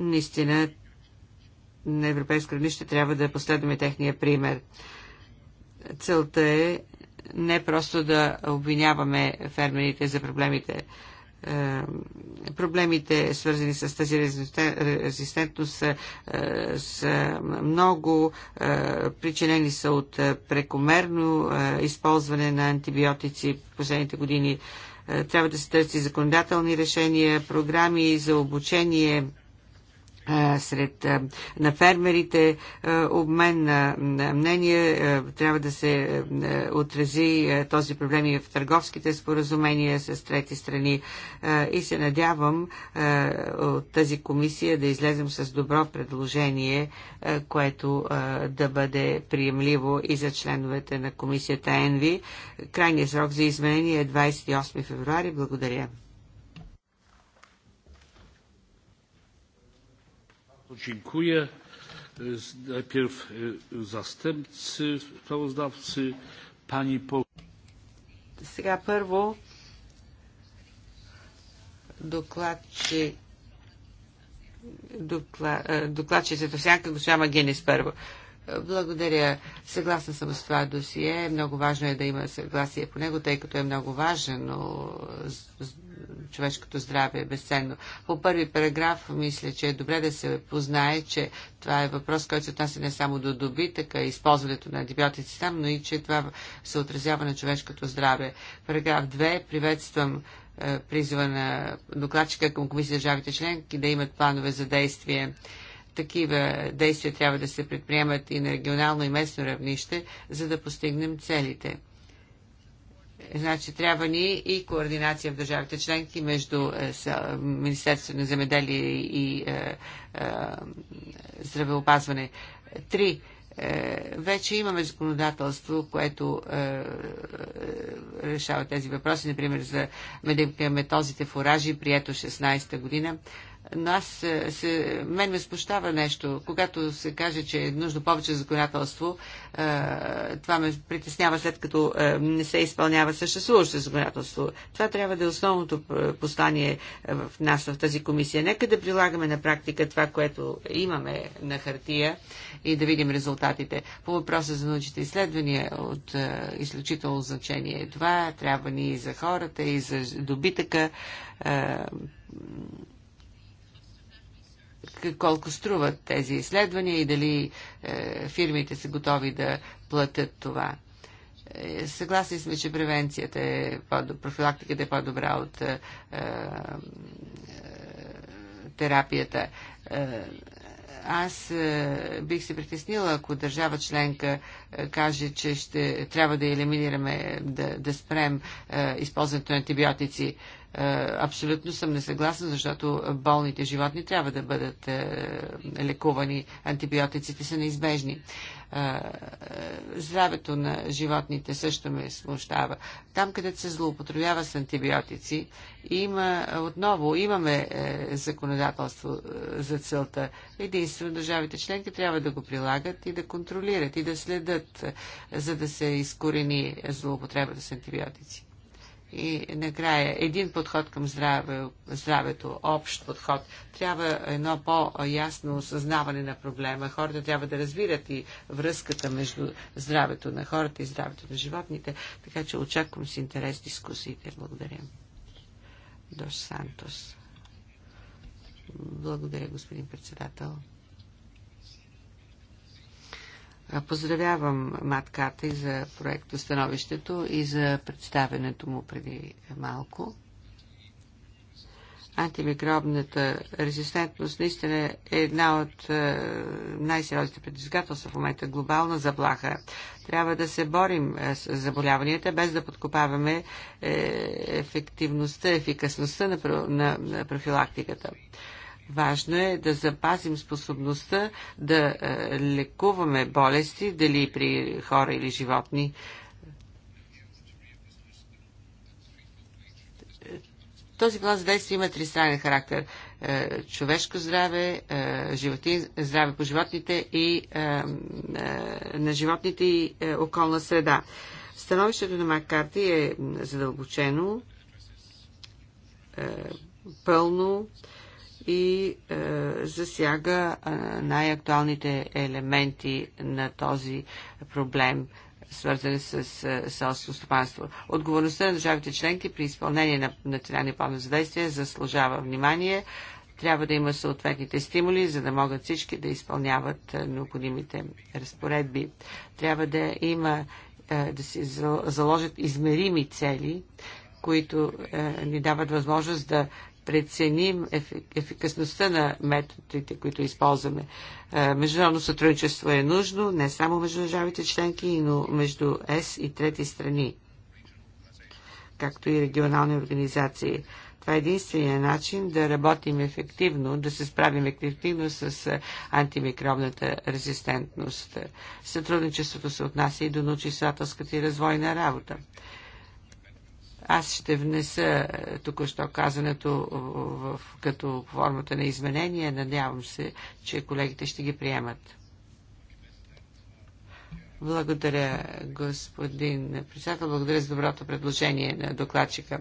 Наистина на европейско равнище трябва да последваме техния пример. Целта е не просто да обвиняваме фермерите за проблемите. Е, проблемите, свързани с тази резистентност, са, е, са много. Е, причинени са от прекомерно използване на антибиотици в последните години. Трябва да се търси законодателни решения, програми за обучение, сред, на фермерите. Обмен на мнение трябва да се отрази този проблем и в търговските споразумения с трети страни. И се надявам от тази комисия да излезем с добро предложение, което да бъде приемливо и за членовете на комисията ЕНВИ. Крайният срок за изменение е 28 февруари. Благодаря. Dziękuję. Najpierw e, zastępcy sprawozdawcy, pani po... Сега първо докладчи е, докладчицата доклад, госпожа Магенис първо. Е, благодаря. Съгласна съм с това досие. Много важно е да има съгласие по него, тъй като е много важен човешкото здраве е безценно. По първи параграф мисля, че е добре да се познае, че това е въпрос, който се отнася не само до добитъка и използването на антибиотици там, но и че това се отразява на човешкото здраве. Параграф 2 приветствам е, призва на докладчика към комисия държавите членки да имат планове за действие такива действия трябва да се предприемат и на регионално и местно равнище, за да постигнем целите. Значи трябва ни и координация в държавите членки между е, Министерството на земеделие и е, е, здравеопазване. Три вече имаме законодателство, което е, решава тези въпроси, например за медикаметозите в оражи, прието 16-та година но аз е, се, мен ме спущава нещо. Когато се каже, че е нужно повече законодателство, е, това ме притеснява след като е, не се изпълнява съществуващо законодателство. Това трябва да е основното послание в нас в тази комисия. Нека да прилагаме на практика това, което имаме на хартия и да видим резултатите. По въпроса за научните изследвания от изключително значение. Това трябва ни и за хората, и за добитъка колко струват тези изследвания и дали е, фирмите са готови да платят това. Е, съгласни сме, че превенцията е по профилактиката е по-добра от е, е, терапията. Е, аз е, бих се притеснила, ако държава членка е, каже, че ще трябва да елиминираме, да, да спрем е, използването на антибиотици. Е, е, абсолютно съм несъгласна, защото болните животни трябва да бъдат е, лекувани. Антибиотиците са неизбежни. Е, здравето на животните също ме смущава. Там, където се злоупотребява с антибиотици, има отново имаме законодателство за целта. Единствено държавите членки трябва да го прилагат и да контролират и да следят, за да се изкорени злоупотребата с антибиотици. И накрая, един подход към здраве, здравето, общ подход. Трябва едно по-ясно осъзнаване на проблема. Хората трябва да разбират и връзката между здравето на хората и здравето на животните. Така че очаквам с интерес дискусиите. Благодаря. До Сантос. Благодаря, господин председател. Поздравявам Мат Карта и за проекта становището и за представенето му преди малко. Антимикробната резистентност наистина е една от е, най-сериозните предизвикателства в момента глобална заплаха. Трябва да се борим е, с заболяванията, без да подкопаваме е, ефективността, ефикасността на профилактиката. Важно е да запазим способността да е, лекуваме болести, дали при хора или животни. Този план за действие има тристранен характер. Е, човешко здраве, е, животин, здраве по животните и на животните и околна среда. Становището на Маккарти е задълбочено, пълно, и е, засяга е, най-актуалните елементи на този проблем, свързан с е, селското стопанство. Отговорността на държавите членки при изпълнение на националния план за действие заслужава внимание. Трябва да има съответните стимули, за да могат всички да изпълняват е, необходимите разпоредби. Трябва да има е, да се заложат измерими цели, които е, ни дават възможност да преценим ефикасността на методите, които използваме. Е, международно сътрудничество е нужно не само между държавите членки, но между ЕС и трети страни, както и регионални организации. Това е единствения начин да работим ефективно, да се справим ефективно с е, антимикробната резистентност. Сътрудничеството се отнася и до научно и развойна работа. Аз ще внеса е, току-що казаното е, в, като формата на изменение. Надявам се, че колегите ще ги приемат. Благодаря, господин председател. Благодаря за доброто предложение на докладчика.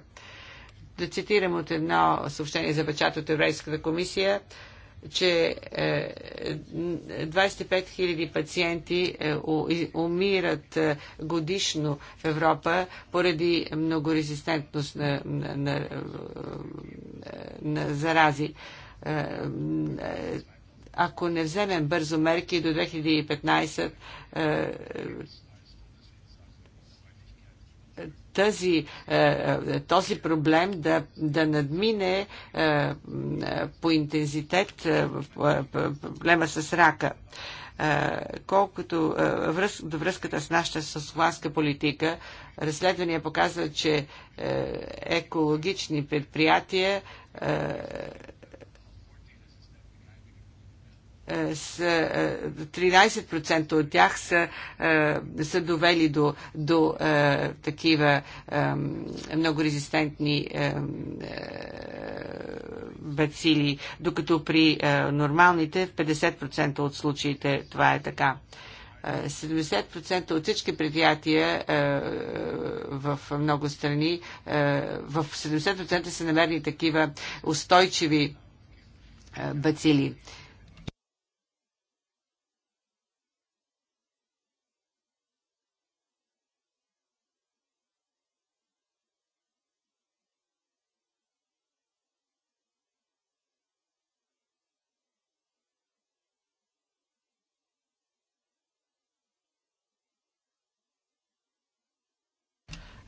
Да цитирам от едно съобщение за печат от Еврейската комисия че 25 е, 000 пациенти е, умират е, годишно в Европа поради многорезистентност на, на, на, на зарази ако не вземем бързо мерки до 2015, тази, е, е, този проблем да, да надмине е, по интензитет проблема с рака колкото до връзката с нашата съсланска политика, разследвания показват, че екологични предприятия 13% е, е, от тях са, е, са довели до, до такива много резистентни бацили, докато при нормалните в 50% от случаите това е така. 70% от всички предприятия в много страни, в 70% са намерени такива устойчиви бацили.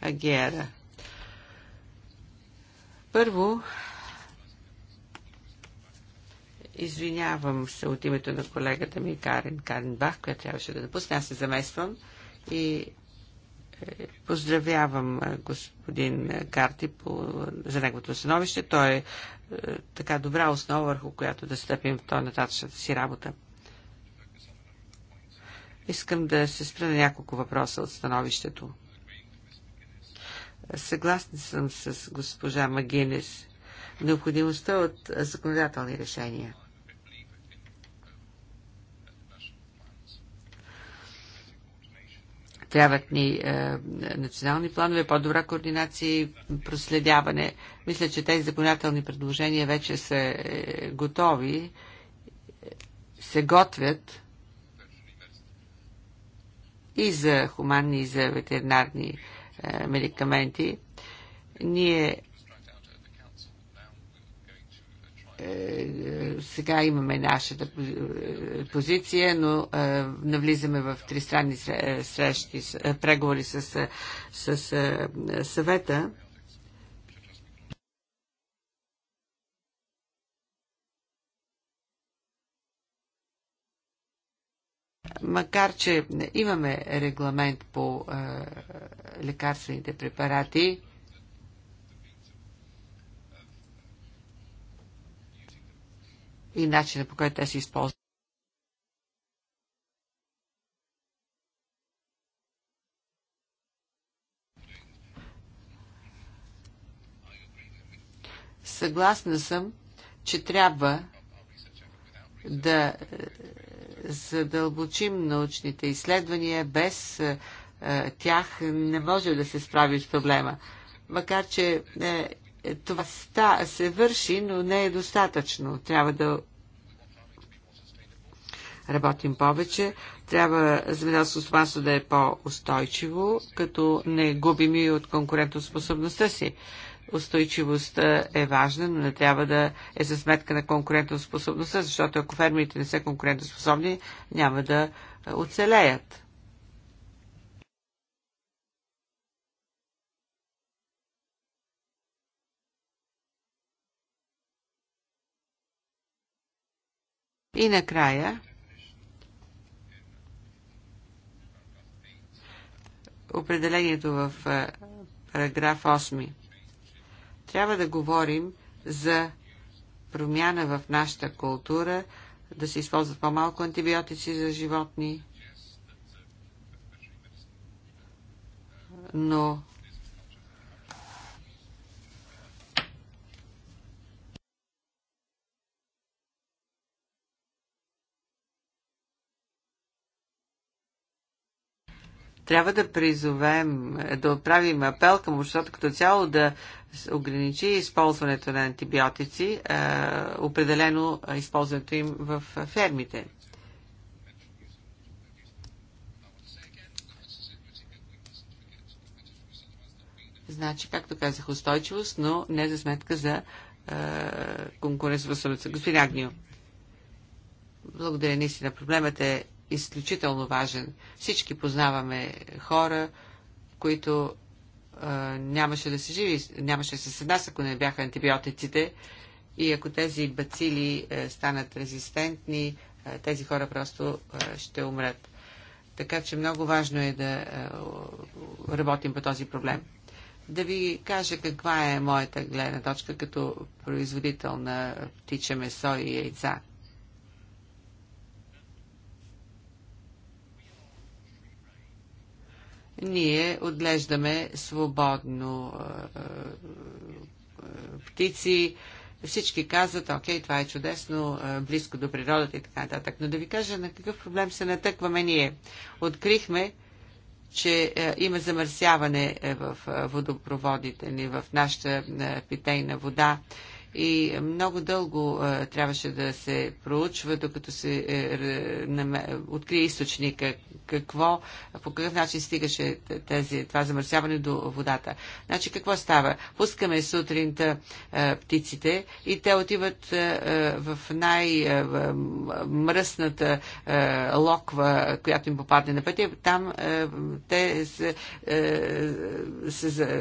Агера. Първо, извинявам се от името на колегата ми Карен Каренбах, която трябваше да напусне. Аз се замествам и е, поздравявам е, господин Карти по, за неговото становище. Той е, е така добра основа, върху която да стъпим в този нататъчната си работа. Искам да се спра на няколко въпроса от становището. Съгласен съм с госпожа Магинес. Необходимостта от законодателни решения. трябват ни е, национални планове, по-добра координация и проследяване. Мисля, че тези законодателни предложения вече са е, готови, се готвят и за хуманни, и за ветеринарни е, медикаменти. Ние е, е, сега имаме нашата позиция, но навлизаме в тристранни срещи, преговори с, с съвета. Макар, че имаме регламент по е, лекарствените препарати, и начина по който те се използват. Съгласна съм, че трябва да е, задълбочим научните изследвания. Без е, е, тях не може да се справи с проблема. Макар, че е, е, това ста, се върши, но не е достатъчно. Трябва да работим повече. Трябва земеделското стопанство да е по-устойчиво, като не губим и от конкурентоспособността си устойчивостта е важна, но не трябва да е за сметка на конкурентоспособността, защото ако фермерите не са конкурентоспособни, няма да оцелеят. И накрая определението в параграф 8. Трябва да говорим за промяна в нашата култура, да се използват по-малко антибиотици за животни, но Трябва да призовем, да отправим апел към обществото като цяло да ограничи използването на антибиотици, е, определено използването им в фермите. Значи, както казах, устойчивост, но не за сметка за е, конкуренцията. Господин Агнио, благодаря наистина. Проблемът е изключително важен. Всички познаваме хора, които а, нямаше да се живи, нямаше да се седнат, ако не бяха антибиотиците. И ако тези бацили а, станат резистентни, а, тези хора просто а, ще умрат. Така че много важно е да а, работим по този проблем. Да ви кажа каква е моята гледна точка като производител на птиче месо и яйца ние отглеждаме свободно птици. Всички казват, окей, това е чудесно, близко до природата и така нататък. Но да ви кажа на какъв проблем се натъкваме ние. Открихме, че има замърсяване е, в водопроводите ни, в нашата питейна вода и много дълго а, трябваше да се проучва, докато се е, на, открие източника, какво, по какъв начин стигаше тези, това замърсяване до водата. Значи какво става? Пускаме сутринта а, е, птиците и те отиват е, е, в най-мръсната локва, която им попадне на пътя. Там те се, се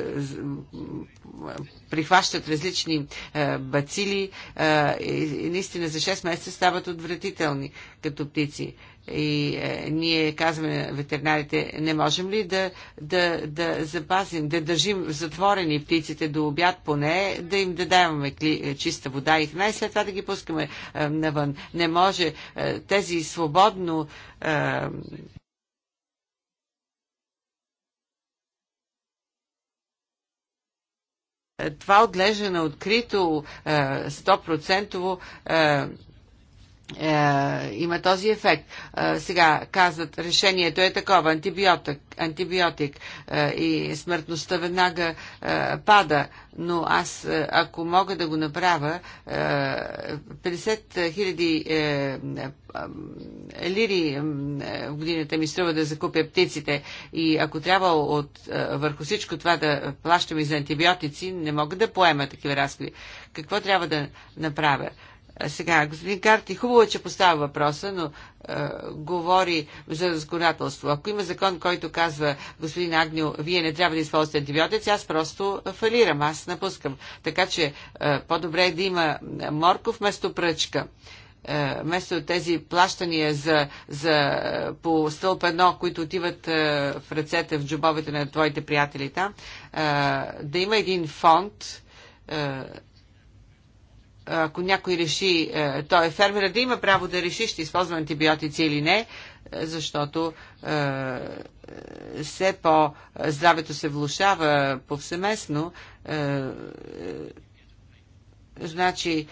прихващат различни е, бацили е, и наистина за 6 месеца стават отвратителни като птици. И е, ние казваме на ветеринарите, не можем ли да, да, да запазим, да държим затворени птиците до обяд поне, да им да даваме кли, е, чиста вода и най след това да ги пускаме е, навън. Не може е, тези свободно е, Е, това отглеждане открито 100% е, е, има този ефект. Е, сега казват, решението е такова, антибиотик, антибиотик е, и смъртността веднага е, пада, но аз, е, ако мога да го направя, е, 50 хиляди е, е, лири е, в годината ми струва да закупя птиците и ако трябва от, е, върху всичко това да плащам и за антибиотици, не мога да поема такива разходи. Какво трябва да направя? Сега, господин Карти, хубаво е, че поставя въпроса, но е, говори за разгонателство. Ако има закон, който казва, господин Агнио, вие не трябва да използвате антибиотици, аз просто фалирам, аз напускам. Така че е, по-добре е да има морков вместо пръчка вместо тези плащания за, за, по стълб едно, които отиват в ръцете, в джобовете на твоите приятели там, да има един фонд ако някой реши, е, той е фермера, да има право да реши, ще използва антибиотици или не, е, защото е, все по здравето се влушава повсеместно. Значи,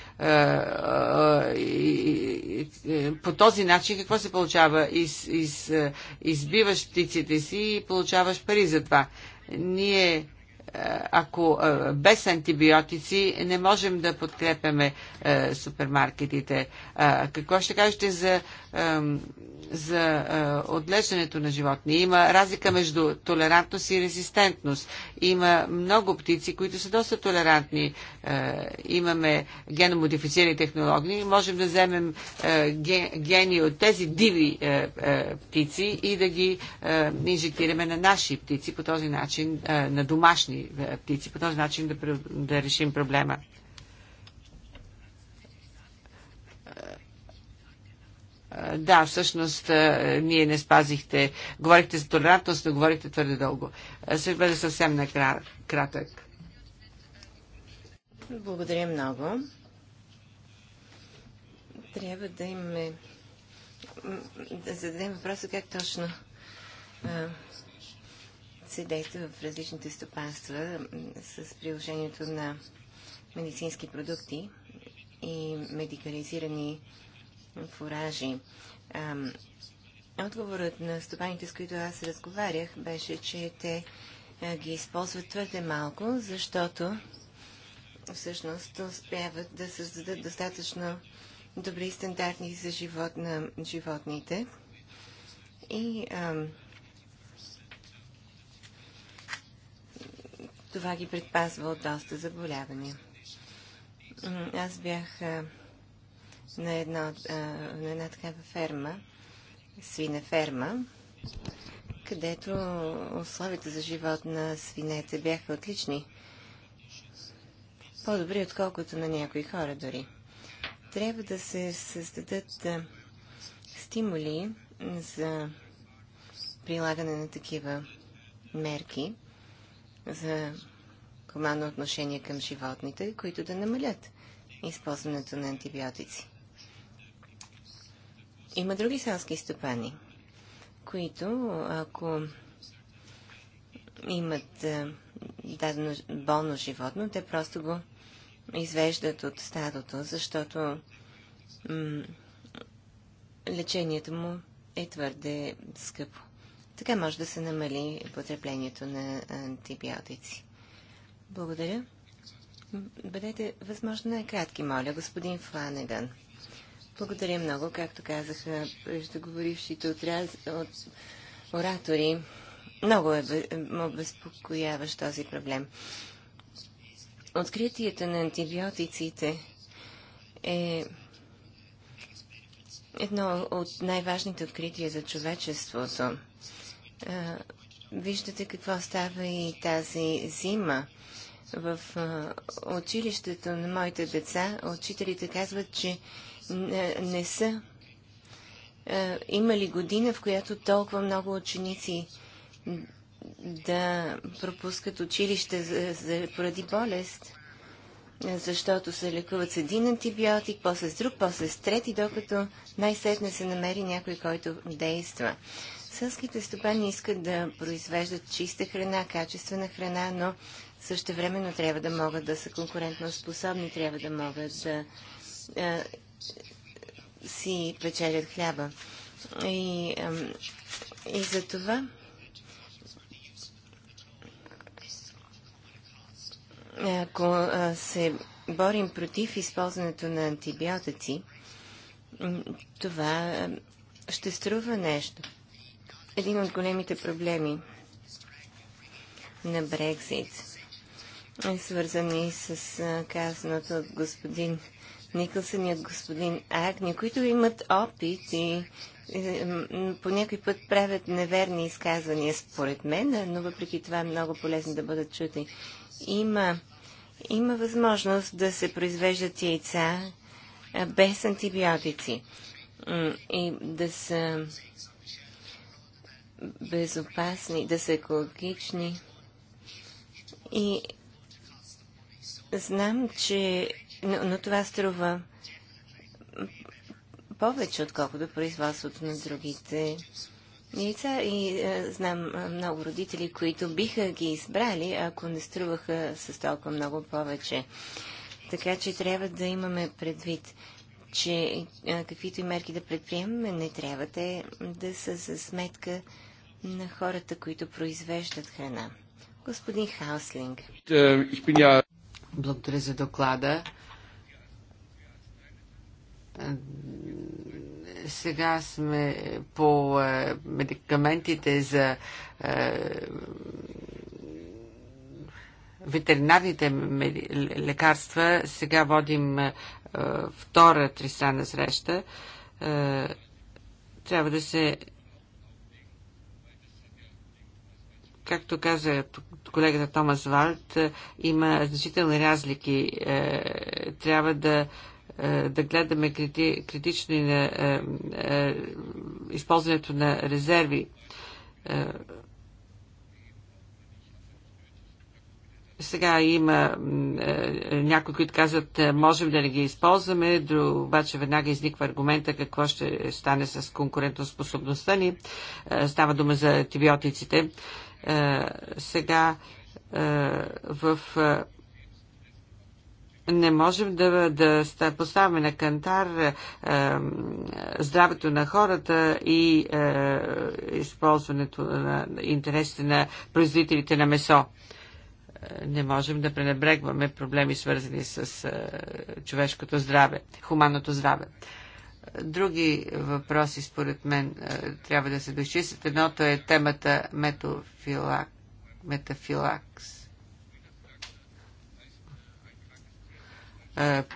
по този начин какво се получава? Из, из, избиваш птиците си и получаваш пари за това. Ние ако е, без антибиотици не можем да подкрепяме е, супермаркетите. Какво ще кажете за за отглеждането на животни. Има разлика между толерантност и резистентност. Има много птици, които са доста толерантни. Имаме геномодифицирани технологии. Можем да вземем гени от тези диви птици и да ги инжектираме на наши птици, по този начин, на домашни птици, по този начин да, решим проблема Да, всъщност ние не спазихте. Говорихте за толерантност, но говорихте твърде дълго. Ще бъде съвсем накратък. Благодаря много. Трябва да имаме. Да зададем въпроса как точно се действа в различните стопанства с приложението на медицински продукти и медикализирани фуражи. Отговорът на стопаните, с които аз разговарях, беше, че те ги използват твърде малко, защото всъщност успяват да създадат достатъчно добри стандартни за живот на животните. И ам, това ги предпазва от доста заболявания. Аз бях а, на, едно, на една такава ферма, свинеферма, където условията за живот на свинете бяха отлични. По-добри, отколкото на някои хора дори. Трябва да се създадат стимули за прилагане на такива мерки за командно отношение към животните, които да намалят използването на антибиотици. Има други селски стопани, които ако имат е, дадено болно животно, те просто го извеждат от стадото, защото лечението му е твърде скъпо. Така може да се намали потреблението на антибиотици. Благодаря. Бъдете възможно най-кратки, моля, господин Фланеган. Благодаря много, както казаха преждеговорившите от, раз... от оратори. Много е обезпокояващ този проблем. Откритието на антибиотиците е едно от най-важните открития за човечеството. виждате какво става и тази зима. В училището на моите деца учителите казват, че не са е, имали година, в която толкова много ученици да пропускат училище за, за, поради болест, е, защото се лекуват с един антибиотик, после с друг, после с трети, докато най-сетне се намери някой, който действа. Сълските стопани искат да произвеждат чиста храна, качествена храна, но също времено трябва да могат да са конкурентно способни, трябва да могат да е, си печелят хляба. И, и за това ако се борим против използването на антибиотици, това ще струва нещо. Един от големите проблеми на Брекзит, е свързани с казаното от господин Никълсън и от господин Агни, които имат опит и е, по някой път правят неверни изказвания, според мен, но въпреки това е много полезно да бъдат чути. Има, има възможност да се произвеждат яйца без антибиотици и да са безопасни, да са екологични. И знам, че но, но това струва повече, отколкото производството на другите яйца. И е, знам е, много родители, които биха ги избрали, ако не струваха с толкова много повече. Така че трябва да имаме предвид, че е, каквито и мерки да предприемаме, не трябва те да са за сметка на хората, които произвеждат храна. Господин Хауслинг. Е, е, Благодаря за доклада сега сме по е, медикаментите за е, ветеринарните лекарства. Сега водим е, втора тристранна среща. Трябва да се както каза колегата Томас Валт, има значителни разлики. Трябва да е, да гледаме крити, критично и на е, е, използването на резерви. Сега има е, някои, които казват, можем да не ги използваме, обаче веднага изниква аргумента какво ще стане с конкурентоспособността ни. Е, става дума за антибиотиците. Е, сега е, в. Е, не можем да, да поставяме на кантар е, е, здравето на хората и е, използването на интересите на производителите на месо. Е, не можем да пренебрегваме проблеми, свързани с е, човешкото здраве, хуманното здраве. Други въпроси, според мен, е, трябва да се дочистят. Едното е темата метафилакс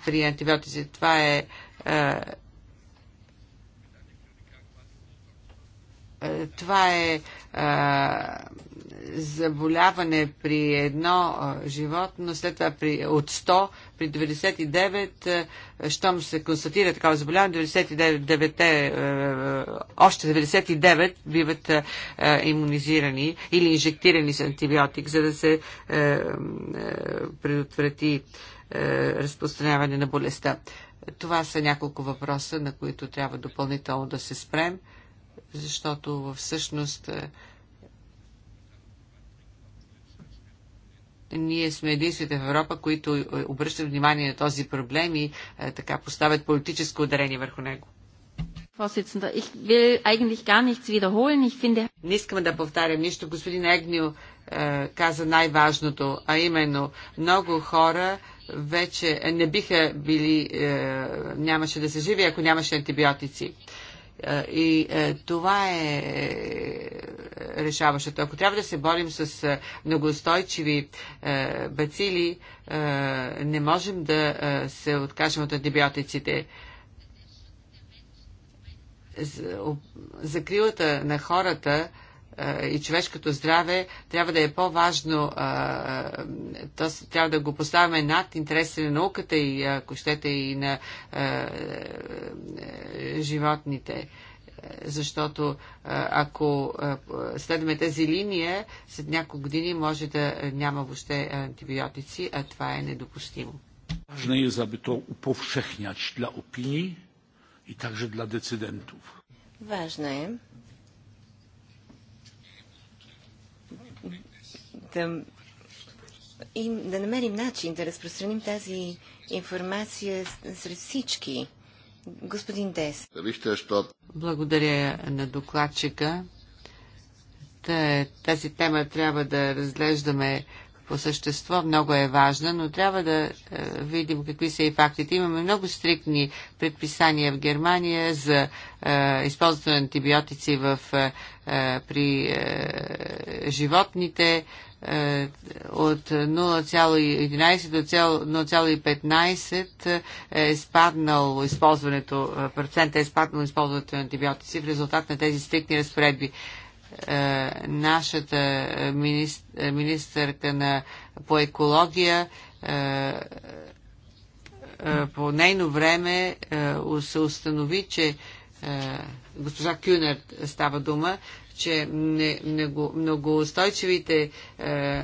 при антибиотици. Това е това е а, заболяване при едно животно, след това при, от 100, при 99, а, щом се констатира такова заболяване, 99, 9, а, още 99 биват а, иммунизирани или инжектирани с антибиотик, за да се а, е, а, е, предотврати а, е, разпространяване на болестта. Това са няколко въпроса, на които трябва допълнително да се спрем, защото всъщност е, ние сме единствените в Европа, които е, обръщат внимание на този проблем и е, така поставят политическо ударение върху него. Не искам да повтарям нищо. Господин Егнио каза най-важното, а именно много хора вече не биха били, е, нямаше да се живи, ако нямаше антибиотици. Е, и е, това е решаващото. Ако трябва да се борим с многоустойчиви бацили, не можем да се откажем от антибиотиците закрилата на хората и човешкото здраве трябва да е по-важно, трябва да го поставяме над интереса на науката и, ако щете, и на животните защото ако следваме тази линия, след няколко години може да няма въобще антибиотици, а това е недопустимо. Важно е, aby то upovszechniać для opinii и также для децидентов. Важно е, да, и да намерим начин да разпространим тази информация сред всички. Господин Дес. Благодаря на докладчика. Тази тема трябва да разглеждаме по същество много е важна, но трябва да е, видим какви са и фактите. Имаме много стриктни предписания в Германия за е, използване на антибиотици в, е, е при е, животните. Е, от 0,11 до 0,15 е спаднал използването, е, процента е спаднал използването на антибиотици в резултат на тези стрикни разпоредби. Е, нашата министърка на, по екология по нейно време се установи, че госпожа Кюнер става дума, че много, многоустойчивите е,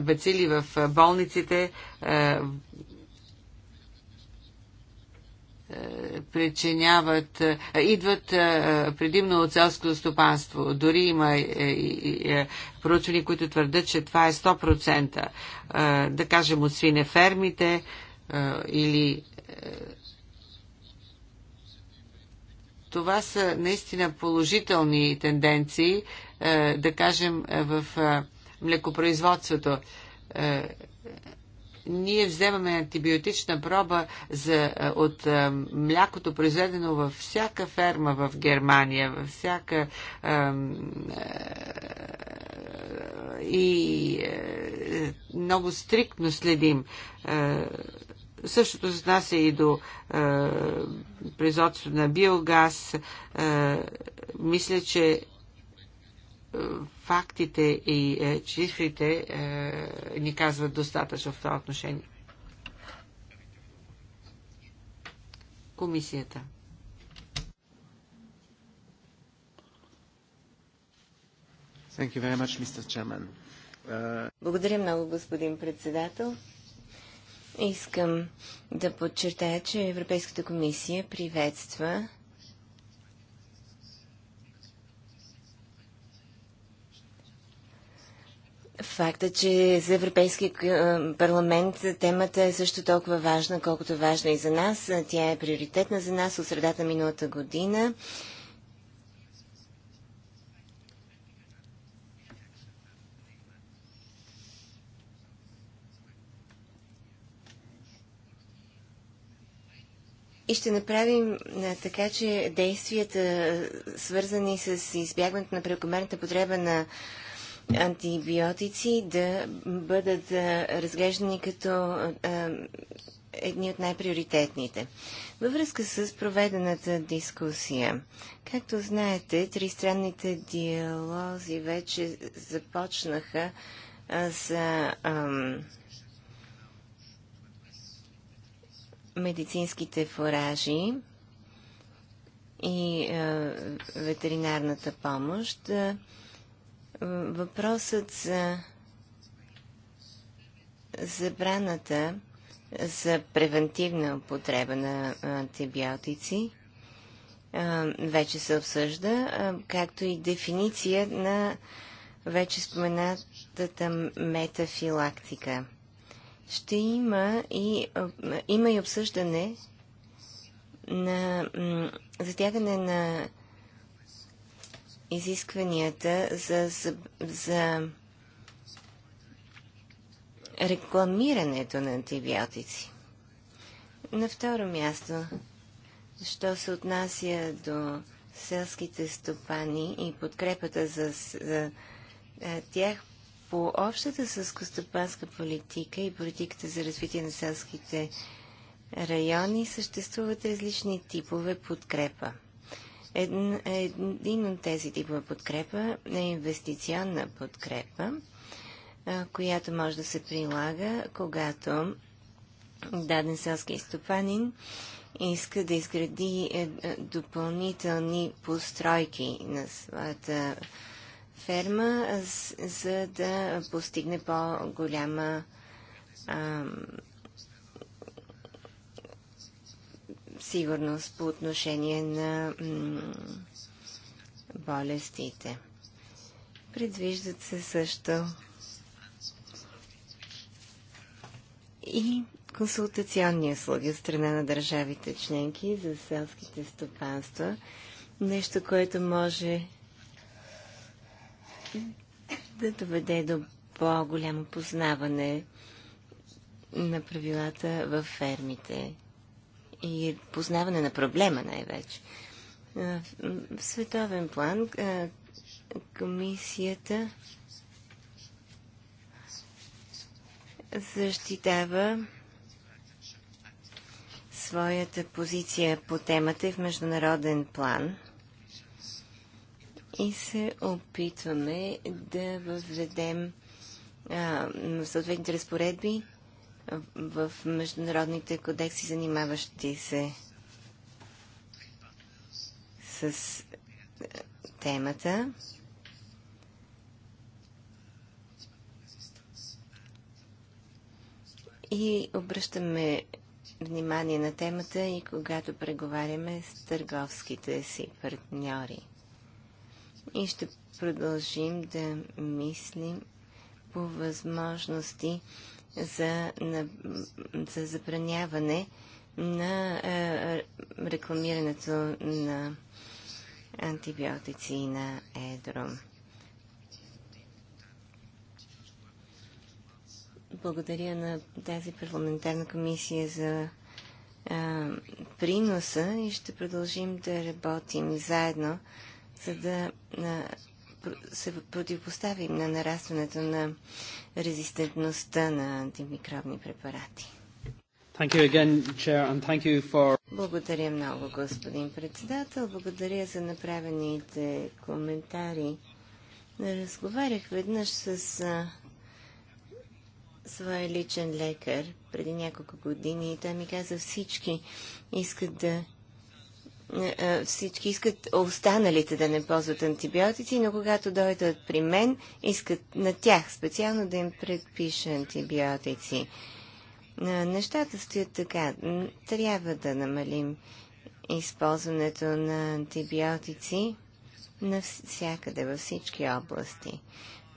бацили в е, болниците е, причиняват, е, идват е, предимно от селското стопанство. Дори има проучвания, които твърдят, че това е 100%. Да кажем от свинефермите или това са наистина положителни тенденции, е, да кажем, е, в е, млекопроизводството ние вземаме антибиотична проба за, от млякото, произведено във всяка ферма в Германия, във всяка. и много стриктно следим. Същото се отнася и до е, производството на биогаз. Е, мисля, че е, фактите и е, цифрите е, ни казват достатъчно в това отношение. Комисията. Much, uh... Благодаря много, господин председател. Искам да подчертая, че Европейската комисия приветства факта, че за Европейския е, парламент темата е също толкова важна, колкото важна и за нас. Тя е приоритетна за нас от средата миналата година. и ще направим а, така, че действията, свързани с избягването на прекомерната потреба на антибиотици, да бъдат а, разглеждани като а, едни от най-приоритетните. Във връзка с проведената дискусия, както знаете, тристранните диалози вече започнаха за А, медицинските фуражи и е, ветеринарната помощ. Е, въпросът за забраната за превентивна употреба на антибиотици е, вече се обсъжда, е, както и дефиниция на вече споменатата метафилактика – ще има и, има и обсъждане на затягане на изискванията за, за, за рекламирането на антибиотици. На второ място, що се отнася до селските стопани и подкрепата за, за тях, по общата сълскостопанска политика и политиката за развитие на селските райони съществуват различни типове подкрепа. Един, един от тези типове подкрепа е инвестиционна подкрепа, която може да се прилага, когато даден селски стопанин иска да изгради е, е, допълнителни постройки на своята ферма, за да постигне по-голяма сигурност по отношение на болестите. Предвиждат се също и консултационни услуги от страна на държавите членки за селските стопанства. Нещо, което може да доведе до по-голямо познаване на правилата във фермите и познаване на проблема най-вече. В световен план комисията защитава своята позиция по темата и в международен план – и се опитваме да възведем а, съответните разпоредби в международните кодекси, занимаващи се с темата. И обръщаме внимание на темата и когато преговаряме с търговските си партньори и ще продължим да мислим по възможности за, на, за забраняване на е, рекламирането на антибиотици на едро. Благодаря на тази парламентарна комисия за е, приноса и ще продължим да работим заедно за да се противопоставим на нарастването на резистентността на антимикробни препарати. Again, Chair, for... Благодаря много, господин председател. Благодаря за направените коментари. Разговарях веднъж с а, своя личен лекар преди няколко години и той ми каза всички искат да е, всички искат останалите да не ползват антибиотици, но когато дойдат при мен, искат на тях специално да им предпиша антибиотици. Е, нещата стоят така. Трябва да намалим използването на антибиотици навсякъде, във всички области.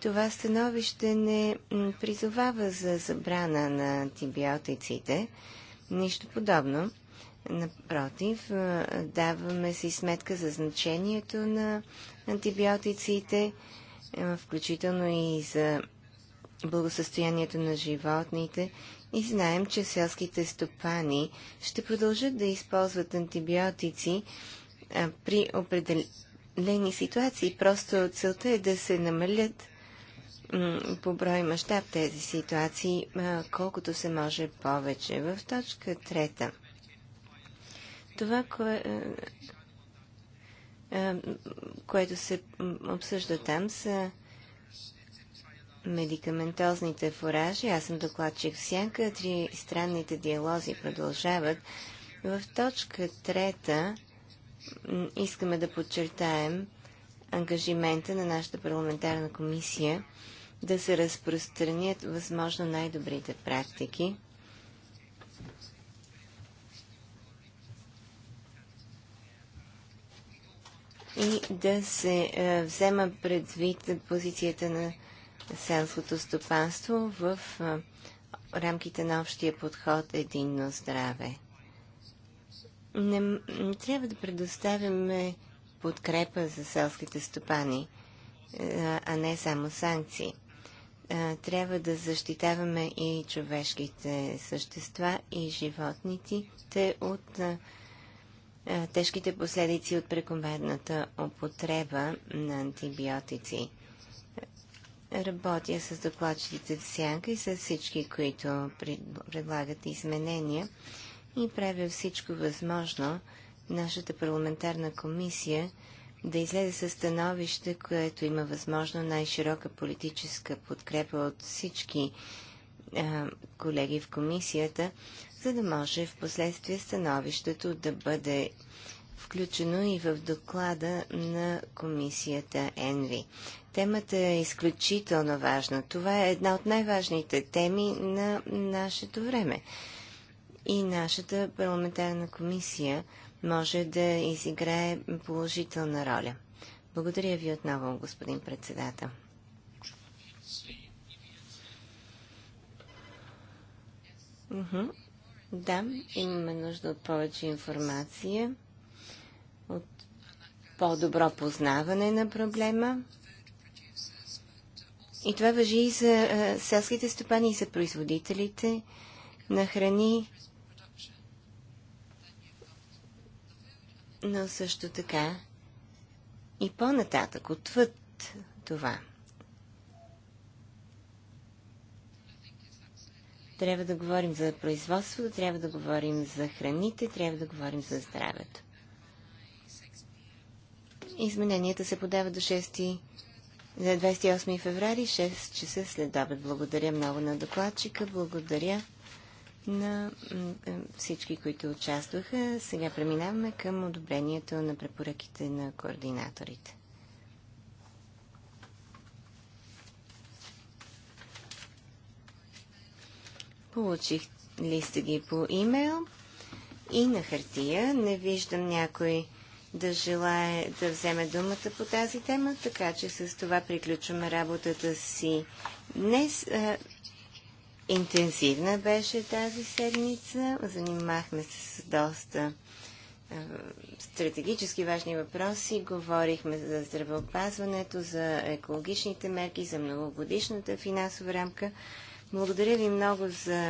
Това становище не призовава за забрана на антибиотиците. Нищо подобно. Напротив, даваме си сметка за значението на антибиотиците, включително и за благосъстоянието на животните и знаем, че селските стопани ще продължат да използват антибиотици при определени ситуации. Просто целта е да се намалят по брой мащаб тези ситуации, колкото се може повече. В точка трета – това, кое, е, е, което се обсъжда там, са медикаментозните фуражи. Аз съм докладчик всяка. Три странните диалози продължават. В точка трета искаме да подчертаем ангажимента на нашата парламентарна комисия да се разпространят възможно най-добрите практики – и да се е, взема предвид позицията на селското стопанство в е, рамките на общия подход единно здраве. Не, не трябва да предоставяме подкрепа за селските стопани, е, а не само санкции. Трябва да защитаваме и човешките същества и животните от е, тежките последици от прекомерната употреба на антибиотици. Работя с докладчиците в сянка и с всички, които предлагат изменения и правя всичко възможно нашата парламентарна комисия да излезе със становище, което има възможно най-широка политическа подкрепа от всички е, колеги в комисията, за да може в последствие становището да бъде включено и в доклада на комисията ЕНВИ. Темата е изключително важна. Това е една от най-важните теми на нашето време. И нашата парламентарна комисия може да изиграе положителна роля. Благодаря ви отново, господин председател. Mm-hmm. Да, имаме нужда от повече информация, от по-добро познаване на проблема. И това въжи и за селските стопани, и за производителите на храни, но също така и по-нататък, отвъд това. трябва да говорим за производството, трябва да говорим за храните, трябва да говорим за здравето. Измененията се подават до 6 за 28 феврари, 6 часа след обед. Благодаря много на докладчика, благодаря на е, всички, които участваха. Сега преминаваме към одобрението на препоръките на координаторите. Получих ли сте ги по имейл и на хартия. Не виждам някой да желая да вземе думата по тази тема, така че с това приключваме работата си. Днес е, интензивна беше тази седмица. Занимахме се с доста е, стратегически важни въпроси. Говорихме за здравеопазването, за екологичните мерки, за многогодишната финансова рамка. Благодаря ви много за